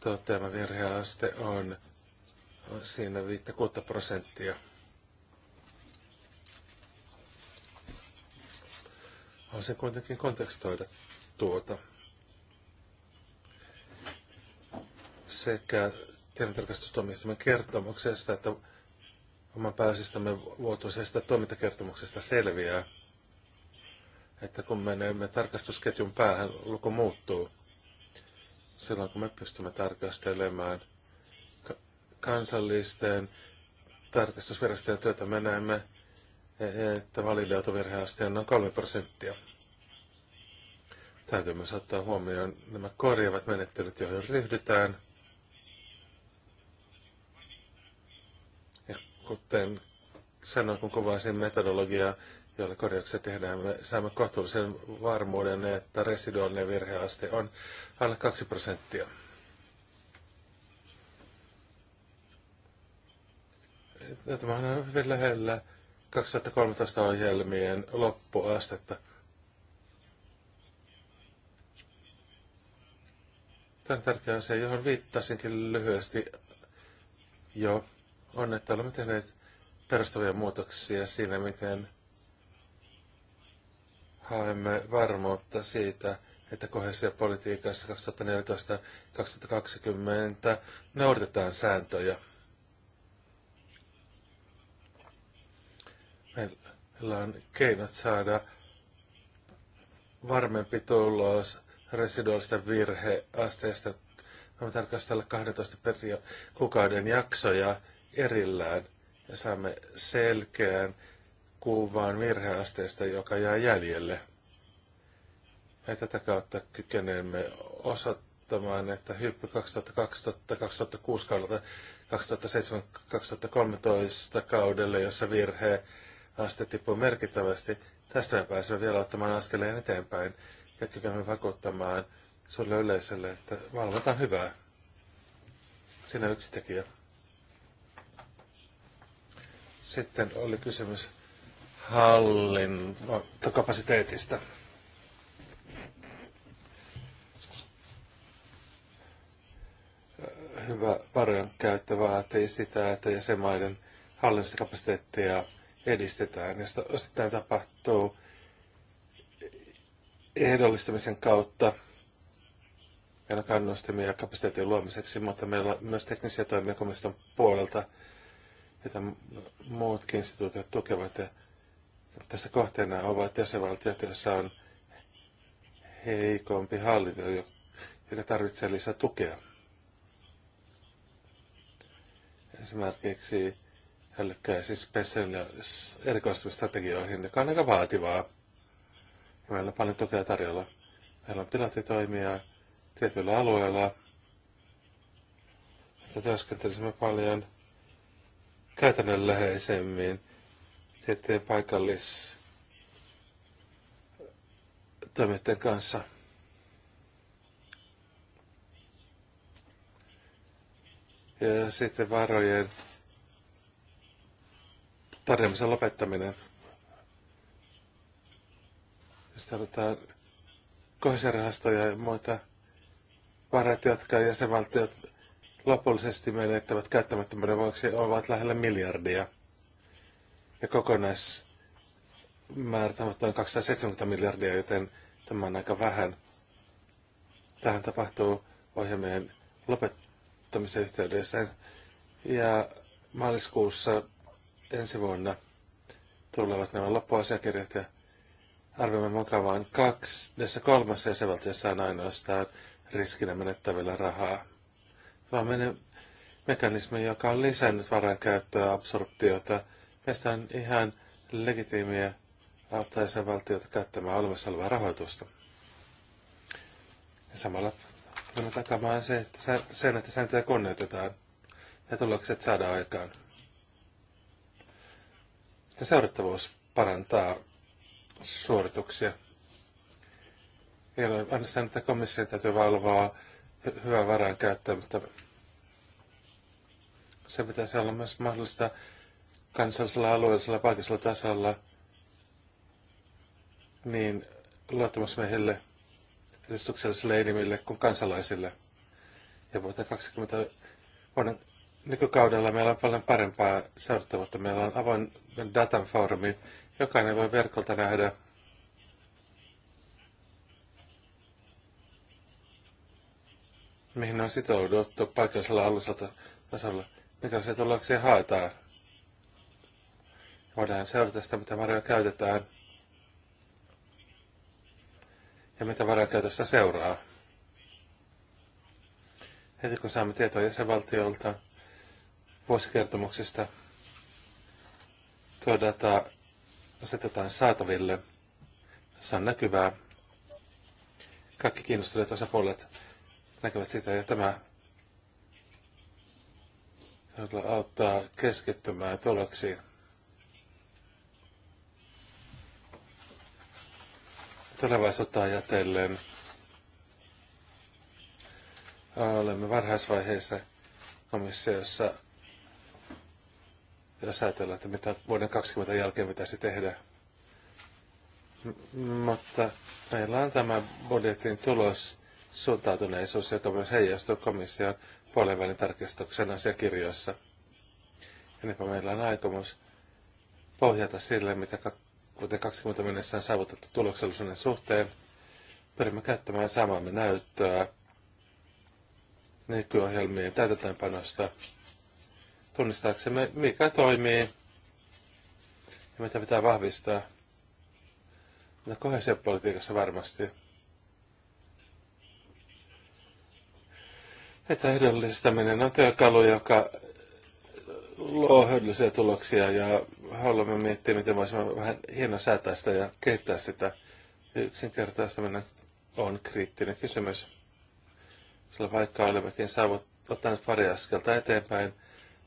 toteama virheaste on siinä 5-6 prosenttia. On se kuitenkin kontekstoida tuota. Sekä tilintarkastustuomioistuimen kertomuksesta että oman pääsistämme vuotuisesta toimintakertomuksesta selviää, että kun menemme tarkastusketjun päähän, luku muuttuu. Silloin kun me pystymme tarkastelemaan kansallisten tarkastusvirastojen työtä, me näemme, että valideotovirheaste on noin 3 prosenttia. Täytyy myös ottaa huomioon nämä korjaavat menettelyt, joihin ryhdytään – kuten sanoin, kun kuvasin metodologiaa, jolla korjauksia tehdään, me saamme kohtuullisen varmuuden, että residuaalinen virheaste on alle 2 prosenttia. Tämä on hyvin lähellä 2013 ohjelmien loppuastetta. Tämä on tärkeä asia, johon viittasinkin lyhyesti jo on, että olemme tehneet perustavia muutoksia siinä, miten haemme varmuutta siitä, että kohesiopolitiikassa 2014-2020 noudatetaan sääntöjä. Meillä on keinot saada varmempi tulos residuaalista virheasteesta. Me tarkastella 12 peria- kuukauden jaksoja erillään ja saamme selkeän kuvan virheasteesta, joka jää jäljelle. Ja tätä kautta kykenemme osoittamaan, että hyppy 2012, 2006 kaudelta 2007-2013 kaudelle, jossa virhe aste tippui merkittävästi, tästä me pääsemme vielä ottamaan askeleen eteenpäin ja kykenemme vakuuttamaan sulle yleisölle, että valvotaan hyvää. sinä yksi tekijä. Sitten oli kysymys hallintokapasiteetista. No, Hyvä varojen käyttö vaatii sitä, että jäsenmaiden hallinnollista kapasiteettia edistetään. Ja sitä tapahtuu ehdollistamisen kautta meillä on kannustimia kapasiteetin luomiseksi, mutta meillä on myös teknisiä toimia komission puolelta – että muutkin instituutiot tukevat. Ja tässä kohteena ovat jäsenvaltiot, joissa on heikompi hallinto, joka tarvitsee lisää tukea. Esimerkiksi hän lykkää siis spesiaalis erikoistumistrategioihin, joka on aika vaativaa. Ja meillä on paljon tukea tarjolla. Meillä on pilottitoimia tietyillä alueilla, että työskentelisimme paljon – käytännönläheisemmin tiettyjen paikallis toimijoiden kanssa. Ja sitten varojen tarjoamisen lopettaminen. Sitten tarvitaan kohdisrahastoja ja muita varat, jotka jäsenvaltiot lopullisesti menettävät käyttämättömyyden vuoksi ovat lähellä miljardia. Ja kokonaismäärät noin 270 miljardia, joten tämä on aika vähän. Tähän tapahtuu ohjelmien lopettamisen yhteydessä. Ja maaliskuussa ensi vuonna tulevat nämä loppuasiakirjat ja arvioimme mukavaan kaksi, näissä kolmessa jäsenvaltiossa on ainoastaan riskinä menettävillä rahaa vaan mene, mekanismi, joka on lisännyt varainkäyttöä absorptiota. Meistä on ihan legitiimiä auttaa sen valtiota käyttämään olemassa olevaa rahoitusta. Ja samalla tulemme takamaan se, että sen, että sääntöjä kunnioitetaan ja tulokset saadaan aikaan. Sitten seurattavuus parantaa suorituksia. Ei ole ainoastaan, että komissio täytyy valvoa Hyvä varaa varan käyttää, mutta se pitäisi olla myös mahdollista kansallisella, alueellisella, paikallisella tasolla niin luottamusmiehille, edustuksellisille enimille kuin kansalaisille. Ja vuoteen 20 vuoden nykykaudella meillä on paljon parempaa seurattavuutta. Meillä on avoin datan foorumi. Jokainen voi verkolta nähdä, mihin on sitouduttu paikallisella alusalta tasolla, minkälaisia tuloksia haetaan. Voidaan seurata sitä, mitä varoja käytetään ja mitä varoja käytössä seuraa. Heti kun saamme tietoa jäsenvaltiolta vuosikertomuksista, tuo data asetetaan saataville. Tässä on näkyvää. Kaikki kiinnostuneet osapuolet näkevät sitä, ja tämä auttaa keskittymään tuloksiin. Tulevaisuutta ajatellen olemme varhaisvaiheessa komissiossa, jos ajatellaan, että mitä vuoden 20 jälkeen pitäisi tehdä. M mutta meillä on tämä budjetin tulos suuntautuneisuus, joka myös heijastuu komission puolenvälin tarkistuksen asiakirjoissa. Ja niinpä meillä on aikomus pohjata sille, mitä vuoteen 20 mennessä on saavutettu tuloksellisuuden suhteen. Pyrimme käyttämään samaamme näyttöä nykyohjelmien täytäntöönpanosta tunnistaaksemme, mikä toimii ja mitä pitää vahvistaa. No kohesiopolitiikassa varmasti että ehdollistaminen on työkalu, joka luo hyödyllisiä tuloksia ja haluamme miettiä, miten voisimme vähän hieno säätää sitä ja kehittää sitä. Yksinkertaistaminen on kriittinen kysymys. Sillä vaikka olemmekin saavuttaneet pari askelta eteenpäin,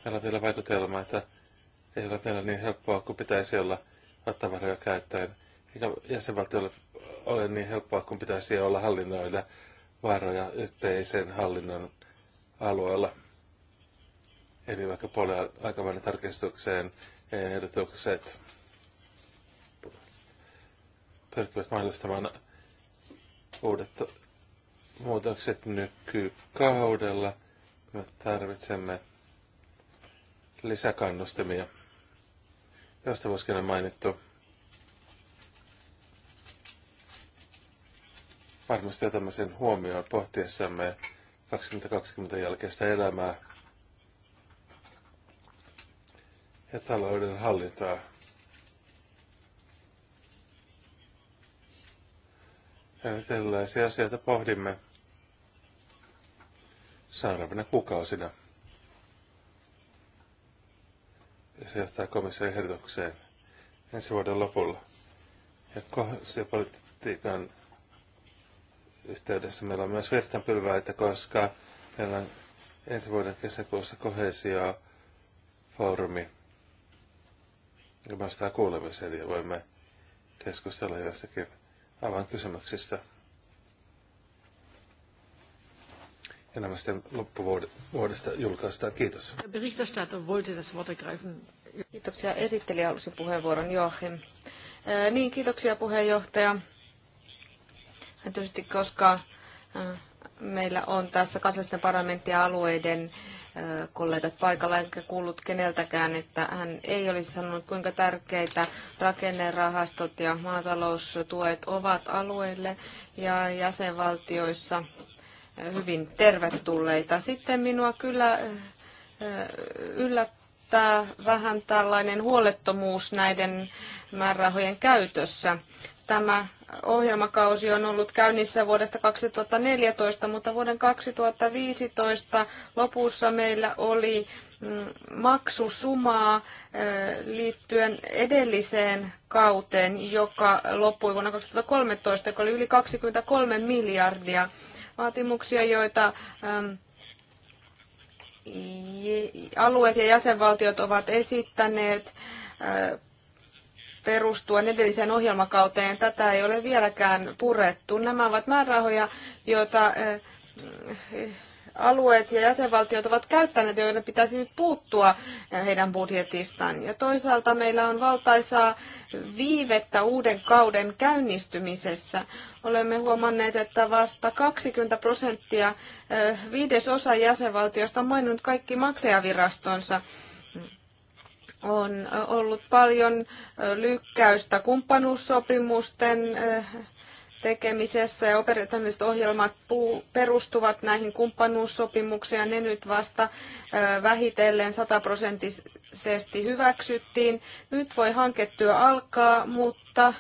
meillä on vielä vaikutelma, että ei ole vielä niin helppoa kuin pitäisi olla ottavaroja varoja käyttöön. Eikä jäsenvaltiolle ole niin helppoa kuin pitäisi olla hallinnoida varoja yhteisen hallinnon alueella. Eli vaikka puolen aikavälin tarkistukseen ehdotukset pyrkivät mahdollistamaan uudet muutokset nykykaudella. Me tarvitsemme lisäkannustimia, josta voisikin on mainittu. Varmasti otamme sen huomioon pohtiessamme 2020 jälkeistä elämää ja talouden hallintaa. Ja erilaisia asioita pohdimme seuraavina kuukausina. Ja se johtaa komission ehdotukseen ensi vuoden lopulla. Ja kohdallisen politiikan yhteydessä meillä on myös virstanpylväitä, koska meillä on ensi vuoden kesäkuussa foorumi ilmaistaa kuulemisen ja niin voimme keskustella joistakin aivan kysymyksistä. Ja nämä sitten loppuvuodesta julkaistaan. Kiitos. Berichterstatter Kiitoksia. Esittelijä halusi puheenvuoron. Joachim. Äh, niin, kiitoksia puheenjohtaja. Tietysti koska meillä on tässä kansallisten alueiden kollegat paikalla, enkä kuullut keneltäkään, että hän ei olisi sanonut, kuinka tärkeitä rakennerahastot ja maataloustuet ovat alueille ja jäsenvaltioissa hyvin tervetulleita. Sitten minua kyllä yllättää vähän tällainen huolettomuus näiden määrärahojen käytössä. Tämä Ohjelmakausi on ollut käynnissä vuodesta 2014, mutta vuoden 2015 lopussa meillä oli mm, maksusumaa liittyen edelliseen kauteen, joka loppui vuonna 2013, joka oli yli 23 miljardia vaatimuksia, joita alueet ja jäsenvaltiot ovat esittäneet perustuen edelliseen ohjelmakauteen. Tätä ei ole vieläkään purettu. Nämä ovat määrärahoja, joita eh, alueet ja jäsenvaltiot ovat käyttäneet, joiden pitäisi nyt puuttua eh, heidän budjetistaan. Ja toisaalta meillä on valtaisaa viivettä uuden kauden käynnistymisessä. Olemme huomanneet, että vasta 20 prosenttia eh, viidesosa jäsenvaltiosta on maininnut kaikki maksajavirastonsa. On ollut paljon lykkäystä kumppanuussopimusten tekemisessä ja operatiiviset ohjelmat perustuvat näihin kumppanuussopimuksiin ja ne nyt vasta vähitellen sataprosenttisesti hyväksyttiin. Nyt voi hanketyö alkaa, mutta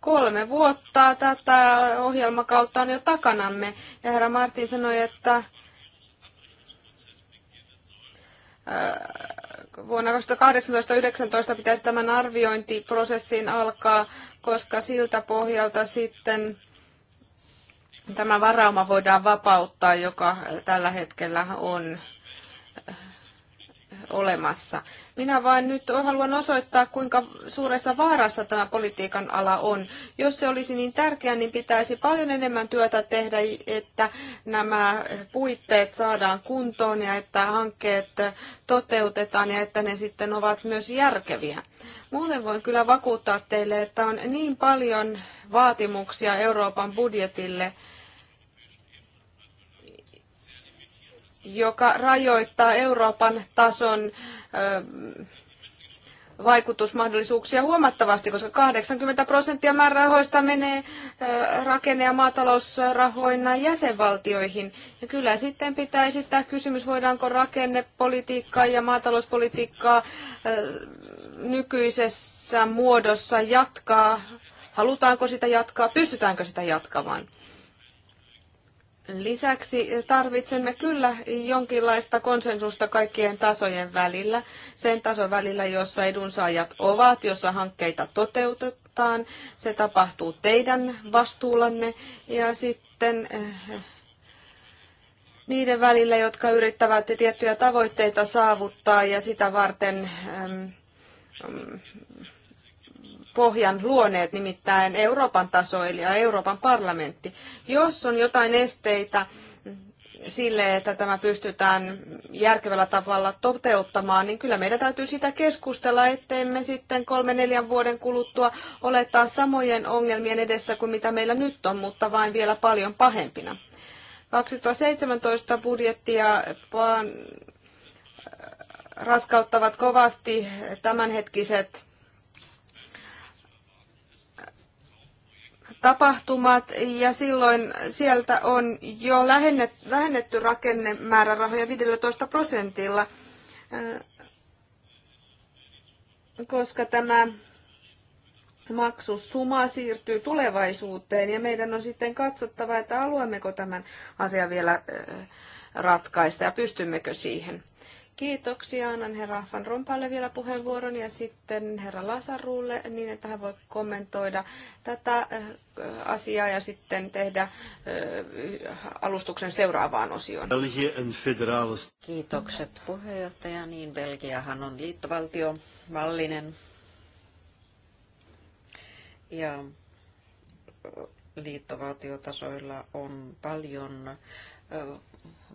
kolme vuotta tätä ohjelmakautta on jo takanamme. Ja herra Martin sanoi, että vuonna 2018-2019 pitäisi tämän arviointiprosessin alkaa, koska siltä pohjalta sitten tämä varauma voidaan vapauttaa, joka tällä hetkellä on olemassa. Minä vain nyt haluan osoittaa, kuinka suuressa vaarassa tämä politiikan ala on. Jos se olisi niin tärkeä, niin pitäisi paljon enemmän työtä tehdä, että nämä puitteet saadaan kuntoon ja että hankkeet toteutetaan ja että ne sitten ovat myös järkeviä. Muuten voin kyllä vakuuttaa teille, että on niin paljon vaatimuksia Euroopan budjetille, joka rajoittaa Euroopan tason vaikutusmahdollisuuksia huomattavasti, koska 80 prosenttia määrärahoista menee rakenne- ja maatalousrahoina jäsenvaltioihin. Ja kyllä sitten pitää esittää kysymys, voidaanko rakennepolitiikkaa ja maatalouspolitiikkaa nykyisessä muodossa jatkaa. Halutaanko sitä jatkaa? Pystytäänkö sitä jatkamaan? Lisäksi tarvitsemme kyllä jonkinlaista konsensusta kaikkien tasojen välillä, sen tason välillä, jossa edunsaajat ovat, jossa hankkeita toteutetaan, se tapahtuu teidän vastuullanne ja sitten eh, niiden välillä, jotka yrittävät tiettyjä tavoitteita saavuttaa ja sitä varten pohjan luoneet, nimittäin Euroopan taso eli Euroopan parlamentti. Jos on jotain esteitä sille, että tämä pystytään järkevällä tavalla toteuttamaan, niin kyllä meidän täytyy sitä keskustella, ettei me sitten kolme neljän vuoden kuluttua ole taas samojen ongelmien edessä kuin mitä meillä nyt on, mutta vain vielä paljon pahempina. 2017 budjettia vaan äh, raskauttavat kovasti tämänhetkiset tapahtumat ja silloin sieltä on jo vähennetty rakennemäärärahoja 15 prosentilla, äh, koska tämä maksusuma siirtyy tulevaisuuteen ja meidän on sitten katsottava, että haluammeko tämän asian vielä äh, ratkaista ja pystymmekö siihen. Kiitoksia. Annan herra Van Rompalle vielä puheenvuoron ja sitten herra Lasarulle niin, että hän voi kommentoida tätä äh, asiaa ja sitten tehdä äh, alustuksen seuraavaan osioon. Kiitokset puheenjohtaja. Niin Belgiahan on liittovaltio, vallinen ja äh, liittovaltiotasoilla on paljon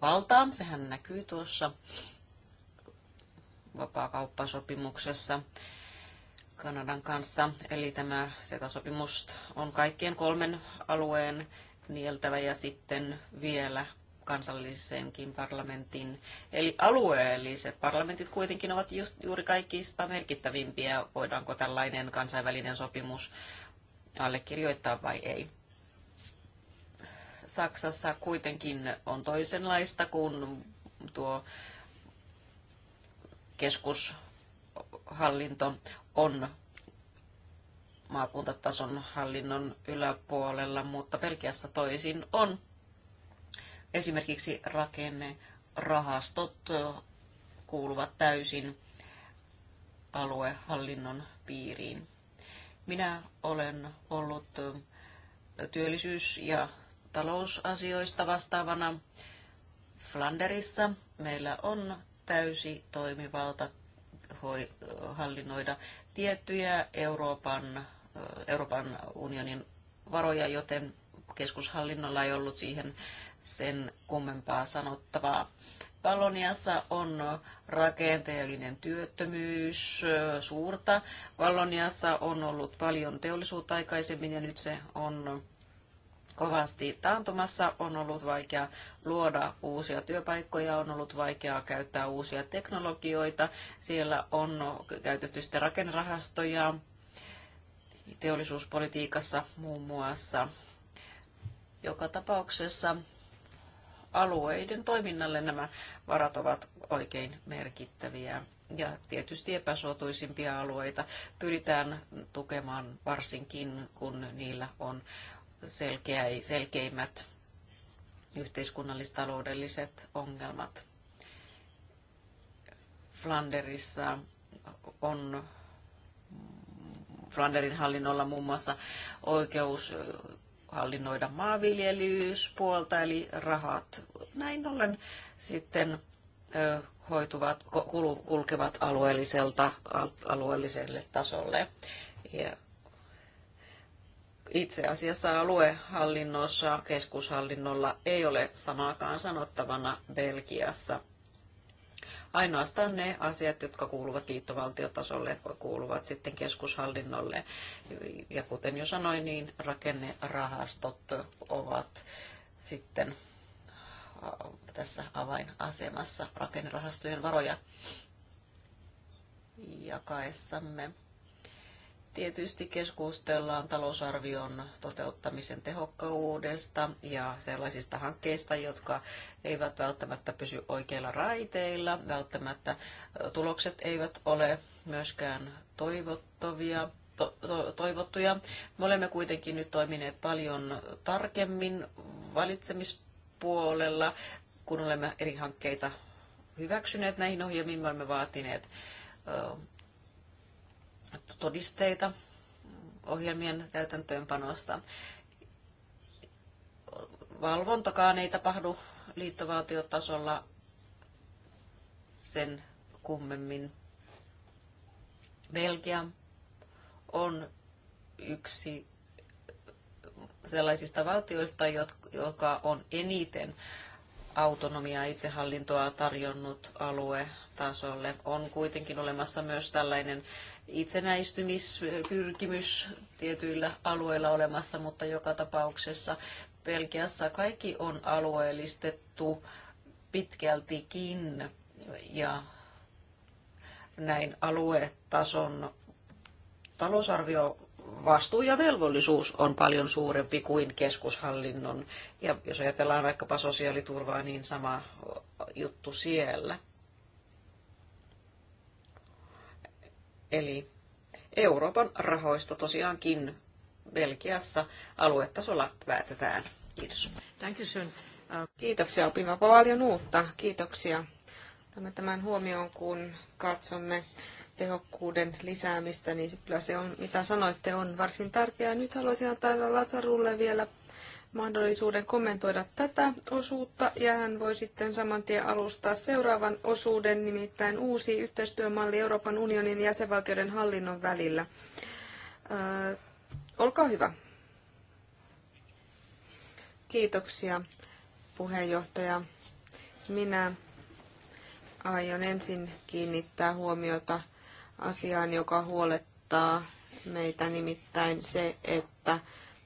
valtaa. Sehän näkyy tuossa vapaakauppasopimuksessa Kanadan kanssa. Eli tämä ceta sopimus on kaikkien kolmen alueen nieltävä ja sitten vielä kansallisenkin parlamentin. Eli alueelliset parlamentit kuitenkin ovat just, juuri kaikista merkittävimpiä, voidaanko tällainen kansainvälinen sopimus allekirjoittaa vai ei. Saksassa kuitenkin on toisenlaista, kuin tuo keskushallinto on maakuntatason hallinnon yläpuolella, mutta Belgiassa toisin on. Esimerkiksi rakennerahastot kuuluvat täysin aluehallinnon piiriin. Minä olen ollut työllisyys- ja talousasioista vastaavana Flanderissa. Meillä on täysi toimivalta hallinnoida tiettyjä Euroopan, Euroopan unionin varoja, joten keskushallinnolla ei ollut siihen sen kummempaa sanottavaa. Valloniassa on rakenteellinen työttömyys suurta. Valloniassa on ollut paljon teollisuutta aikaisemmin ja nyt se on kovasti taantumassa, on ollut vaikea luoda uusia työpaikkoja, on ollut vaikeaa käyttää uusia teknologioita, siellä on käytetty sitten rakennerahastoja teollisuuspolitiikassa muun muassa. Joka tapauksessa alueiden toiminnalle nämä varat ovat oikein merkittäviä. Ja tietysti epäsuotuisimpia alueita pyritään tukemaan varsinkin, kun niillä on selkeä, selkeimmät yhteiskunnallistaloudelliset ongelmat. Flanderissa on Flanderin hallinnolla muun muassa oikeus hallinnoida maanviljelyyspuolta, eli rahat näin ollen sitten hoituvat, kulkevat alueelliselta, alueelliselle tasolle. Ja itse asiassa aluehallinnossa, keskushallinnolla ei ole samaakaan sanottavana Belgiassa. Ainoastaan ne asiat, jotka kuuluvat liittovaltiotasolle, kuuluvat sitten keskushallinnolle. Ja kuten jo sanoin, niin rakennerahastot ovat sitten tässä avainasemassa rakennerahastojen varoja jakaessamme. Tietysti keskustellaan talousarvion toteuttamisen tehokkuudesta ja sellaisista hankkeista, jotka eivät välttämättä pysy oikeilla raiteilla, välttämättä tulokset eivät ole myöskään toivottavia toivottuja. Me olemme kuitenkin nyt toimineet paljon tarkemmin valitsemispuolella, kun olemme eri hankkeita hyväksyneet näihin ohjelmiin. Me olemme vaatineet todisteita ohjelmien täytäntöönpanosta. Valvontakaan ei tapahdu liittovaltiotasolla sen kummemmin. Belgia on yksi sellaisista valtioista, joka on eniten autonomia itsehallintoa tarjonnut alue tasolle. On kuitenkin olemassa myös tällainen itsenäistymispyrkimys tietyillä alueilla olemassa, mutta joka tapauksessa Belgiassa kaikki on alueellistettu pitkältikin ja näin aluetason talousarvio vastuu ja velvollisuus on paljon suurempi kuin keskushallinnon. Ja jos ajatellaan vaikkapa sosiaaliturvaa, niin sama juttu siellä. Eli Euroopan rahoista tosiaankin Belgiassa aluetasolla päätetään. Kiitos. Uh, Kiitoksia. Opimme paljon uutta. Kiitoksia. Tämä tämän huomioon, kun katsomme tehokkuuden lisäämistä, niin kyllä se on, mitä sanoitte, on varsin tärkeää. Nyt haluaisin antaa Lazarulle vielä mahdollisuuden kommentoida tätä osuutta ja hän voi sitten saman tien alustaa seuraavan osuuden, nimittäin uusi yhteistyömalli Euroopan unionin jäsenvaltioiden hallinnon välillä. Öö, olkaa hyvä. Kiitoksia puheenjohtaja. Minä aion ensin kiinnittää huomiota asiaan, joka huolettaa meitä, nimittäin se, että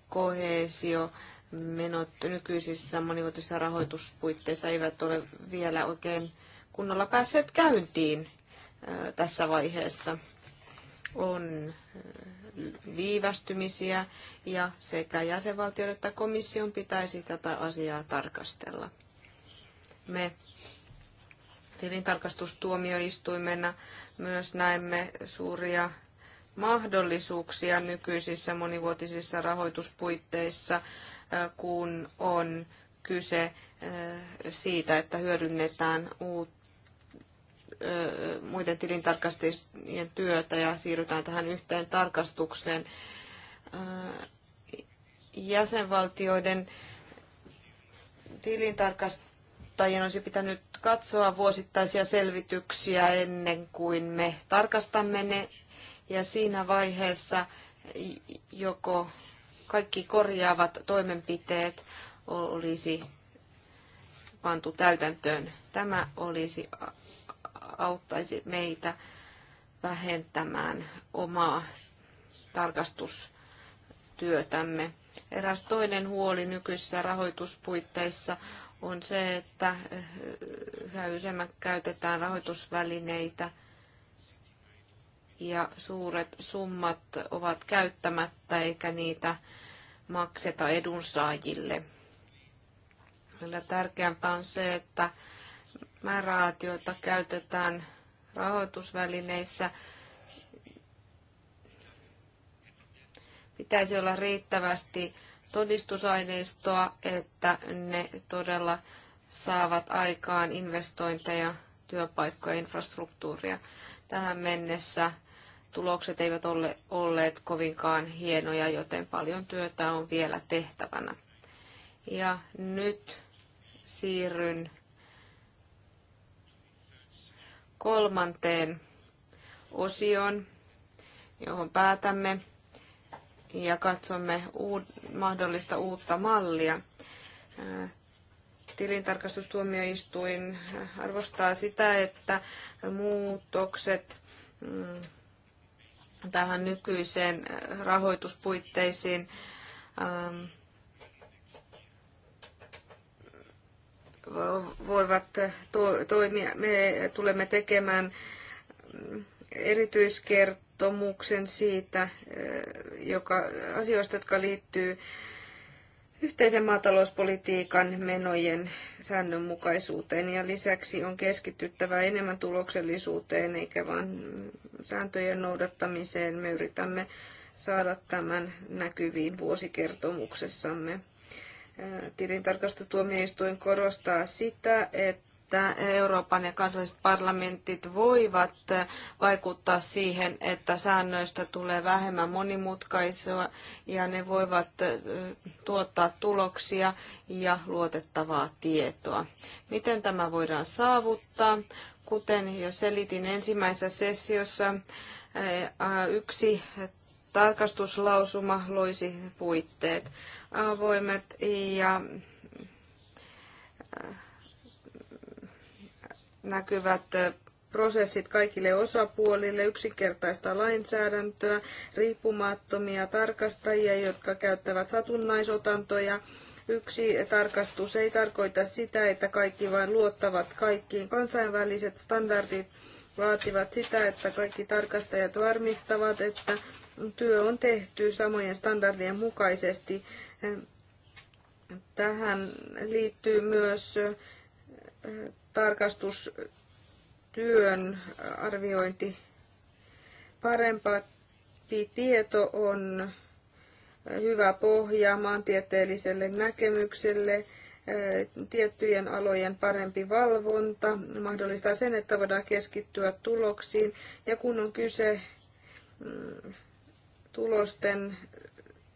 kohesio menot nykyisissä monivuotisissa rahoituspuitteissa eivät ole vielä oikein kunnolla päässeet käyntiin äh, tässä vaiheessa. On äh, viivästymisiä ja sekä jäsenvaltioiden että komission pitäisi tätä asiaa tarkastella. Me tilintarkastustuomioistuimena myös näemme suuria mahdollisuuksia nykyisissä monivuotisissa rahoituspuitteissa kun on kyse siitä, että hyödynnetään uut, muiden tilintarkastajien työtä ja siirrytään tähän yhteen tarkastukseen. Jäsenvaltioiden tilintarkastajien olisi pitänyt katsoa vuosittaisia selvityksiä ennen kuin me tarkastamme ne, ja siinä vaiheessa joko kaikki korjaavat toimenpiteet olisi pantu täytäntöön. Tämä olisi, auttaisi meitä vähentämään omaa tarkastustyötämme. Eräs toinen huoli nykyisissä rahoituspuitteissa on se, että yhä useammin käytetään rahoitusvälineitä – ja suuret summat ovat käyttämättä eikä niitä makseta edunsaajille. Kyllä tärkeämpää on se, että määräät, joita käytetään rahoitusvälineissä, pitäisi olla riittävästi todistusaineistoa, että ne todella saavat aikaan investointeja, työpaikkoja, infrastruktuuria. Tähän mennessä tulokset eivät ole olleet kovinkaan hienoja, joten paljon työtä on vielä tehtävänä. Ja nyt siirryn kolmanteen osioon, johon päätämme ja katsomme uud- mahdollista uutta mallia. Tilintarkastustuomioistuin arvostaa sitä, että muutokset mm, tähän nykyiseen äh, rahoituspuitteisiin. Ähm, voivat äh, to- toimia. Me tulemme tekemään äh, erityiskertomuksen siitä, joka, asioista, jotka liittyy yhteisen maatalouspolitiikan menojen säännönmukaisuuteen ja lisäksi on keskityttävä enemmän tuloksellisuuteen eikä vain sääntöjen noudattamiseen. Me yritämme saada tämän näkyviin vuosikertomuksessamme. Tilintarkastotuomioistuin korostaa sitä, että että Euroopan ja kansalliset parlamentit voivat vaikuttaa siihen, että säännöistä tulee vähemmän monimutkaisia ja ne voivat tuottaa tuloksia ja luotettavaa tietoa. Miten tämä voidaan saavuttaa? Kuten jo selitin ensimmäisessä sessiossa, yksi tarkastuslausuma loisi puitteet. Avoimet ja näkyvät prosessit kaikille osapuolille, yksinkertaista lainsäädäntöä, riippumattomia tarkastajia, jotka käyttävät satunnaisotantoja. Yksi tarkastus ei tarkoita sitä, että kaikki vain luottavat kaikkiin. Kansainväliset standardit vaativat sitä, että kaikki tarkastajat varmistavat, että työ on tehty samojen standardien mukaisesti. Tähän liittyy myös tarkastustyön arviointi. Parempi tieto on hyvä pohja maantieteelliselle näkemykselle, tiettyjen alojen parempi valvonta mahdollistaa sen, että voidaan keskittyä tuloksiin. Ja kun on kyse mm, tulosten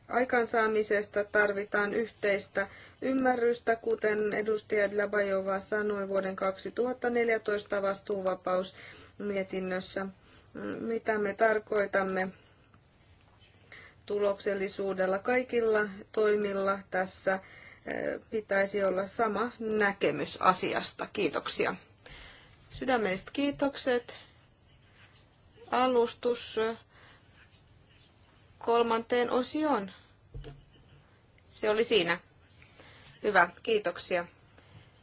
aikaansaamisesta tarvitaan yhteistä ymmärrystä, kuten edustaja Dlabajova sanoi vuoden 2014 vastuuvapausmietinnössä. Mitä me tarkoitamme tuloksellisuudella kaikilla toimilla tässä pitäisi olla sama näkemys asiasta. Kiitoksia. Sydämelliset kiitokset. Alustus kolmanteen osioon. Se oli siinä. Hyvä, kiitoksia.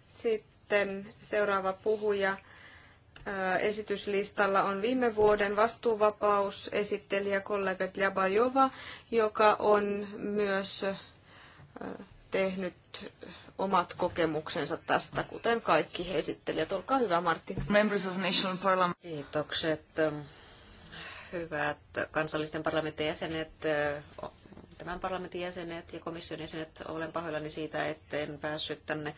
Sitten seuraava puhuja. Esityslistalla on viime vuoden vastuuvapaus esittelijä kollega Jabajova, joka on myös tehnyt omat kokemuksensa tästä, kuten kaikki esittelijät. Olkaa hyvä, Martti. Members of National Parliament. Kiitokset hyvät kansallisten parlamentin jäsenet, tämän parlamentin jäsenet ja komission jäsenet, olen pahoillani siitä, etten päässyt tänne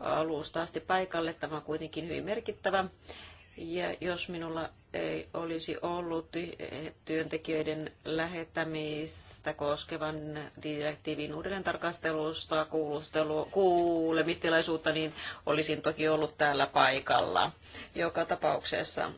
alusta asti paikalle. Tämä on kuitenkin hyvin merkittävä. Ja jos minulla ei olisi ollut työntekijöiden lähettämistä koskevan direktiivin uudelleen tarkastelusta kuulemistilaisuutta, niin olisin toki ollut täällä paikalla joka tapauksessa.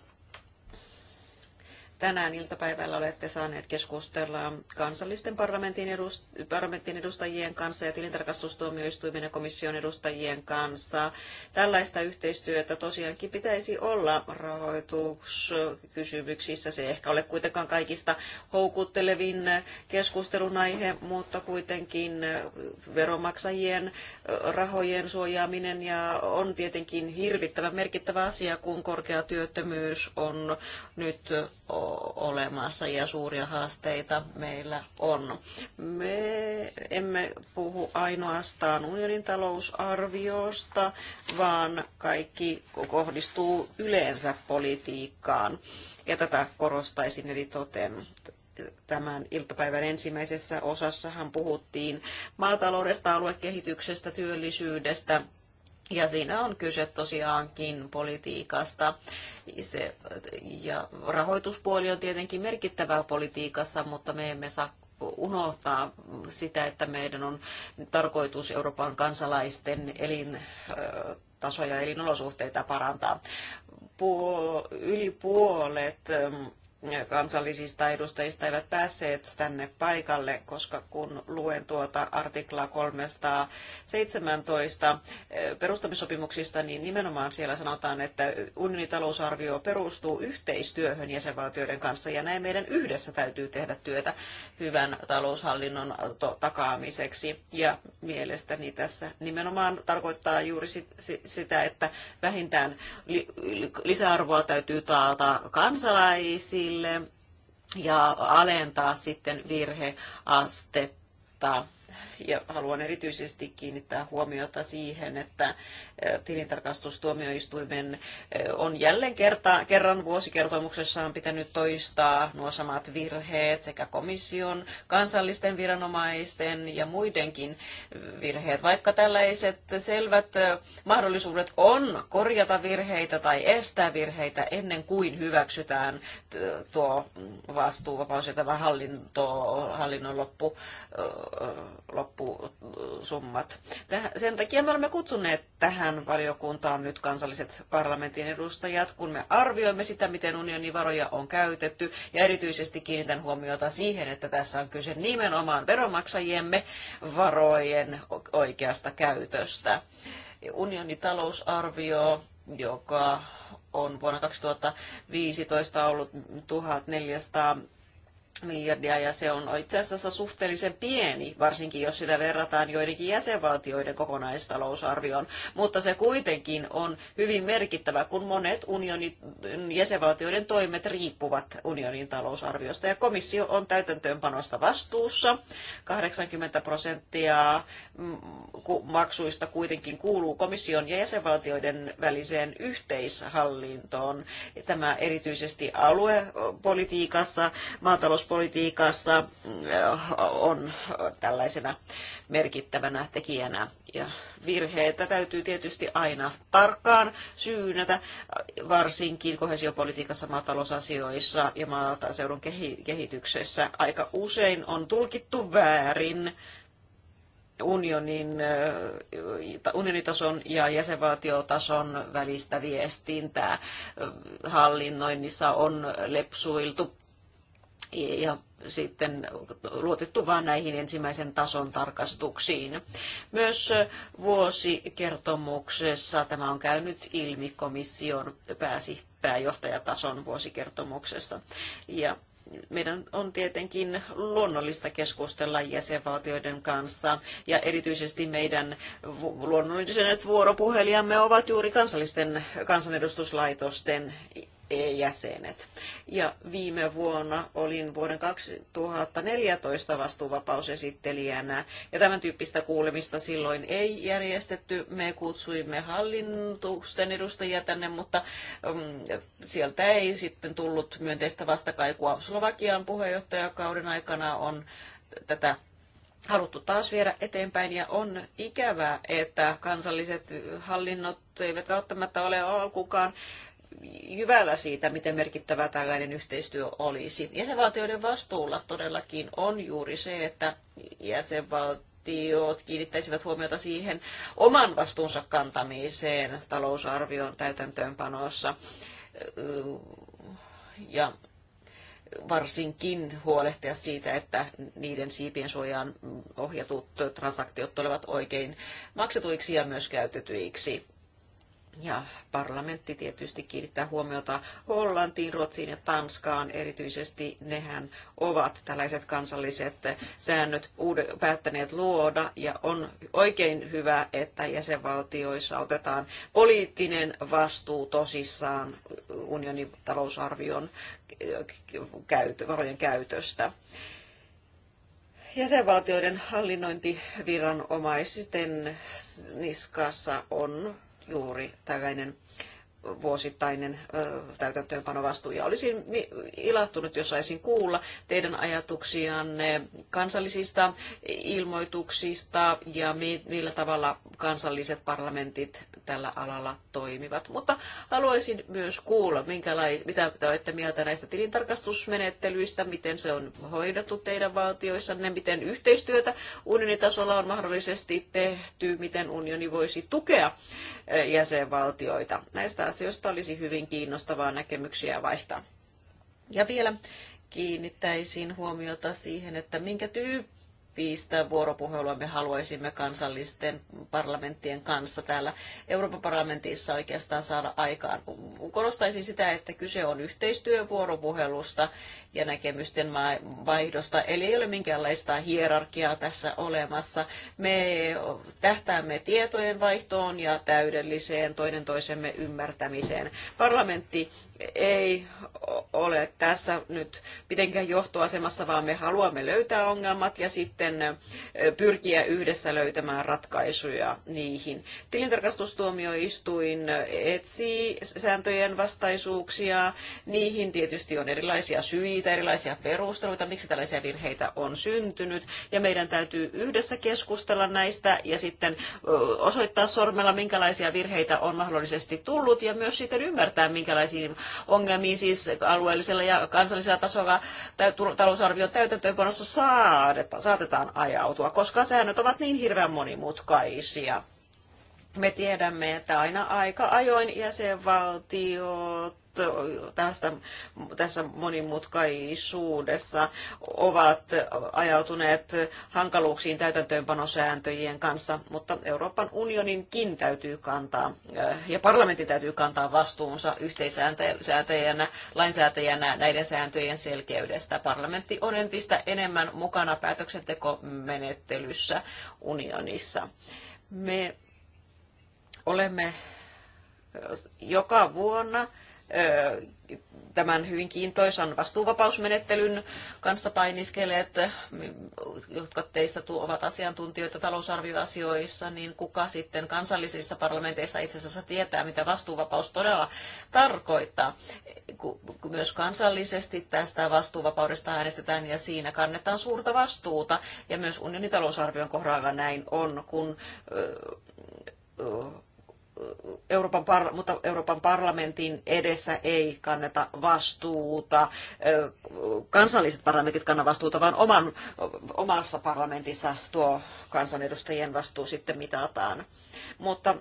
Tänään iltapäivällä olette saaneet keskustella kansallisten parlamentin edust- parlamentin edustajien kanssa ja tilintarkastustuomioistuimen ja komission edustajien kanssa. Tällaista yhteistyötä tosiaankin pitäisi olla rahoituskysymyksissä. Se ei ehkä ole kuitenkaan kaikista houkuttelevin keskustelun aihe, mutta kuitenkin veromaksajien rahojen suojaaminen ja on tietenkin hirvittävän merkittävä asia, kun korkea työttömyys on nyt olemassa ja suuria haasteita meillä on. Me emme puhu ainoastaan unionin talousarviosta, vaan kaikki kohdistuu yleensä politiikkaan. Ja tätä korostaisin eli toten tämän iltapäivän ensimmäisessä osassahan puhuttiin maataloudesta, aluekehityksestä, työllisyydestä, ja siinä on kyse tosiaankin politiikasta. Se, ja rahoituspuoli on tietenkin merkittävää politiikassa, mutta me emme saa unohtaa sitä, että meidän on tarkoitus Euroopan kansalaisten elintasoja ja elinolosuhteita parantaa. Yli puolet kansallisista edustajista eivät päässeet tänne paikalle, koska kun luen tuota artiklaa 317 eh, perustamissopimuksista, niin nimenomaan siellä sanotaan, että unionin talousarvio perustuu yhteistyöhön jäsenvaltioiden kanssa ja näin meidän yhdessä täytyy tehdä työtä hyvän taloushallinnon eh, takaamiseksi. Ja mielestäni tässä nimenomaan tarkoittaa juuri sitä, että vähintään lisäarvoa täytyy taata kansalaisille, kaikille ja alentaa sitten virheastetta ja haluan erityisesti kiinnittää huomiota siihen, että tilintarkastustuomioistuimen on jälleen kerta, kerran vuosikertomuksessaan pitänyt toistaa nuo samat virheet sekä komission, kansallisten viranomaisten ja muidenkin virheet, vaikka tällaiset selvät mahdollisuudet on korjata virheitä tai estää virheitä ennen kuin hyväksytään tuo vastuuvapaus ja tämä hallinto, hallinnon loppu, loppu loppusummat. Sen takia me olemme kutsuneet tähän valiokuntaan nyt kansalliset parlamentin edustajat, kun me arvioimme sitä, miten unionin varoja on käytetty, ja erityisesti kiinnitän huomiota siihen, että tässä on kyse nimenomaan veromaksajiemme varojen oikeasta käytöstä. Unionin talousarvio, joka on vuonna 2015 ollut 1400 miljardia ja se on itse asiassa suhteellisen pieni, varsinkin jos sitä verrataan joidenkin jäsenvaltioiden kokonaistalousarvioon, mutta se kuitenkin on hyvin merkittävä, kun monet unionin jäsenvaltioiden toimet riippuvat unionin talousarviosta ja komissio on täytäntöönpanosta vastuussa. 80 prosenttia mm, maksuista kuitenkin kuuluu komission ja jäsenvaltioiden väliseen yhteishallintoon. Tämä erityisesti aluepolitiikassa, maatalous talouspolitiikassa äh, on tällaisena merkittävänä tekijänä. Ja virheitä täytyy tietysti aina tarkkaan syynätä, varsinkin kohesiopolitiikassa, maatalousasioissa ja maataseudun kehityksessä. Aika usein on tulkittu väärin unionin, äh, unionitason ja jäsenvaltiotason välistä viestintää. Äh, hallinnoinnissa on lepsuiltu ja sitten luotettu vain näihin ensimmäisen tason tarkastuksiin. Myös vuosikertomuksessa tämä on käynyt ilmi komission pääsi, pääjohtajatason vuosikertomuksessa. Ja meidän on tietenkin luonnollista keskustella jäsenvaltioiden kanssa ja erityisesti meidän luonnolliset vuoropuhelijamme ovat juuri kansallisten kansanedustuslaitosten jäsenet. Ja viime vuonna olin vuoden 2014 vastuuvapausesittelijänä ja tämän tyyppistä kuulemista silloin ei järjestetty. Me kutsuimme hallintusten edustajia tänne, mutta um, sieltä ei sitten tullut myönteistä vastakaikua. Slovakian puheenjohtajakauden aikana on tätä haluttu taas viedä eteenpäin ja on ikävää, että kansalliset hallinnot eivät välttämättä ole alkukaan jyvällä siitä, miten merkittävä tällainen yhteistyö olisi. Jäsenvaltioiden vastuulla todellakin on juuri se, että jäsenvaltiot kiinnittäisivät huomiota siihen oman vastuunsa kantamiseen talousarvion täytäntöönpanossa. Ja varsinkin huolehtia siitä, että niiden siipien suojaan ohjatut transaktiot tulevat oikein maksetuiksi ja myös käytetyiksi. Ja parlamentti tietysti kiinnittää huomiota Hollantiin, Ruotsiin ja Tanskaan. Erityisesti nehän ovat tällaiset kansalliset säännöt päättäneet luoda. Ja on oikein hyvä, että jäsenvaltioissa otetaan poliittinen vastuu tosissaan unionin talousarvion varojen käytöstä jäsenvaltioiden hallinnointiviranomaisten niskassa on juuri tällainen vuosittainen täytäntöönpanovastuu. Ja olisin ilahtunut, jos saisin kuulla teidän ajatuksianne kansallisista ilmoituksista ja millä tavalla kansalliset parlamentit tällä alalla toimivat. Mutta haluaisin myös kuulla, minkälai- mitä te olette mieltä näistä tilintarkastusmenettelyistä, miten se on hoidettu teidän valtioissanne, miten yhteistyötä unionitasolla on mahdollisesti tehty, miten unioni voisi tukea jäsenvaltioita. Näistä asioista olisi hyvin kiinnostavaa näkemyksiä vaihtaa. Ja vielä kiinnittäisin huomiota siihen, että minkä tyyppi tiivistä vuoropuhelua me haluaisimme kansallisten parlamenttien kanssa täällä Euroopan parlamentissa oikeastaan saada aikaan. Korostaisin sitä, että kyse on yhteistyövuoropuhelusta ja näkemysten vaihdosta, eli ei ole minkäänlaista hierarkiaa tässä olemassa. Me tähtäämme tietojen vaihtoon ja täydelliseen toinen toisemme ymmärtämiseen. Parlamentti ei ole tässä nyt mitenkään johtoasemassa, vaan me haluamme löytää ongelmat ja sitten sitten pyrkiä yhdessä löytämään ratkaisuja niihin. Tilintarkastustuomioistuin etsii sääntöjen vastaisuuksia. Niihin tietysti on erilaisia syitä, erilaisia perusteluita, miksi tällaisia virheitä on syntynyt. Ja meidän täytyy yhdessä keskustella näistä ja sitten osoittaa sormella, minkälaisia virheitä on mahdollisesti tullut ja myös sitten ymmärtää, minkälaisiin ongelmiin siis alueellisella ja kansallisella tasolla talousarvion täytäntöönpanossa saatetaan saatetaan ajautua, koska säännöt ovat niin hirveän monimutkaisia. Me tiedämme, että aina aika ajoin jäsenvaltiot tästä, tässä monimutkaisuudessa ovat ajautuneet hankaluuksiin täytäntöönpanosääntöjen kanssa, mutta Euroopan unioninkin täytyy kantaa eh, ja parlamentin täytyy kantaa vastuunsa yhteisääntäjänä, lainsäätäjänä näiden sääntöjen selkeydestä. Parlamentti on entistä enemmän mukana päätöksentekomenettelyssä unionissa. Me Olemme joka vuonna tämän hyvin kiintoisan vastuuvapausmenettelyn kanssa painiskeleet, jotka teistä ovat asiantuntijoita talousarvioasioissa, niin kuka sitten kansallisissa parlamenteissa itse asiassa tietää, mitä vastuuvapaus todella tarkoittaa. Myös kansallisesti tästä vastuuvapaudesta äänestetään ja siinä kannetaan suurta vastuuta ja myös unionin talousarvion kohdalla näin on, kun Euroopan par- mutta Euroopan parlamentin edessä ei kanneta vastuuta. Kansalliset parlamentit kanna vastuuta, vaan oman, omassa parlamentissa tuo kansanedustajien vastuu sitten mitataan. Mutta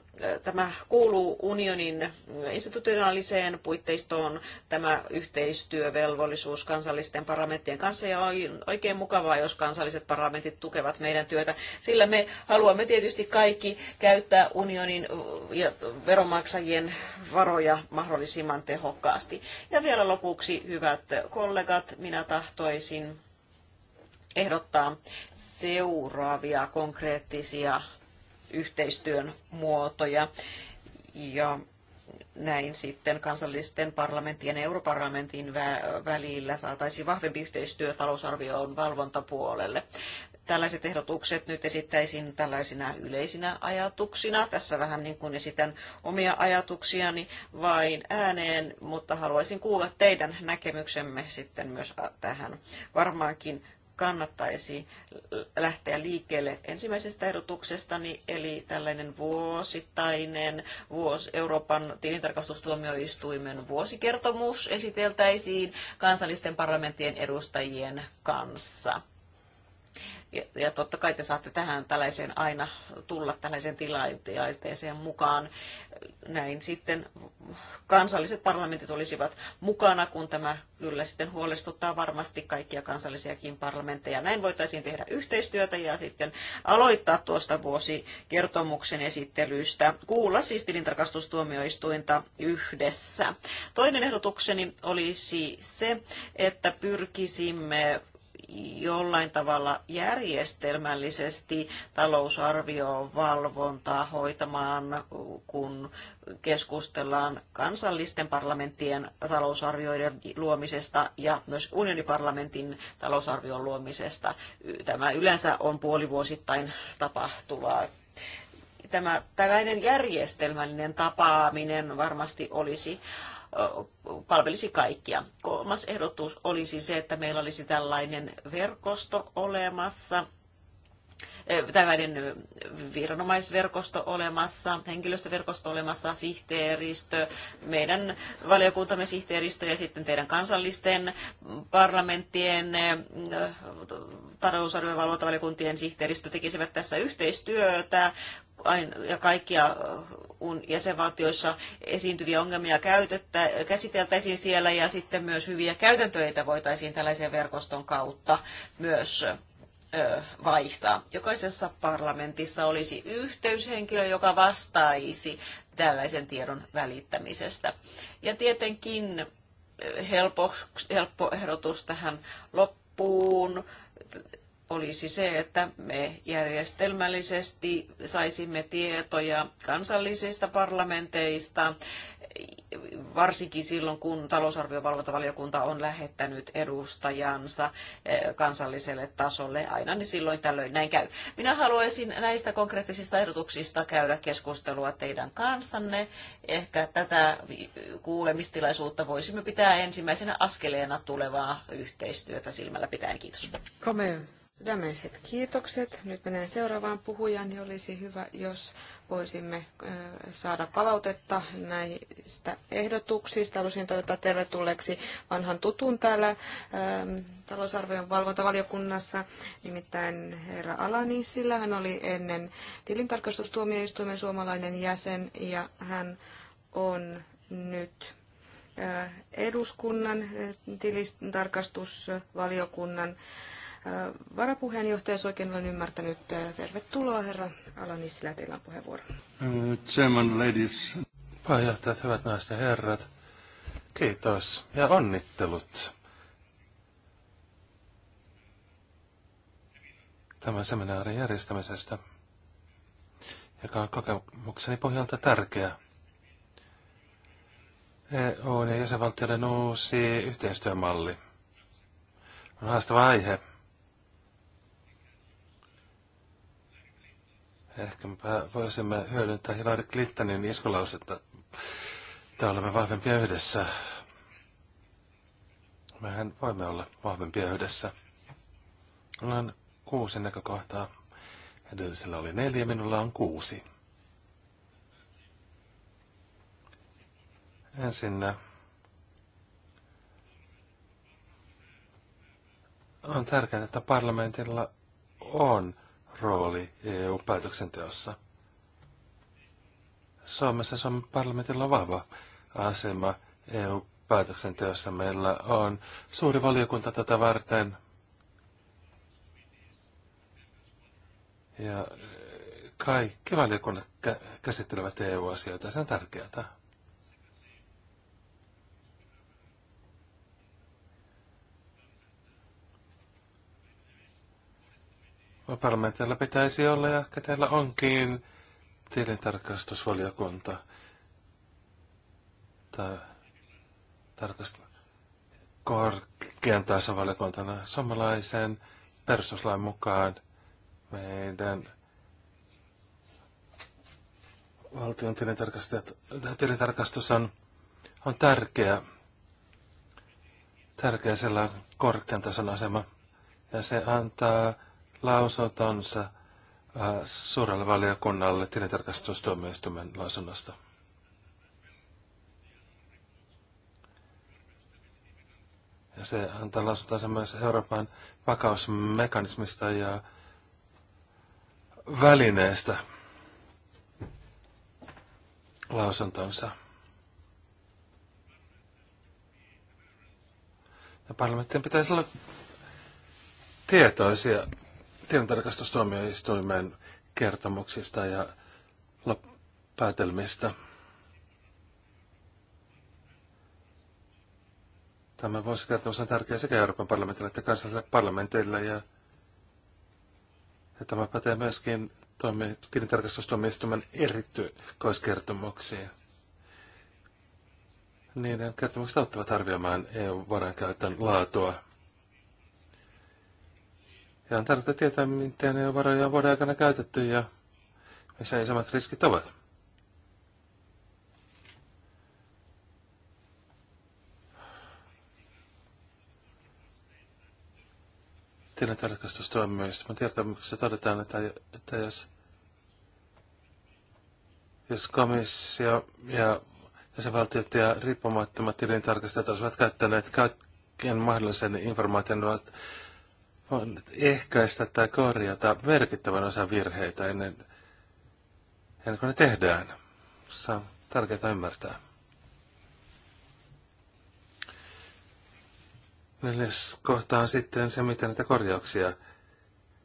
tämä kuuluu unionin institutionaaliseen puitteistoon, tämä yhteistyövelvollisuus kansallisten parlamenttien kanssa, ja on oikein mukavaa, jos kansalliset parlamentit tukevat meidän työtä, sillä me haluamme tietysti kaikki käyttää unionin ja veronmaksajien varoja mahdollisimman tehokkaasti. Ja vielä lopuksi, hyvät kollegat, minä tahtoisin ehdottaa seuraavia konkreettisia yhteistyön muotoja. Ja näin sitten kansallisten parlamenttien ja europarlamentin välillä saataisiin vahvempi yhteistyö talousarvioon valvontapuolelle. Tällaiset ehdotukset nyt esittäisin tällaisina yleisinä ajatuksina. Tässä vähän niin kuin esitän omia ajatuksiani vain ääneen, mutta haluaisin kuulla teidän näkemyksemme sitten myös tähän. Varmaankin kannattaisi lähteä liikkeelle ensimmäisestä ehdotuksestani, eli tällainen vuosittainen vuosi, Euroopan tilintarkastustuomioistuimen vuosikertomus esiteltäisiin kansallisten parlamenttien edustajien kanssa. Ja, ja totta kai te saatte tähän tällaiseen aina tulla tällaiseen tilanteeseen mukaan. Näin sitten kansalliset parlamentit olisivat mukana, kun tämä kyllä sitten huolestuttaa varmasti kaikkia kansallisiakin parlamentteja. Näin voitaisiin tehdä yhteistyötä ja sitten aloittaa tuosta vuosikertomuksen esittelystä. Kuulla siis tilintarkastustuomioistuinta yhdessä. Toinen ehdotukseni olisi se, että pyrkisimme jollain tavalla järjestelmällisesti talousarviovalvontaa hoitamaan, kun keskustellaan kansallisten parlamenttien talousarvioiden luomisesta ja myös unioniparlamentin talousarvion luomisesta. Tämä yleensä on puolivuosittain tapahtuvaa tämä tällainen järjestelmällinen tapaaminen varmasti olisi palvelisi kaikkia. Kolmas ehdotus olisi se, että meillä olisi tällainen verkosto olemassa, tällainen viranomaisverkosto olemassa, henkilöstöverkosto olemassa, sihteeristö, meidän valiokuntamme sihteeristö ja sitten teidän kansallisten parlamenttien talousarvion valvontavaliokuntien sihteeristö tekisivät tässä yhteistyötä ja kaikkia jäsenvaltioissa esiintyviä ongelmia käytettä, käsiteltäisiin siellä ja sitten myös hyviä käytäntöitä voitaisiin tällaisen verkoston kautta myös vaihtaa. Jokaisessa parlamentissa olisi yhteyshenkilö, joka vastaisi tällaisen tiedon välittämisestä. Ja tietenkin helppo, helppo ehdotus tähän loppuun olisi se, että me järjestelmällisesti saisimme tietoja kansallisista parlamenteista varsinkin silloin, kun talousarviovalvontavaliokunta on lähettänyt edustajansa eh, kansalliselle tasolle aina, niin silloin tällöin näin käy. Minä haluaisin näistä konkreettisista ehdotuksista käydä keskustelua teidän kanssanne. Ehkä tätä kuulemistilaisuutta voisimme pitää ensimmäisenä askeleena tulevaa yhteistyötä silmällä pitäen. Kiitos. Komea. Sydämelliset kiitokset. Nyt menen seuraavaan puhujaan, niin olisi hyvä, jos voisimme saada palautetta näistä ehdotuksista. Haluaisin toivottaa tervetulleeksi vanhan tutun täällä talousarvion valvontavaliokunnassa, nimittäin herra Alani, sillä hän oli ennen tilintarkastustuomioistuimen suomalainen jäsen ja hän on nyt eduskunnan tilintarkastusvaliokunnan varapuheenjohtaja, jos oikein olen ymmärtänyt. Tervetuloa, herra Alanissilä, teillä on puheenvuoro. Chairman, ladies. Pääjohtajat, hyvät naiset ja herrat. Kiitos ja onnittelut. tämän seminaarin järjestämisestä, joka on kokemukseni pohjalta tärkeä. EU ja jäsenvaltioiden uusi yhteistyömalli on haastava aihe. Ehkä me voisimme hyödyntää Hillary Clintonin iskulausetta, että olemme vahvempia yhdessä. Mehän voimme olla vahvempia yhdessä. on kuusi näkökohtaa. Edellisellä oli neljä, minulla on kuusi. ensin on tärkeää, että parlamentilla on rooli EU-päätöksenteossa. Suomessa Suomen parlamentilla on vahva asema EU-päätöksenteossa. Meillä on suuri valiokunta tätä varten. Ja kaikki valiokunnat käsittelevät EU-asioita. Se on tärkeää. Parlamentilla pitäisi olla ja teillä onkin tilintarkastusvaliokunta. Tai tarkast korkean tasovaliokuntana samanlaisen perustuslain mukaan meidän valtion tilintarkastus on, on tärkeä, tärkeä sillä korkean tason asema. Ja se antaa lausuntonsa äh, suurelle valiokunnalle tilintarkastustuomioistuimen lausunnosta. Ja se antaa lausuntonsa myös Euroopan vakausmekanismista ja välineestä lausuntonsa. Ja parlamenttien pitäisi olla tietoisia tilintarkastustuomioistuimen kertomuksista ja päätelmistä. Tämä vuosikertomus on tärkeä sekä Euroopan parlamentille että kansalliselle parlamentille ja, ja tämä pätee myöskin toimi, tilintarkastustuomioistuimen erityiskoiskertomuksiin. Niiden kertomukset auttavat arvioimaan EU-varankäytön laatua. Ja on tärkeää tietää, mitä ne varoja on vuoden aikana käytetty ja missä ne samat riskit ovat. tilintarkastustuomioistuimen kertomuksessa todetaan, että, että jos, jos komissio ja jäsenvaltiot ja riippumattomat tilintarkastajat olisivat käyttäneet kaiken mahdollisen informaation voinut ehkäistä tai korjata merkittävän osan virheitä ennen, ennen kuin ne tehdään. Se on tärkeää ymmärtää. Neljäs kohta on sitten se, miten näitä korjauksia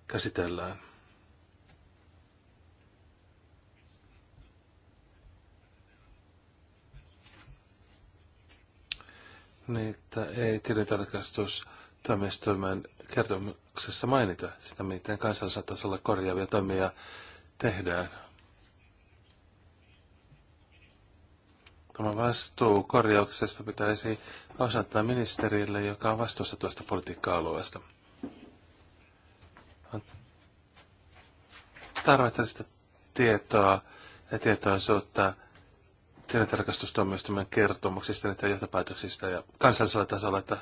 käsitellään. Niitä ei tilintarkastus tuomioistuimen kertomuksessa mainita sitä, miten kansallisella tasolla korjaavia toimia tehdään. Tämä vastuu korjauksesta pitäisi osoittaa ministerille, joka on vastuussa tuosta politiikka-alueesta. On tarvetta sitä tietoa ja tietoisuutta tilintarkastustuomioistuimen kertomuksista, ja johtopäätöksistä ja kansallisella tasolla, että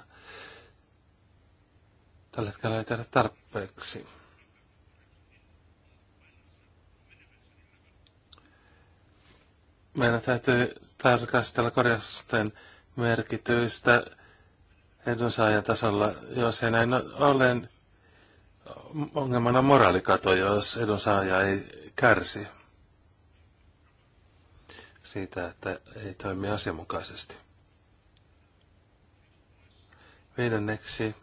Tällä hetkellä ei tehdä tarpeeksi. Meidän täytyy tarkastella korjausten merkitystä edunsaajan tasolla. Jos ei näin ole, niin ongelmana moraalikato, jos edunsaaja ei kärsi siitä, että ei toimi asianmukaisesti. Viidenneksi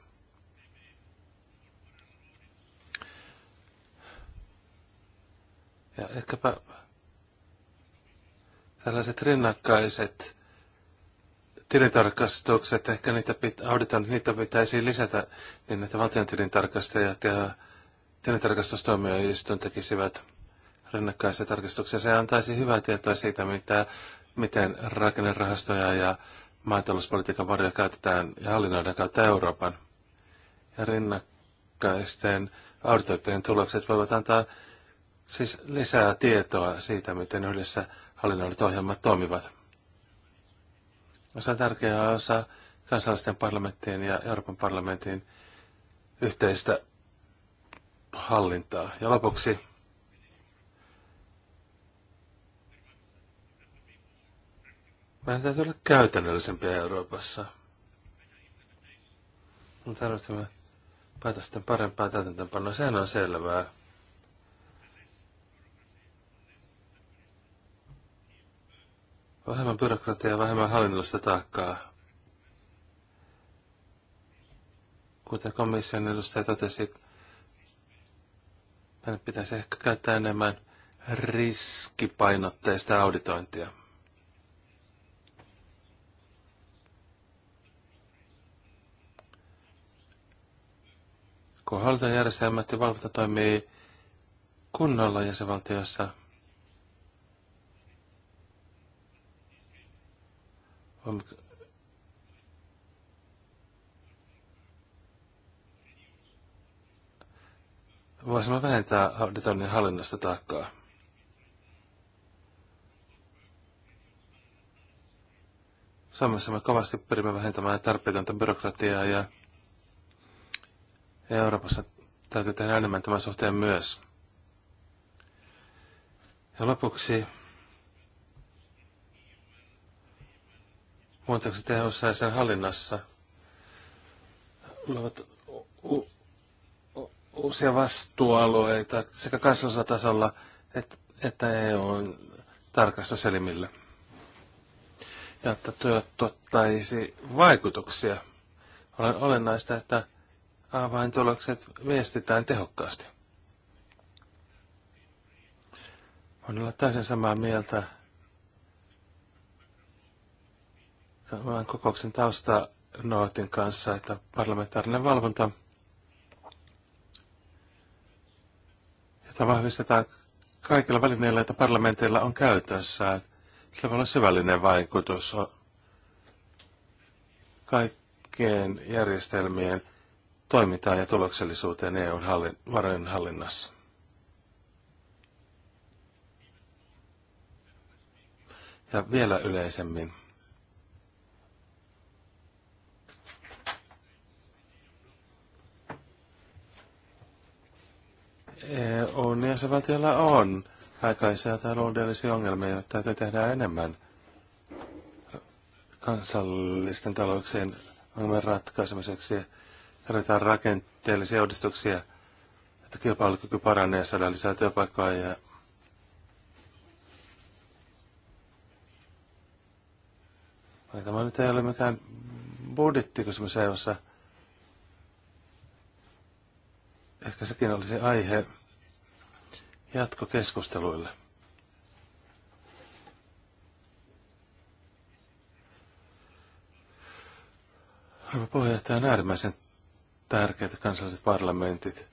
Ja ehkäpä tällaiset rinnakkaiset tilintarkastukset, ehkä niitä, pit, auditan, niitä pitäisi lisätä niin, että valtion tilintarkastajat ja tilintarkastustoimioistuin tekisivät rinnakkaisia tarkistuksia. Se antaisi hyvää tietoa siitä, mitä, miten rakennerahastoja ja maatalouspolitiikan varoja käytetään ja hallinnoidaan kautta Euroopan. Ja rinnakkaisten auditointien tulokset voivat antaa Siis lisää tietoa siitä, miten yhdessä hallinnolliset ohjelmat toimivat. Se on tärkeä osa kansallisten parlamenttien ja Euroopan parlamentin yhteistä hallintaa. Ja lopuksi meidän täytyy olla käytännöllisempiä Euroopassa. Me tarvitsemme päätösten parempaa täytäntöönpanoa, sehän on selvää. vähemmän byrokratiaa, vähemmän hallinnollista taakkaa. Kuten komission edustaja totesi, meidän pitäisi ehkä käyttää enemmän riskipainotteista auditointia. Kun hallintojärjestelmät ja valvonta toimii kunnolla jäsenvaltiossa, Он... voisimme vähentää auditoinnin hallinnasta taakkaa. Suomessa me kovasti pyrimme vähentämään tarpeetonta byrokratiaa ja Euroopassa täytyy tehdä enemmän tämän suhteen myös. Ja lopuksi muutokset tehossa ja sen hallinnassa luovat u- u- uusia vastuualueita sekä kansallisella tasolla että, että EUn tarkastuselimillä, jotta työ tuottaisi vaikutuksia. Olen olennaista, että avaintulokset viestitään tehokkaasti. on olla täysin samaa mieltä tämän kokouksen tausta Nootin kanssa, että parlamentaarinen valvonta jota vahvistetaan kaikilla välineillä, että parlamenteilla on käytössään. Sillä voi olla syvällinen vaikutus kaikkien järjestelmien toimintaan ja tuloksellisuuteen EUn hallin, varojen hallinnassa. Ja vielä yleisemmin. Eh, on se valtiolla on aikaisia taloudellisia ongelmia, joita täytyy tehdä enemmän kansallisten talouksien ongelmien ratkaisemiseksi. Tarvitaan rakenteellisia uudistuksia, että kilpailukyky paranee ja saadaan lisää työpaikkoja ja Tämä nyt ei ole mikään budjettikysymys jossa e ehkä sekin olisi aihe jatkokeskusteluille. Arvo puheenjohtaja on äärimmäisen tärkeitä kansalliset parlamentit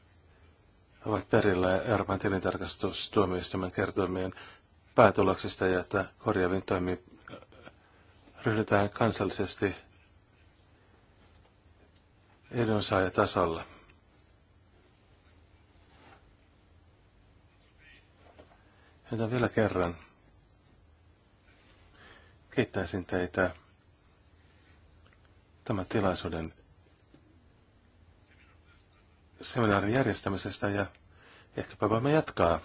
ovat perillä Euroopan tilintarkastustuomioistuimen kertomien päätuloksista ja että korjaaviin toimiin ryhdytään kansallisesti edunsaajatasolla. tasolla. Joten vielä kerran kiittäisin teitä tämän tilaisuuden seminaarin järjestämisestä ja ehkäpä voimme jatkaa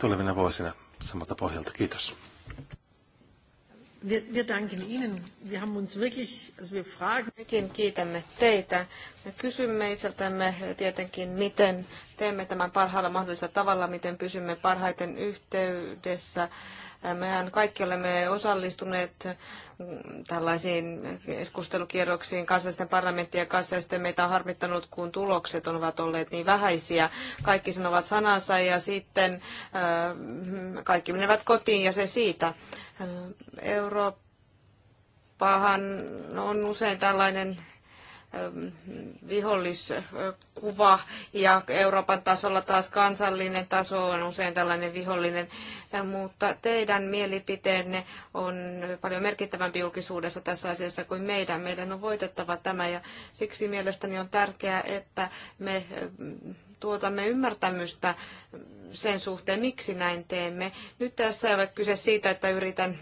tulevina vuosina samalta pohjalta. Kiitos. Wir, danken Ihnen. Wir haben uns wirklich, also wir fragen. Mekin kiitämme teitä. Me kysymme itseltämme tietenkin, miten teemme tämän parhaalla mahdollisella tavalla, miten pysymme parhaiten yhteydessä Mehän kaikki olemme osallistuneet tällaisiin keskustelukierroksiin kansallisten parlamenttien kanssa, ja sitten meitä on harmittanut, kun tulokset ovat olleet niin vähäisiä. Kaikki sanovat sanansa, ja sitten äh, kaikki menevät kotiin, ja se siitä. Äh, Eurooppahan on usein tällainen viholliskuva ja Euroopan tasolla taas kansallinen taso on usein tällainen vihollinen, mutta teidän mielipiteenne on paljon merkittävämpi julkisuudessa tässä asiassa kuin meidän. Meidän on voitettava tämä ja siksi mielestäni on tärkeää, että me tuotamme ymmärtämystä sen suhteen, miksi näin teemme. Nyt tässä ei ole kyse siitä, että yritän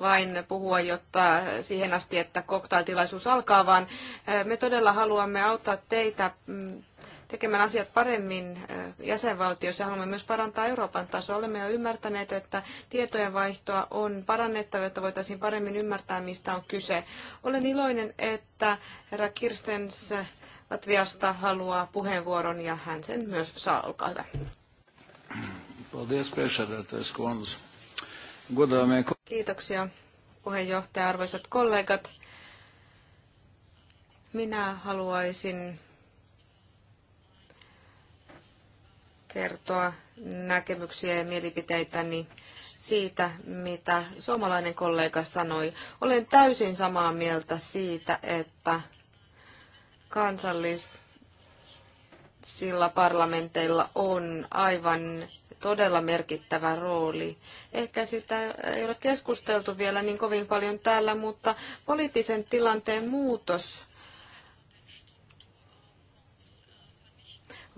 vain puhua, jotta siihen asti, että koktailtilaisuus alkaa, vaan eh, me todella haluamme auttaa teitä mm, tekemään asiat paremmin eh, jäsenvaltioissa. Haluamme myös parantaa Euroopan tasoa. Olemme jo ymmärtäneet, että tietojenvaihtoa on parannettava, jotta voitaisiin paremmin ymmärtää, mistä on kyse. Olen iloinen, että herra Kirstens Latviasta haluaa puheenvuoron ja hän sen myös saa. Olkaa hyvä. Paldies, Kiitoksia puheenjohtaja, arvoisat kollegat. Minä haluaisin kertoa näkemyksiä ja mielipiteitäni siitä, mitä suomalainen kollega sanoi. Olen täysin samaa mieltä siitä, että kansallisilla parlamenteilla on aivan todella merkittävä rooli. Ehkä sitä ei ole keskusteltu vielä niin kovin paljon täällä, mutta poliittisen tilanteen muutos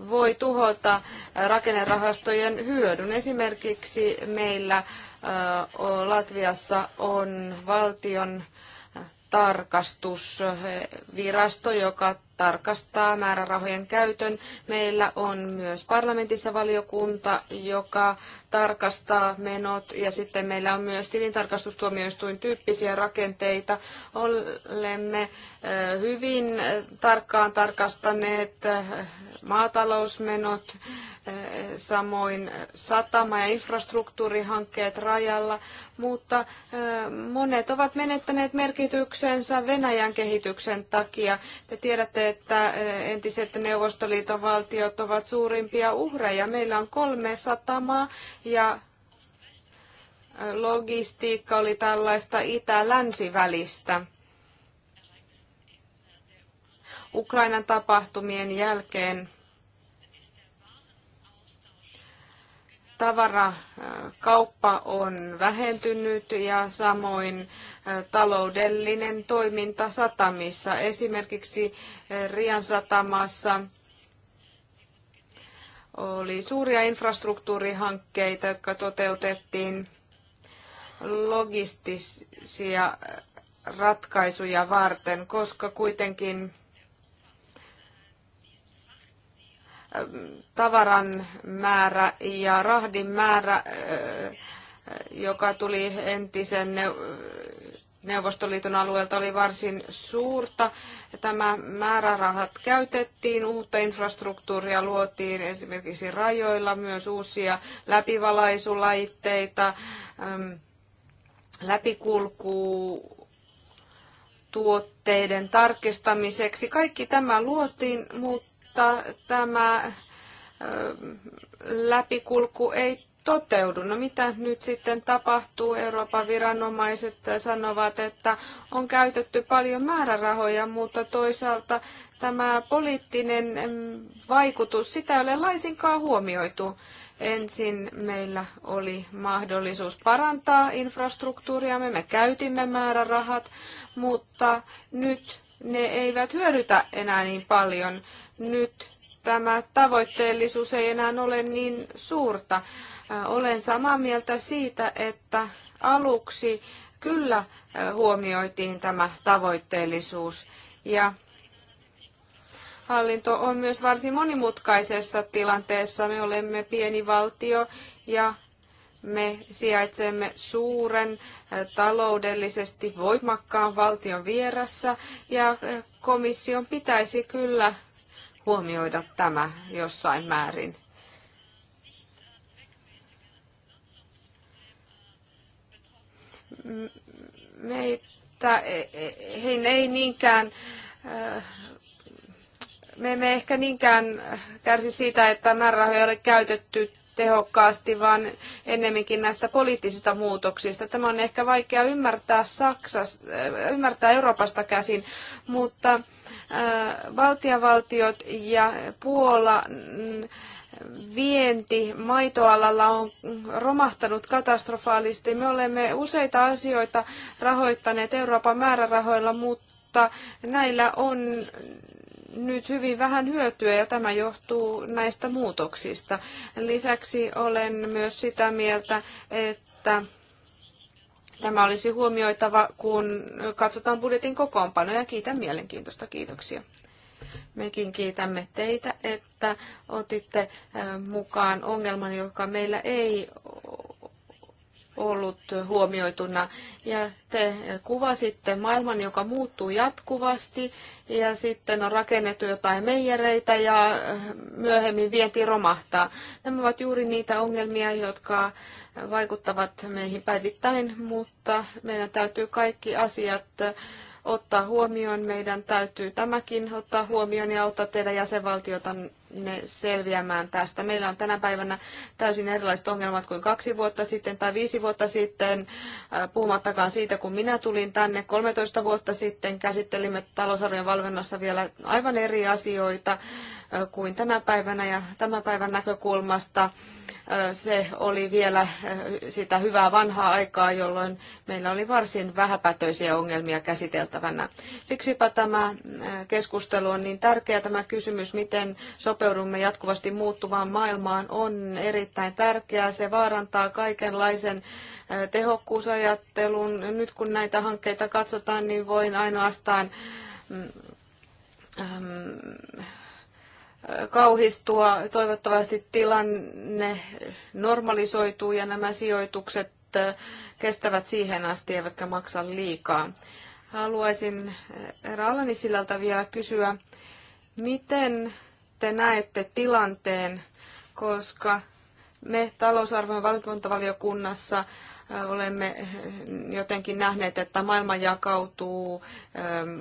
voi tuhota rakennerahastojen hyödyn. Esimerkiksi meillä Latviassa on valtion tarkastusvirasto, joka tarkastaa määrärahojen käytön. Meillä on myös parlamentissa valiokunta, joka tarkastaa menot ja sitten meillä on myös tilintarkastustuomioistuin tyyppisiä rakenteita. Olemme hyvin tarkkaan tarkastaneet maatalousmenot, samoin satama- ja infrastruktuurihankkeet rajalla, mutta monet ovat menettäneet merkityksensä Venäjän kehityksen takia. Te tiedätte, että entiset Neuvostoliiton valtiot ovat suurimpia uhreja. Meillä on kolme satamaa, ja logistiikka oli tällaista itä-länsivälistä. Ukrainan tapahtumien jälkeen tavarakauppa on vähentynyt ja samoin taloudellinen toiminta satamissa. Esimerkiksi Rian satamassa oli suuria infrastruktuurihankkeita, jotka toteutettiin logistisia ratkaisuja varten, koska kuitenkin ähm, tavaran määrä ja rahdin määrä, äh, äh, joka tuli entisen Neuvostoliiton alueelta oli varsin suurta. Tämä määrärahat käytettiin, uutta infrastruktuuria luotiin esimerkiksi rajoilla, myös uusia läpivalaisulaitteita, läpikulku tuotteiden tarkistamiseksi. Kaikki tämä luotiin, mutta tämä läpikulku ei toteudu. No mitä nyt sitten tapahtuu? Euroopan viranomaiset sanovat, että on käytetty paljon määrärahoja, mutta toisaalta tämä poliittinen vaikutus, sitä ei ole laisinkaan huomioitu. Ensin meillä oli mahdollisuus parantaa infrastruktuuria, me käytimme määrärahat, mutta nyt ne eivät hyödytä enää niin paljon. Nyt tämä tavoitteellisuus ei enää ole niin suurta. Olen samaa mieltä siitä, että aluksi kyllä huomioitiin tämä tavoitteellisuus ja hallinto on myös varsin monimutkaisessa tilanteessa. Me olemme pieni valtio ja me sijaitsemme suuren taloudellisesti voimakkaan valtion vieressä ja komission pitäisi kyllä huomioida tämä jossain määrin. meitä, e- e- hein ei niinkään, me emme ehkä niinkään kärsi siitä, että määrärahoja ei ole käytetty tehokkaasti, vaan ennemminkin näistä poliittisista muutoksista. Tämä on ehkä vaikea ymmärtää, Saksasta, ymmärtää Euroopasta käsin, mutta valtiavaltiot ja Puola vienti maitoalalla on romahtanut katastrofaalisesti. Me olemme useita asioita rahoittaneet Euroopan määrärahoilla, mutta näillä on nyt hyvin vähän hyötyä ja tämä johtuu näistä muutoksista. Lisäksi olen myös sitä mieltä, että tämä olisi huomioitava, kun katsotaan budjetin kokoonpanoja. Kiitän mielenkiintoista. Kiitoksia. Mekin kiitämme teitä, että otitte äh, mukaan ongelman, joka meillä ei ollut huomioituna. Ja te kuvasitte maailman, joka muuttuu jatkuvasti ja sitten on rakennettu jotain meijereitä ja äh, myöhemmin vienti romahtaa. Nämä ovat juuri niitä ongelmia, jotka vaikuttavat meihin päivittäin, mutta meidän täytyy kaikki asiat äh, ottaa huomioon. Meidän täytyy tämäkin ottaa huomioon ja auttaa teidän jäsenvaltiotanne selviämään tästä. Meillä on tänä päivänä täysin erilaiset ongelmat kuin kaksi vuotta sitten tai viisi vuotta sitten, äh, puhumattakaan siitä, kun minä tulin tänne 13 vuotta sitten. Käsittelimme talousarvion valvonnassa vielä aivan eri asioita äh, kuin tänä päivänä ja tämän päivän näkökulmasta se oli vielä sitä hyvää vanhaa aikaa, jolloin meillä oli varsin vähäpätöisiä ongelmia käsiteltävänä. Siksipä tämä keskustelu on niin tärkeä. Tämä kysymys, miten sopeudumme jatkuvasti muuttuvaan maailmaan, on erittäin tärkeää. Se vaarantaa kaikenlaisen tehokkuusajattelun. Nyt kun näitä hankkeita katsotaan, niin voin ainoastaan ähm, kauhistua. Toivottavasti tilanne normalisoituu ja nämä sijoitukset äh, kestävät siihen asti, eivätkä maksa liikaa. Haluaisin äh, Raalani sillalta vielä kysyä, miten te näette tilanteen, koska me talousarvon valtuuntavaliokunnassa olemme jotenkin nähneet, että maailma jakautuu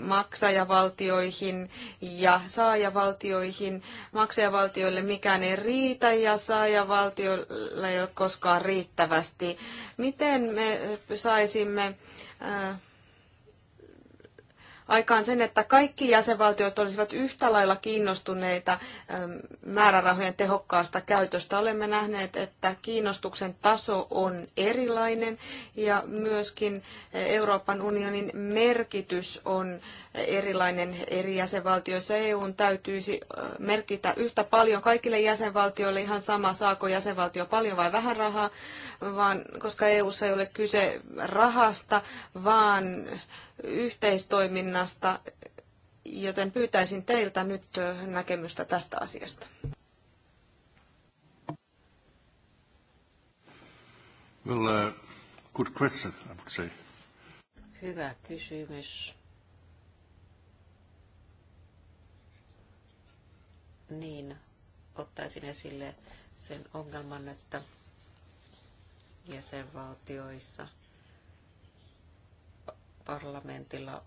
maksajavaltioihin ja saajavaltioihin. Maksajavaltioille mikään ei riitä ja saajavaltioille ei ole koskaan riittävästi. Miten me saisimme aikaan sen, että kaikki jäsenvaltiot olisivat yhtä lailla kiinnostuneita määrärahojen tehokkaasta käytöstä. Olemme nähneet, että kiinnostuksen taso on erilainen ja myöskin Euroopan unionin merkitys on erilainen eri jäsenvaltioissa. EUn täytyisi äh, merkitä yhtä paljon kaikille jäsenvaltioille ihan sama, saako jäsenvaltio paljon vai vähän rahaa, vaan koska EU:ssa ei ole kyse rahasta, vaan yhteistoiminnasta, joten pyytäisin teiltä nyt näkemystä tästä asiasta. Well, uh, good question, I would say. Hyvä kysymys. Niin, ottaisin esille sen ongelman, että jäsenvaltioissa parlamentilla,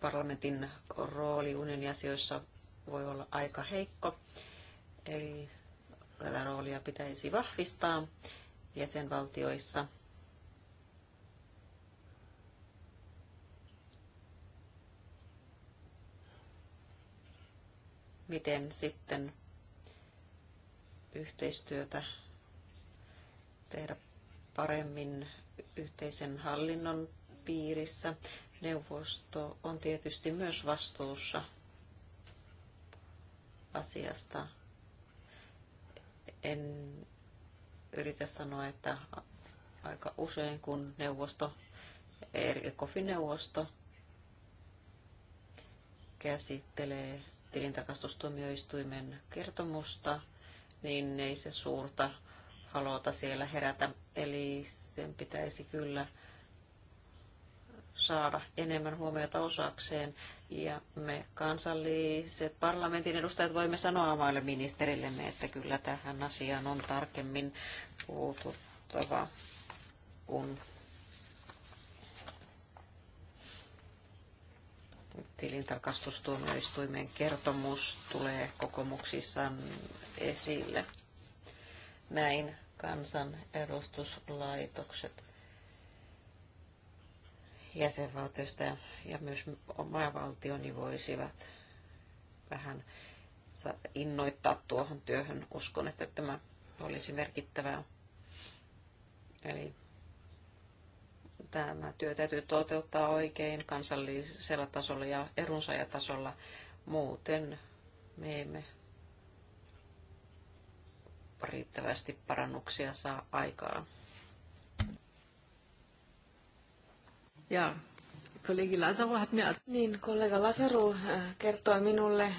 parlamentin rooli unionin asioissa voi olla aika heikko. Eli tätä roolia pitäisi vahvistaa jäsenvaltioissa. Miten sitten yhteistyötä tehdä paremmin yhteisen hallinnon piirissä. Neuvosto on tietysti myös vastuussa asiasta. En yritä sanoa, että aika usein kun neuvosto, ECOFIN-neuvosto käsittelee tilintarkastustuomioistuimen kertomusta, niin ei se suurta kohtalokaloota siellä herätä. Eli sen pitäisi kyllä saada enemmän huomiota osakseen. Ja me kansalliset parlamentin edustajat voimme sanoa omalle ministerillemme, että kyllä tähän asiaan on tarkemmin puututtava, kun tilintarkastustuomioistuimen kertomus tulee kokomuksissaan esille. Näin kansanedustuslaitokset jäsenvaltioista ja myös oma maavaltioni voisivat vähän innoittaa tuohon työhön. Uskon, että tämä olisi merkittävää. Eli tämä työ täytyy toteuttaa oikein kansallisella tasolla ja erunsaajatasolla. Muuten me emme riittävästi parannuksia saa aikaan. Ja kollegi hat mir... Niin, kollega Lasaru äh, kertoi minulle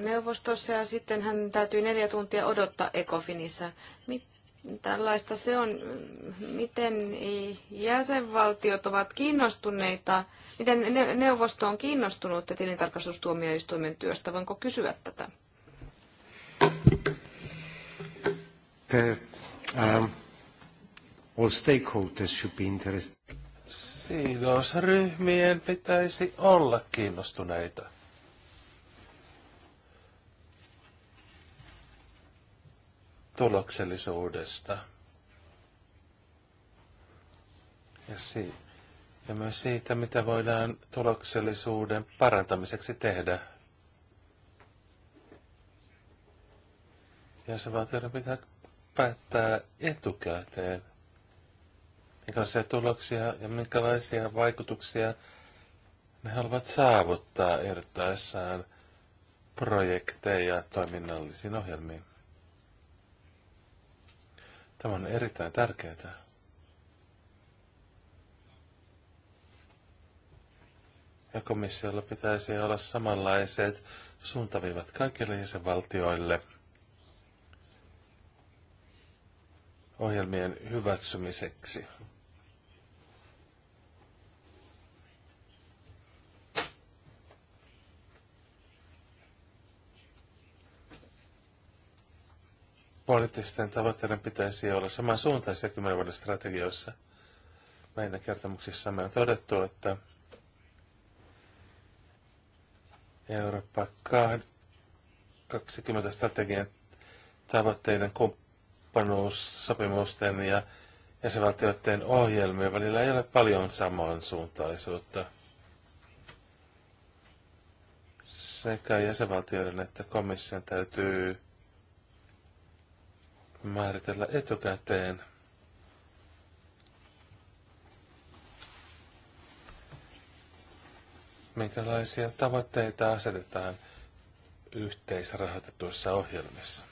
neuvostossa ja sitten hän täytyy neljä tuntia odottaa Ecofinissa. Mit, tällaista se on, miten jäsenvaltiot ovat kiinnostuneita, miten neuvosto on kiinnostunut tilintarkastustuomioistuimen työstä. Voinko kysyä tätä? per, uh, um, all stakeholders should be interested. pitäisi olla kiinnostuneita. tuloksellisuudesta. Ja, si- ja myös siitä, mitä voidaan tuloksellisuuden parantamiseksi tehdä. Ja se Jäsenvaltioiden pitää päättää etukäteen, minkälaisia tuloksia ja minkälaisia vaikutuksia ne haluavat saavuttaa erittäessään projekteja toiminnallisiin ohjelmiin. Tämä on erittäin tärkeää. Ja komissiolla pitäisi olla samanlaiset suuntaviivat kaikille jäsenvaltioille – ohjelmien hyväksymiseksi. Poliittisten tavoitteiden pitäisi olla samansuuntaisia kymmenen vuoden strategioissa. Meidän kertomuksissamme on todettu, että Eurooppa 20 strategian tavoitteiden sopimusten ja jäsenvaltioiden ohjelmien välillä ei ole paljon samansuuntaisuutta. Sekä jäsenvaltioiden että komission täytyy määritellä etukäteen, minkälaisia tavoitteita asetetaan yhteisrahoitetuissa ohjelmissa.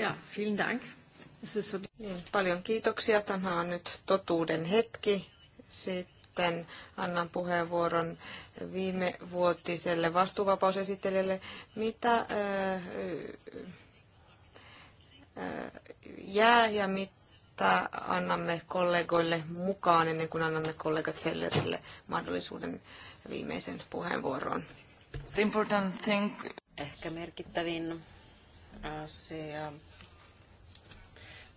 Ja, vielen Dank. Niin, paljon kiitoksia. Tämä on nyt totuuden hetki. Sitten annan puheenvuoron viime vuotiselle vastuuvapausesittelijälle. Mitä ää, äh, äh, jää ja mitä annamme kollegoille mukaan ennen kuin annamme kollegat Sellerille mahdollisuuden viimeisen puheenvuoroon? The important thing. Ehkä merkittävin asia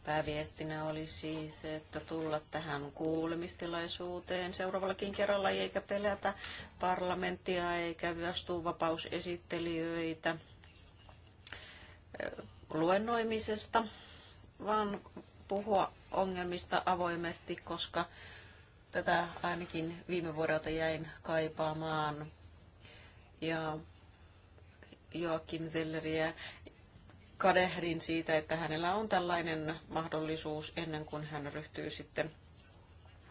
Pääviestinä oli siis, että tulla tähän kuulemistilaisuuteen seuraavallakin kerralla eikä pelätä parlamenttia eikä vastuuvapausesittelijöitä eh, luennoimisesta, vaan puhua ongelmista avoimesti, koska tätä ainakin viime vuodelta jäin kaipaamaan. Ja Joakim Zelleriä kadehdin siitä, että hänellä on tällainen mahdollisuus ennen kuin hän ryhtyy sitten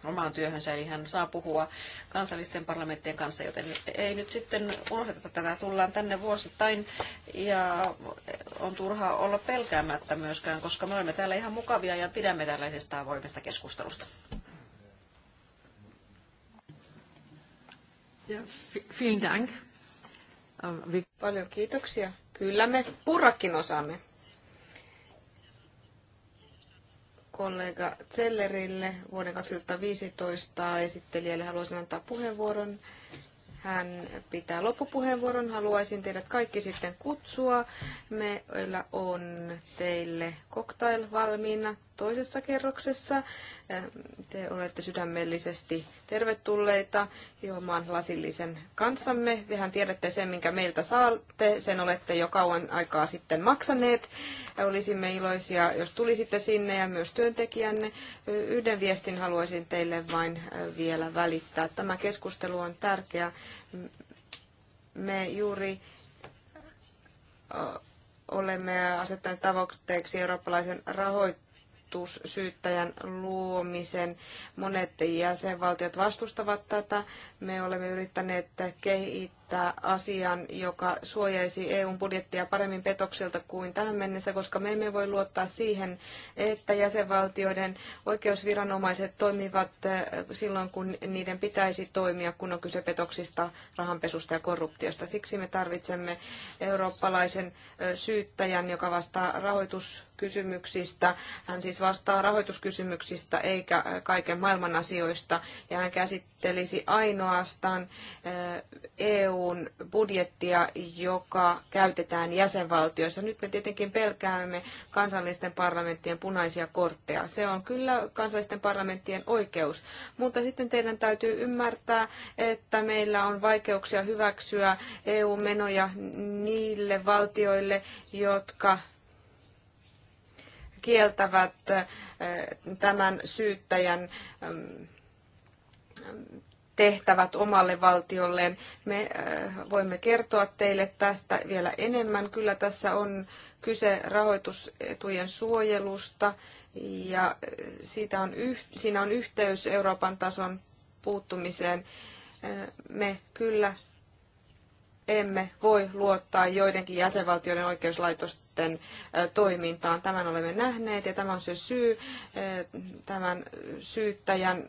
omaan työhönsä, eli hän saa puhua kansallisten parlamenttien kanssa, joten ei nyt sitten unohdeta tätä, tullaan tänne vuosittain ja on turha olla pelkäämättä myöskään, koska me olemme täällä ihan mukavia ja pidämme tällaisesta avoimesta keskustelusta. Ja, vielen dank. Ähm, Paljon kiitoksia. Kyllä me purrakin osaamme. Kollega Zellerille vuoden 2015 esittelijälle haluaisin antaa puheenvuoron. Hän pitää loppupuheenvuoron. Haluaisin teidät kaikki sitten kutsua. Meillä on teille cocktail valmiina toisessa kerroksessa. Ähm, te olette sydämellisesti tervetulleita juomaan lasillisen kanssamme. Tehän tiedätte sen, minkä meiltä saatte. Sen olette jo kauan aikaa sitten maksaneet. Olisimme iloisia, jos tulisitte sinne ja myös työntekijänne. Yhden viestin haluaisin teille vain vielä välittää. Tämä keskustelu on tärkeä. Me juuri olemme asettaneet tavoitteeksi eurooppalaisen rahoit vakuutussyyttäjän luomisen. Monet jäsenvaltiot vastustavat tätä. Me olemme yrittäneet kehittää esittää asian, joka suojaisi EUn budjettia paremmin petoksilta kuin tähän mennessä, koska me emme voi luottaa siihen, että jäsenvaltioiden oikeusviranomaiset toimivat eh, silloin, kun niiden pitäisi toimia, kun on kyse petoksista, rahanpesusta ja korruptiosta. Siksi me tarvitsemme eurooppalaisen eh, syyttäjän, joka vastaa rahoituskysymyksistä. Hän siis vastaa rahoituskysymyksistä eikä eh, kaiken maailman asioista ja hän käsit käsittelisi ainoastaan EUn budjettia, joka käytetään jäsenvaltioissa. Nyt me tietenkin pelkäämme kansallisten parlamenttien punaisia kortteja. Se on kyllä kansallisten parlamenttien oikeus, mutta sitten teidän täytyy ymmärtää, että meillä on vaikeuksia hyväksyä EU-menoja niille valtioille, jotka kieltävät tämän syyttäjän tehtävät omalle valtiolleen. Me äh, voimme kertoa teille tästä vielä enemmän. Kyllä tässä on kyse rahoitusetujen suojelusta ja äh, siitä on yh, siinä on yhteys Euroopan tason puuttumiseen. Äh, me kyllä emme voi luottaa joidenkin jäsenvaltioiden oikeuslaitosten toimintaan. Tämän olemme nähneet ja tämä on se syy tämän syyttäjän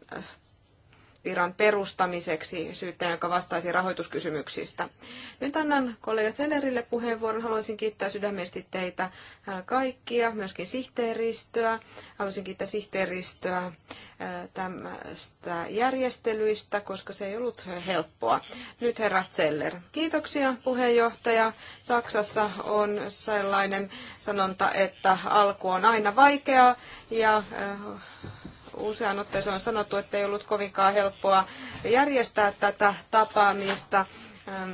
viran perustamiseksi syyttäjän, joka vastaisi rahoituskysymyksistä. Nyt annan kollega Sellerille puheenvuoron. Haluaisin kiittää sydämesti teitä kaikkia, myöskin sihteeristöä. Haluaisin kiittää sihteeristöä tästä järjestelyistä, koska se ei ollut helppoa. Nyt herra Zeller. Kiitoksia puheenjohtaja. Saksassa on sellainen sanonta, että alku on aina vaikeaa ja usean otteeseen on sanottu, että ei ollut kovinkaan helppoa järjestää tätä tapaamista. Ähm,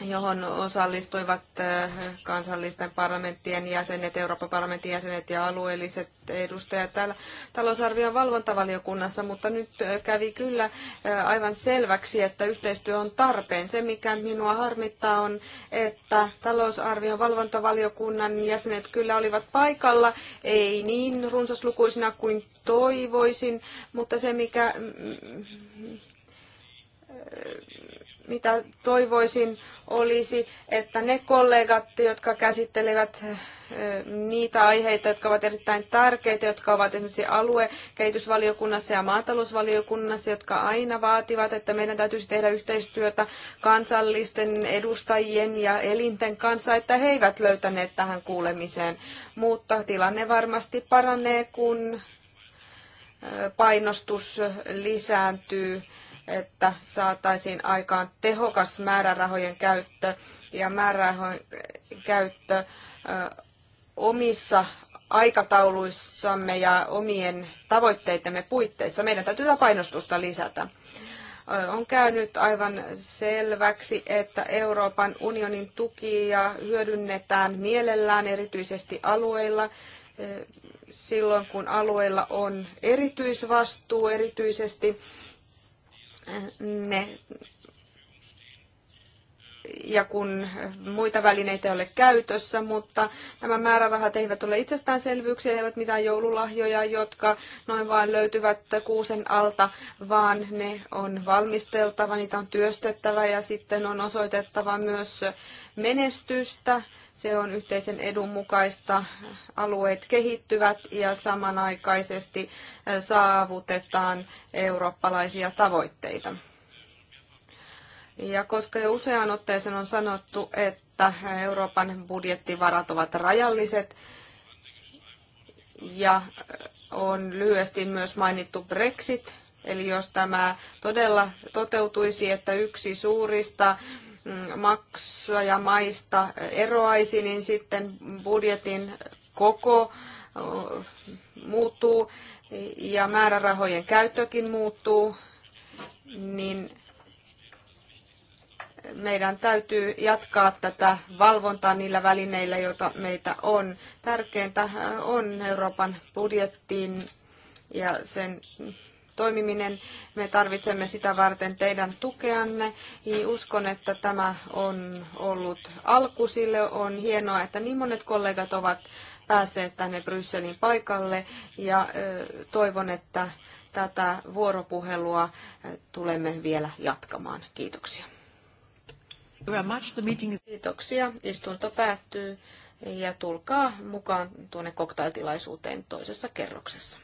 johon osallistuivat äh, kansallisten parlamenttien jäsenet, Euroopan parlamentin jäsenet ja alueelliset edustajat täällä talousarvion valvontavaliokunnassa, mutta nyt äh, kävi kyllä äh, aivan selväksi, että yhteistyö on tarpeen. Se, mikä minua harmittaa, on, että talousarvion valvontavaliokunnan jäsenet kyllä olivat paikalla, ei niin runsaslukuisina kuin toivoisin, mutta se, mikä mm, mitä toivoisin, olisi, että ne kollegat, jotka käsittelevät niitä aiheita, jotka ovat erittäin tärkeitä, jotka ovat esimerkiksi aluekehitysvaliokunnassa ja maatalousvaliokunnassa, jotka aina vaativat, että meidän täytyisi tehdä yhteistyötä kansallisten edustajien ja elinten kanssa, että he eivät löytäneet tähän kuulemiseen. Mutta tilanne varmasti paranee, kun painostus lisääntyy että saataisiin aikaan tehokas määrärahojen käyttö ja määrärahojen käyttö omissa aikatauluissamme ja omien tavoitteidemme puitteissa. Meidän täytyy tätä painostusta lisätä. On käynyt aivan selväksi, että Euroopan unionin tukia hyödynnetään mielellään erityisesti alueilla, silloin kun alueilla on erityisvastuu erityisesti ne ja kun muita välineitä ei ole käytössä, mutta nämä määrärahat eivät ole itsestäänselvyyksiä, ne eivät mitään joululahjoja, jotka noin vain löytyvät kuusen alta, vaan ne on valmisteltava, niitä on työstettävä ja sitten on osoitettava myös menestystä se on yhteisen edun mukaista. Alueet kehittyvät ja samanaikaisesti äh, saavutetaan eurooppalaisia tavoitteita. Ja koska jo useaan otteeseen on sanottu, että Euroopan budjettivarat ovat rajalliset ja äh, on lyhyesti myös mainittu Brexit, eli jos tämä todella toteutuisi, että yksi suurista Mm, maksua ja maista eroaisi, niin sitten budjetin koko muuttuu ja määrärahojen käyttökin muuttuu, niin meidän täytyy jatkaa tätä valvontaa niillä välineillä, joita meitä on. Tärkeintä on Euroopan budjettiin ja sen toimiminen. Me tarvitsemme sitä varten teidän tukeanne. Niin uskon, että tämä on ollut alku sille. On hienoa, että niin monet kollegat ovat päässeet tänne Brysselin paikalle ja toivon, että tätä vuoropuhelua tulemme vielä jatkamaan. Kiitoksia. Kiitoksia. Istunto päättyy ja tulkaa mukaan tuonne koktailtilaisuuteen toisessa kerroksessa.